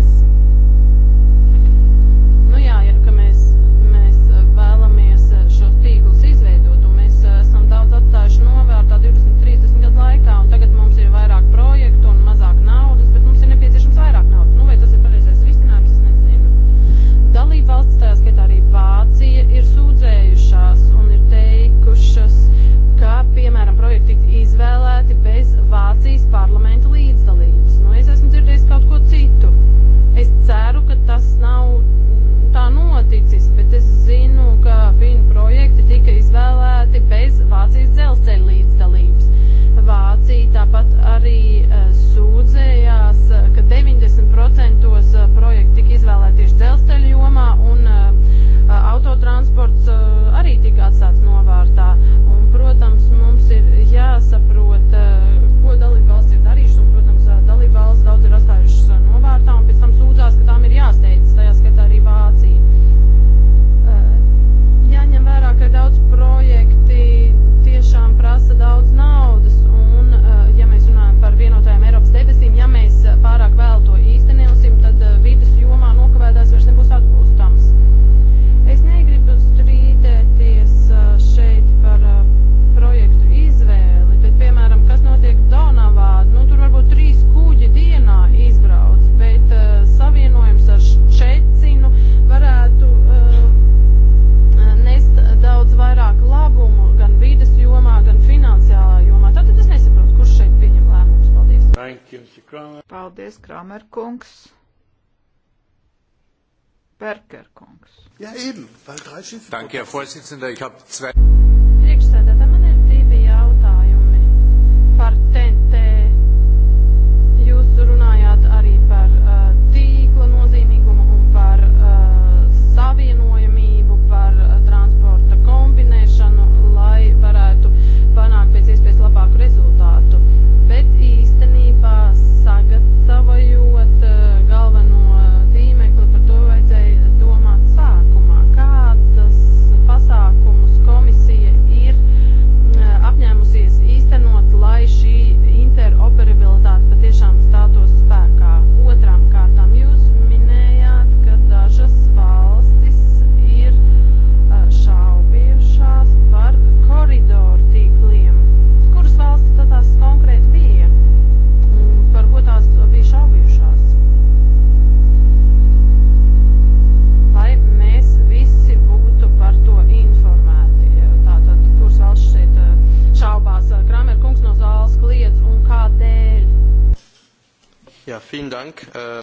Ja, eben, weil drei Schiffe. Danke, Herr Vorsitzender. Ich habe zwei. Priekšsēdētāj. vielen Dank. Äh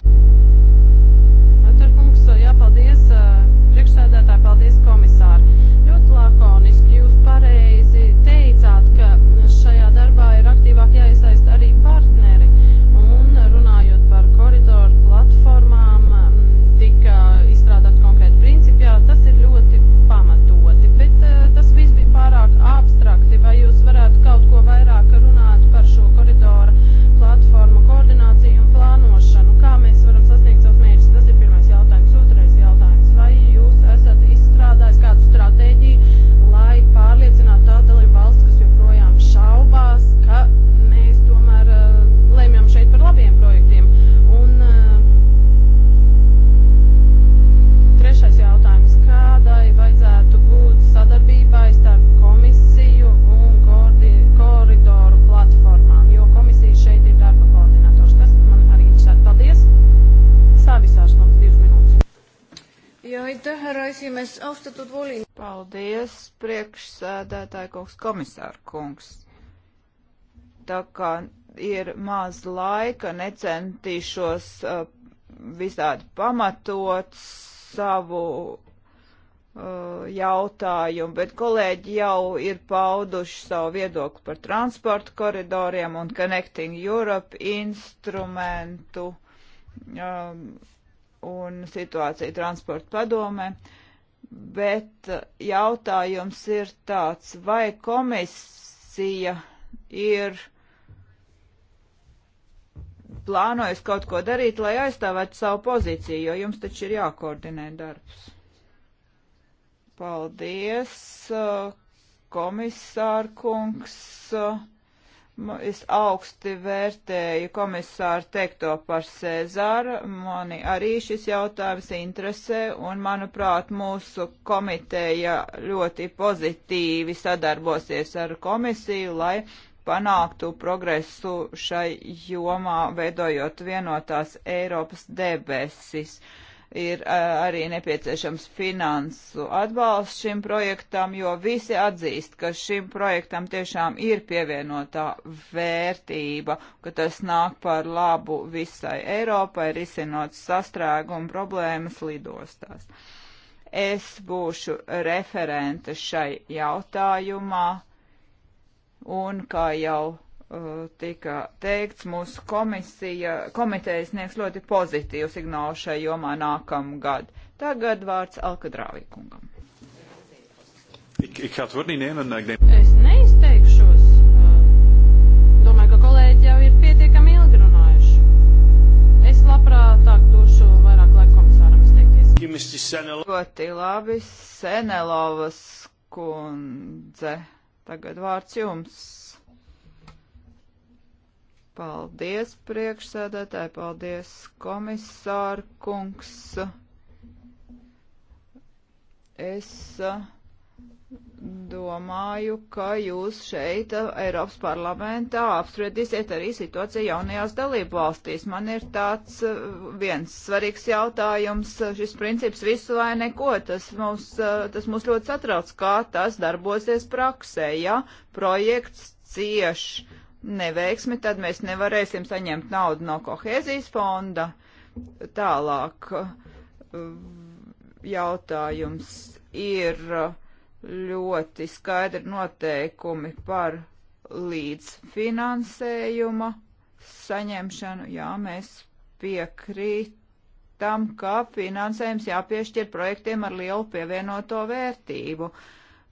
priekšsēdētāja kungs, komisāra kungs. Tā kā ir maz laika, necentīšos uh, visādi pamatot savu uh, jautājumu, bet kolēģi jau ir pauduši savu viedokli par transporta koridoriem un Connecting Europe instrumentu um, un situāciju transporta padomē. Uh, bet jautājums ir tāds, vai komisija ir plānojusi kaut ko darīt, lai aizstāvētu savu pozīciju, jo jums taču ir jākoordinē darbs. Paldies, komisārkungs. kungs Es augsti vērtēju komisāru teikto par Cēzāru. Mani arī šis jautājums interesē, un, manuprāt, mūsu komiteja ļoti pozitīvi sadarbosies ar komisiju, lai panāktu progresu šai jomā, veidojot vienotās Eiropas debesis. Uh, ir arī nepieciešams finansu atbalsts šim projektam, jo visi atzīst, ka šim projektam tiešām ir pievienotā vērtība, ka tas nāk par labu visai Eiropai, risinot sastrēgumu problēmas lidostās. Es būšu referente šai jautājumā, un kā jau tika teikts, mūsu komisija, komiteja sniegs ļoti pozitīvu signālu šai jomā nākamgad. Tagad vārds Alkadrāvī kungam. Es neizteikšos. Domāju, ka kolēģi jau ir pietiekami ilgi runājuši. Es labprātāk došu vairāk laika komisāram izteikties. Ļoti labi, Senelovas kundze. Tagad vārds jums. Paldies, priekšsēdētāji, paldies, komisāra kungs. Es uh, domāju, ka jūs šeit uh, Eiropas parlamentā apspriedīsiet arī situāciju jaunajās dalību valstīs. Man ir tāds uh, viens svarīgs jautājums, šis princips visu vai neko, tas mums, tas mums ļoti satrauc, kā tas darbosies praksē, ja projekts cieš neveiksmi, tad mēs nevarēsim saņemt naudu no kohēzijas fonda. Tālāk eh, jautājums ir ļoti skaidri noteikumi par līdzfinansējuma saņemšanu. Jā, mēs piekrītam, ka finansējums jāpiešķir projektiem ar lielu pievienoto vērtību. Uh,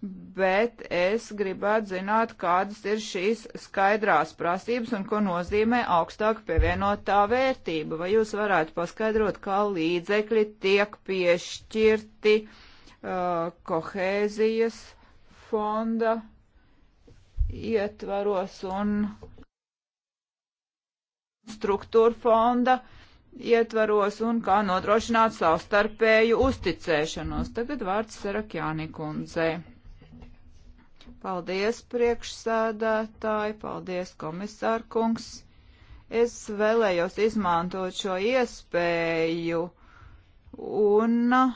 bet es gribētu zināt, kādas ir šīs skaidrās prasības un ko nozīmē augstāk pievienotā vērtība. Vai jūs varētu paskaidrot, kā līdzekļi tiek piešķirti uh, kohēzijas fonda ietvaros un struktūra fonda ietvaros un kā nodrošināt savstarpēju uzticēšanos. Tagad vārds Sarakjāni kundzei. Paldies, priekšsēdētāji, paldies, komisārkungs. Es vēlējos izmantot šo iespēju un uh,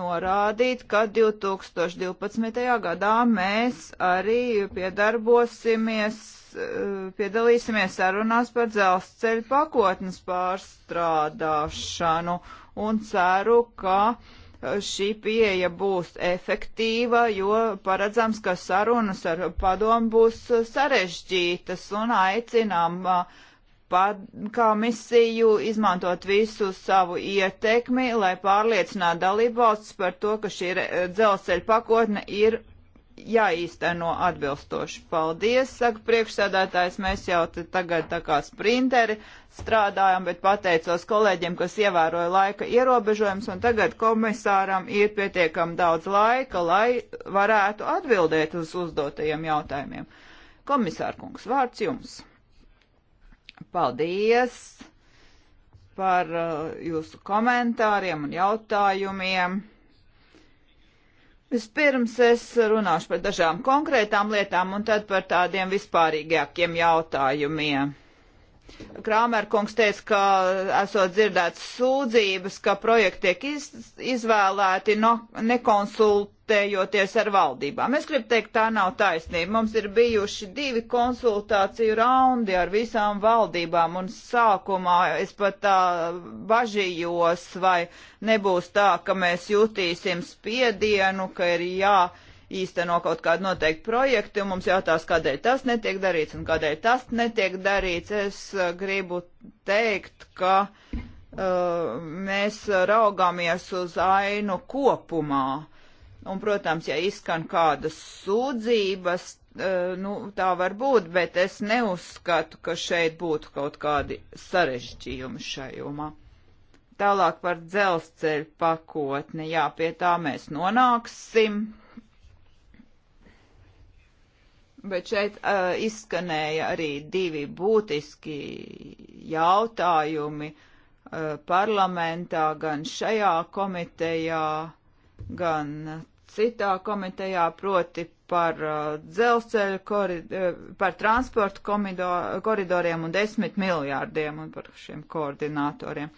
norādīt, ka 2012. gadā mēs arī piedarbosimies, uh, piedalīsimies sarunās par dzelzceļa pakotnes pārstrādāšanu un ceru, ka uh, šī pieeja būs efektīva, jo paredzams, ka sarunas ar padomu būs sarežģītas un aicinām komisiju izmantot visu savu ietekmi, lai pārliecinātu dalībvalsts par to, ka šī dzelzceļa pakotne ir jāīsteno atbilstoši. Paldies, saka priekšsēdētājs, mēs jau tagad tā kā sprinteri strādājam, bet pateicos kolēģiem, kas ievēroja laika ierobežojums, un tagad komisāram ir pietiekami daudz laika, lai varētu atbildēt uz uzdotajiem jautājumiem. Komisārkungs, vārds jums. Paldies par uh, jūsu komentāriem un jautājumiem. Vispirms es runāšu par dažām konkrētām lietām un tad par tādiem vispārīgākiem jautājumiem. Krāmerkungs teica, ka esot dzirdēts sūdzības, ka projekti tiek iz, izvēlēti no, nekonsultējoties ar valdībām. Es gribu teikt, tā nav taisnība. Mums ir bijuši divi konsultāciju raundi ar visām valdībām, un sākumā es pat tā bažījos, vai nebūs tā, ka mēs jutīsim spiedienu, ka ir jā. Ja, īsteno kaut kādu noteiktu projektu, un mums jātās, kādēļ tas netiek darīts un kādēļ tas netiek darīts. Es uh, gribu teikt, ka uh, mēs raugāmies uz ainu kopumā. Un, protams, ja izskan kādas sūdzības, uh, nu, tā var būt, bet es neuzskatu, ka šeit būtu kaut kādi sarežģījumi šajumā. Tālāk par dzelzceļu pakotni, jā, pie tā mēs nonāksim Bet šeit uh, izskanēja arī divi būtiski jautājumi uh, parlamentā, gan šajā komitejā, gan citā komitejā, proti par uh, dzelzceļu koridoriem, uh, par transportu koridor koridoriem un desmit miljārdiem un par šiem koordinatoriem.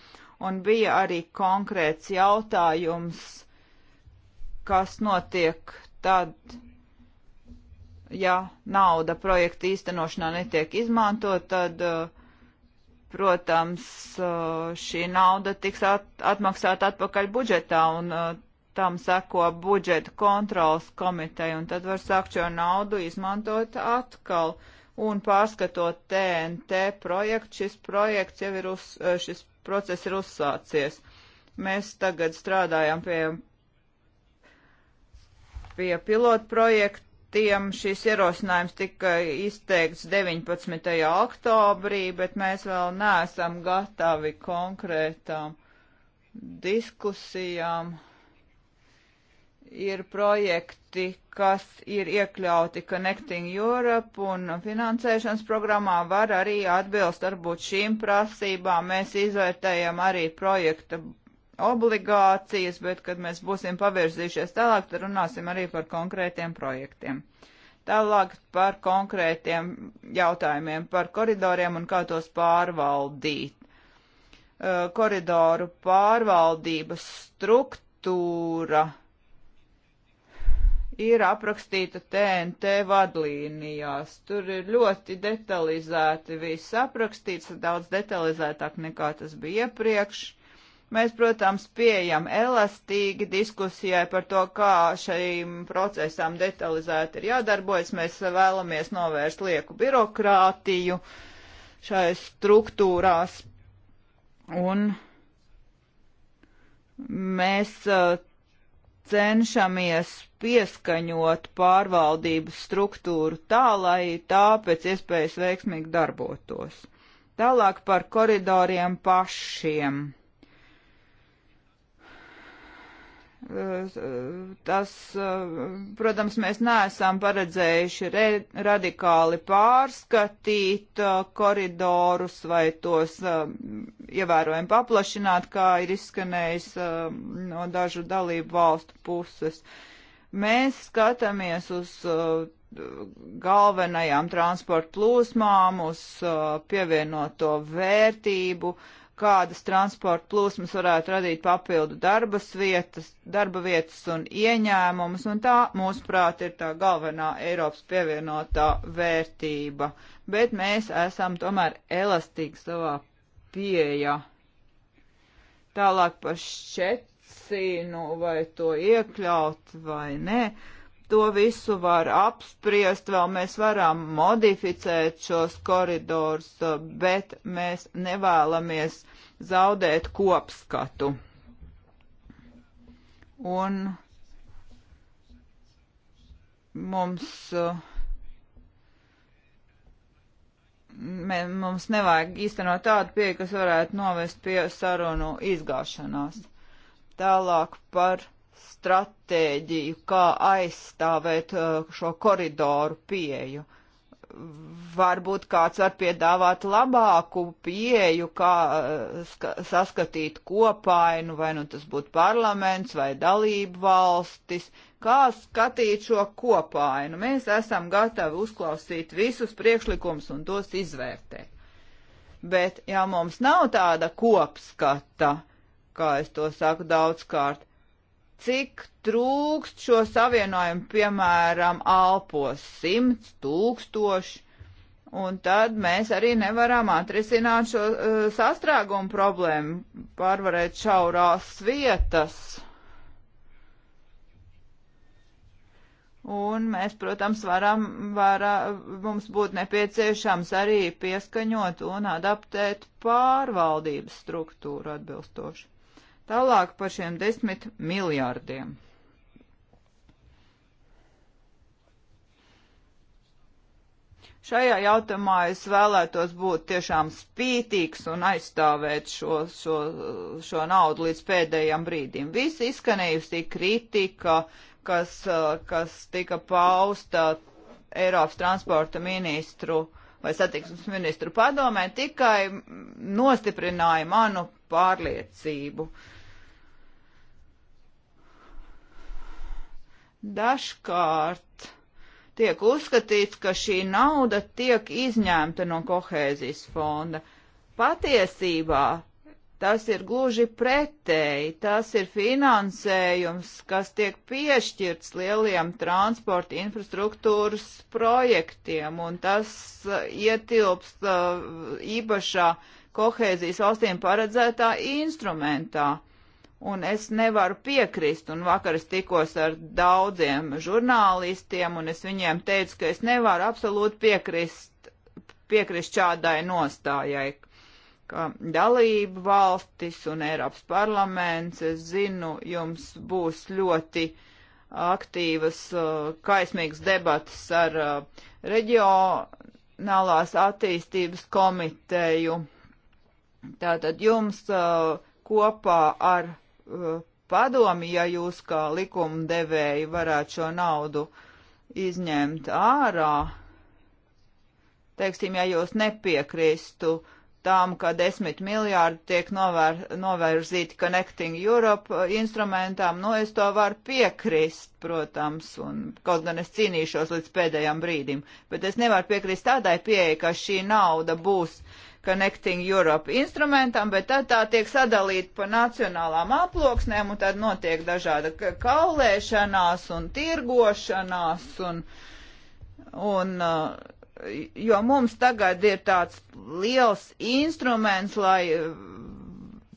Un bija arī konkrēts jautājums, kas notiek tad, ja nauda projekta īstenošanā netiek izmantot, tad, eh, protams, eh, šī nauda tiks at atmaksāta atpakaļ budžetā un eh, tam seko budžeta kontrols komiteja, un tad var sākt šo naudu izmantot atkal. Un pārskatot TNT projektu, šis projekts jau ir, uz, šis process ir uzsācies. Mēs tagad strādājam pie, pie pilotu projekta Tiem šis ierosinājums tika izteikts 19. oktobrī, bet mēs vēl neesam gatavi konkrētām diskusijām. Ir projekti, kas ir iekļauti Connecting Europe un finansēšanas programmā, var arī atbilst varbūt šīm prasībām. Mēs izvērtējam arī projekta obligācijas, bet, kad mēs būsim pavirzījušies tālāk, tad runāsim arī par konkrētiem projektiem. Tālāk par konkrētiem jautājumiem, par koridoriem un kā tos pārvaldīt. Koridoru pārvaldības struktūra ir aprakstīta TNT vadlīnijās. Tur ir ļoti detalizēti viss aprakstīts, daudz detalizētāk nekā tas bija iepriekš. Mēs, protams, pieejam elastīgi diskusijai par to, kā šajām procesām detalizēti ir jādarbojas. Mēs vēlamies novērst lieku birokrātiju šajās struktūrās. Un mēs uh, cenšamies pieskaņot pārvaldības struktūru tā, lai tā pēc iespējas veiksmīgi darbotos. Tālāk par koridoriem pašiem tas, protams, mēs neesam paredzējuši re, radikāli pārskatīt uh, koridorus vai tos um, ievērojami paplašināt, kā ir izskanējis um, no dažu dalību valstu puses. Mēs skatāmies uz uh, galvenajām transporta plūsmām, uz uh, pievienoto vērtību, uh, kādas transporta plūsmas varētu radīt papildu darbas vietas, darba vietas un ieņēmumus, un tā, mūsuprāt, ir tā galvenā Eiropas pievienotā vērtība. Bet mēs esam tomēr elastīgi savā pieejā. Tālāk par šķecīnu, vai to iekļaut vai nē, to visu var apspriest, vēl mēs varam modificēt šos koridors, bet mēs nevēlamies zaudēt kopskatu. Un mums, mē, mums nevajag īstenot tādu pieeju, kas varētu novest pie sarunu izgāšanās. Tālāk par stratēģiju, kā aizstāvēt uh, šo koridoru pieju. Uh, varbūt kāds var piedāvāt labāku pieeju, kā eh, saskatīt kopainu, vai nu tas būtu parlaments vai dalību valstis, kā skatīt šo kopainu. Mēs esam gatavi uzklausīt visus priekšlikumus un tos izvērtēt. Bet, ja mums nav tāda kopskata, kā es to saku daudzkārt, cik trūkst šo savienojumu, piemēram, Alpos simts tūkstoši, un tad mēs arī nevaram atrisināt šo uh, sastrēgumu problēmu, pārvarēt šaurās vietas. Un mēs, protams, varam, var, mums būtu nepieciešams arī pieskaņot un adaptēt pārvaldības struktūru atbilstoši. Tālāk par šiem desmit miljārdiem. Šajā jautājumā es vēlētos būt tiešām spītīgs un aizstāvēt šo, šo, šo naudu līdz pēdējiem brīdim. Viss izskanējusī kritika, kas, kas tika pausta Eiropas transporta ministru vai satiksmes ministru padomē, tikai nostiprināja manu pārliecību. Uh, Dažkārt tiek uzskatīts, ka šī nauda tiek izņemta no kohēzijas fonda. Patiesībā tas ir gluži pretēji, tas ir finansējums, kas tiek piešķirts lieliem transporta infrastruktūras projektiem, un tas uh, ietilpst uh, īpašā kohēzijas valstīm paredzētā instrumentā. Un es nevaru piekrist, un vakar es tikos ar daudziem žurnālistiem, un es viņiem teicu, ka es nevaru absolūti piekrist, piekrist šādai nostājai, ka dalība valstis un Eiropas parlaments, es zinu, jums būs ļoti aktīvas, uh, kaismīgas debatas ar uh, reģionālās attīstības komiteju. Tātad jums uh, kopā ar padomi, ja jūs kā likumdevēji varētu šo naudu izņemt ārā, teiksim, ja jūs nepiekristu tām, ka desmit miljārdi tiek novēr, novērzīti Connecting Europe instrumentām, nu es to varu piekrist, protams, un kaut gan es cīnīšos līdz pēdējam brīdim, bet es nevaru piekrist tādai pieeja, ka šī nauda būs Connecting Europe instrumentam, bet tad tā tiek sadalīta pa nacionālām aploksnēm, un tad notiek dažāda kaulēšanās un tirgošanās, un, un, uh, jo mums tagad ir tāds liels instruments, lai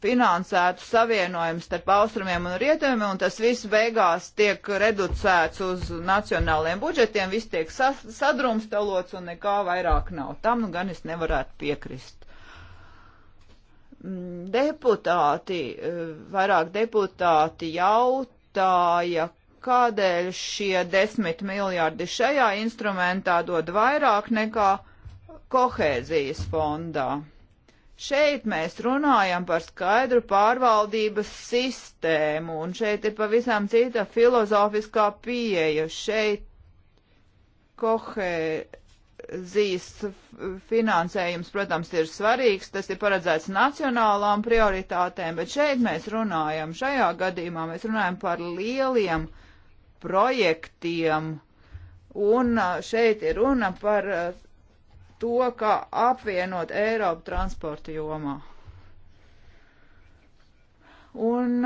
finansētu savienojumu starp austrumiem un rietumiem, un tas viss beigās tiek reducēts uz nacionāliem budžetiem, viss tiek sadrumstalots un nekā vairāk nav. Tam nu gan es nevarētu piekrist. Mm, deputāti, eh, vairāk deputāti jautāja, kādēļ šie desmit miljardi šajā instrumentā dod vairāk nekā kohēzijas fondā Šeit mēs runājam par skaidru pārvaldības sistēmu, un šeit ir pavisam cita filozofiskā pieeja. Šeit kohēzijas finansējums, protams, ir svarīgs, tas ir paredzēts nacionālām prioritātēm, bet šeit mēs runājam, šajā gadījumā mēs runājam par lieliem projektiem, un šeit ir runa par to, kā apvienot Eiropu transporta jomā. Un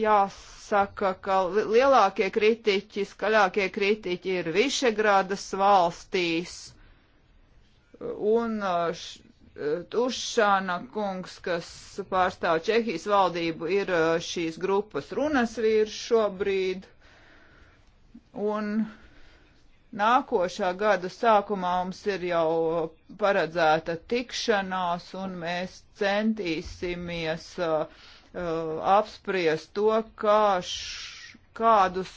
jāsaka, ka lielākie kritiķi, skaļākie kritiķi ir Višegrādas valstīs un š, Tušana kungs, kas pārstāv Čehijas valdību, ir šīs grupas runas vīrs šobrīd. Un Nākošā gada sākumā mums ir jau paredzēta tikšanās, un mēs centīsimies uh, uh, apspriest to, kā š, kādus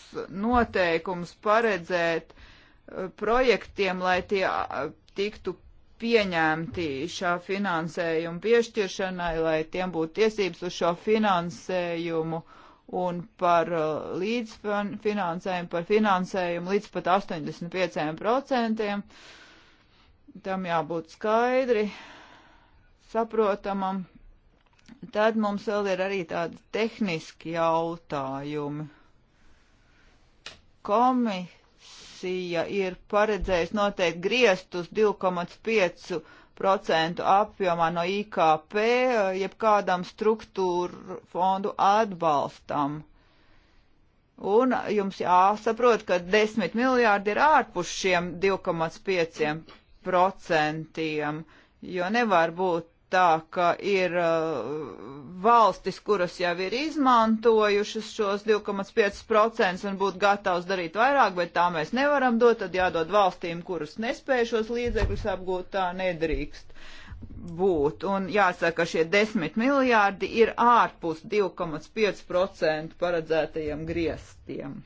noteikumus paredzēt uh, projektiem, lai tie uh, tiktu pieņemti šā finansējuma piešķiršanai, lai tiem būtu tiesības uz šo finansējumu. Uh, un par uh, līdzfinansējumu, par finansējumu līdz pat 85%. Tam jābūt skaidri, saprotamam. Tad mums vēl ir arī tādi tehniski jautājumi. Komisija ir paredzējusi noteikti griestus 2,5 procentu apjomā no IKP eh, jebkādam struktūru fondu atbalstam. Un jums jāsaprot, ka 10 miljārdi ir ārpus šiem 2,5 procentiem, jo nevar būt tā, ka ir uh, valstis, kuras jau ir izmantojušas šos 2,5% un būtu gatavs darīt vairāk, bet tā mēs nevaram dot, tad jādod valstīm, kuras nespēj šos līdzekļus apgūt, tā nedrīkst būt. Un jāsaka, šie 10 miljārdi ir ārpus 2,5% paredzētajiem griestiem.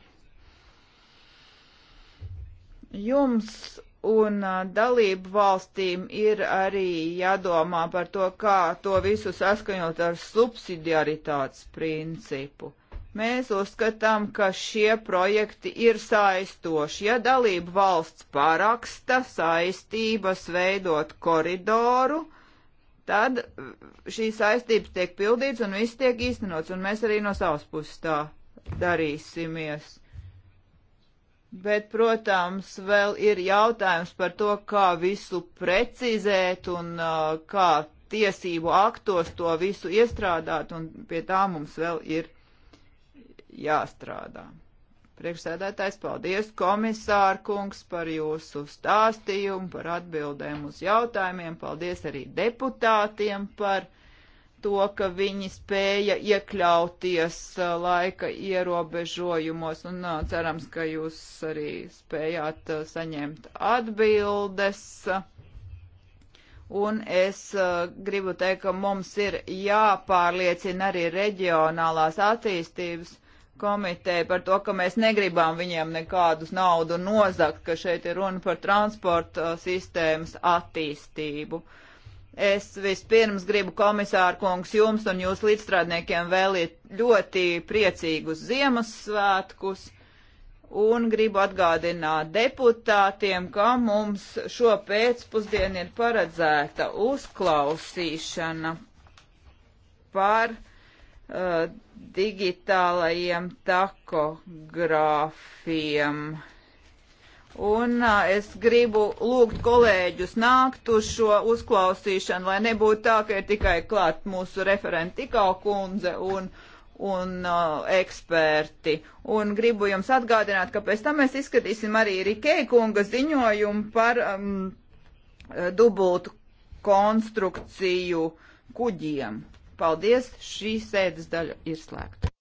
Jums un dalību valstīm ir arī jādomā par to, kā to visu saskaņot ar subsidiaritātes principu. Mēs uzskatām, ka šie projekti ir saistoši. Ja dalību valsts paraksta saistības veidot koridoru, tad šīs saistības tiek pildīts un viss tiek īstenots, un mēs arī no savas puses tā darīsimies. Bet, protams, vēl ir jautājums par to, kā visu precizēt un uh, kā tiesību aktos to visu iestrādāt, un pie tā mums vēl ir jāstrādā. Priekšsēdētājs, paldies komisāra kungs par jūsu stāstījumu, par atbildēm uz jautājumiem, paldies arī deputātiem par to, ka viņi spēja iekļauties uh, laika ierobežojumos, un uh, cerams, ka jūs arī spējāt uh, saņemt atbildes. Un es gribu teikt, ka mums ir jāpārliecina arī reģionālās attīstības komiteja par to, ka mēs negribam viņiem nekādus naudu nozakt, ka šeit ir runa par transporta sistēmas attīstību. Uh, Es vispirms gribu komisāru kungs jums un jūsu līdzstrādniekiem vēliet ļoti priecīgus Ziemassvētkus un gribu atgādināt deputātiem, ka mums šo pēcpusdienu ir paredzēta uzklausīšana par uh, digitālajiem takogrāfiem. Un es gribu lūgt kolēģus nākt uz šo uzklausīšanu, lai nebūtu tā, ka ir tikai klāt mūsu referenti Tikau kundze un, un uh, eksperti. Un gribu jums atgādināt, ka pēc tam mēs izskatīsim arī Rikei kunga ziņojumu par um, dubultu konstrukciju kuģiem. Paldies, šī sēdes daļa ir slēgta.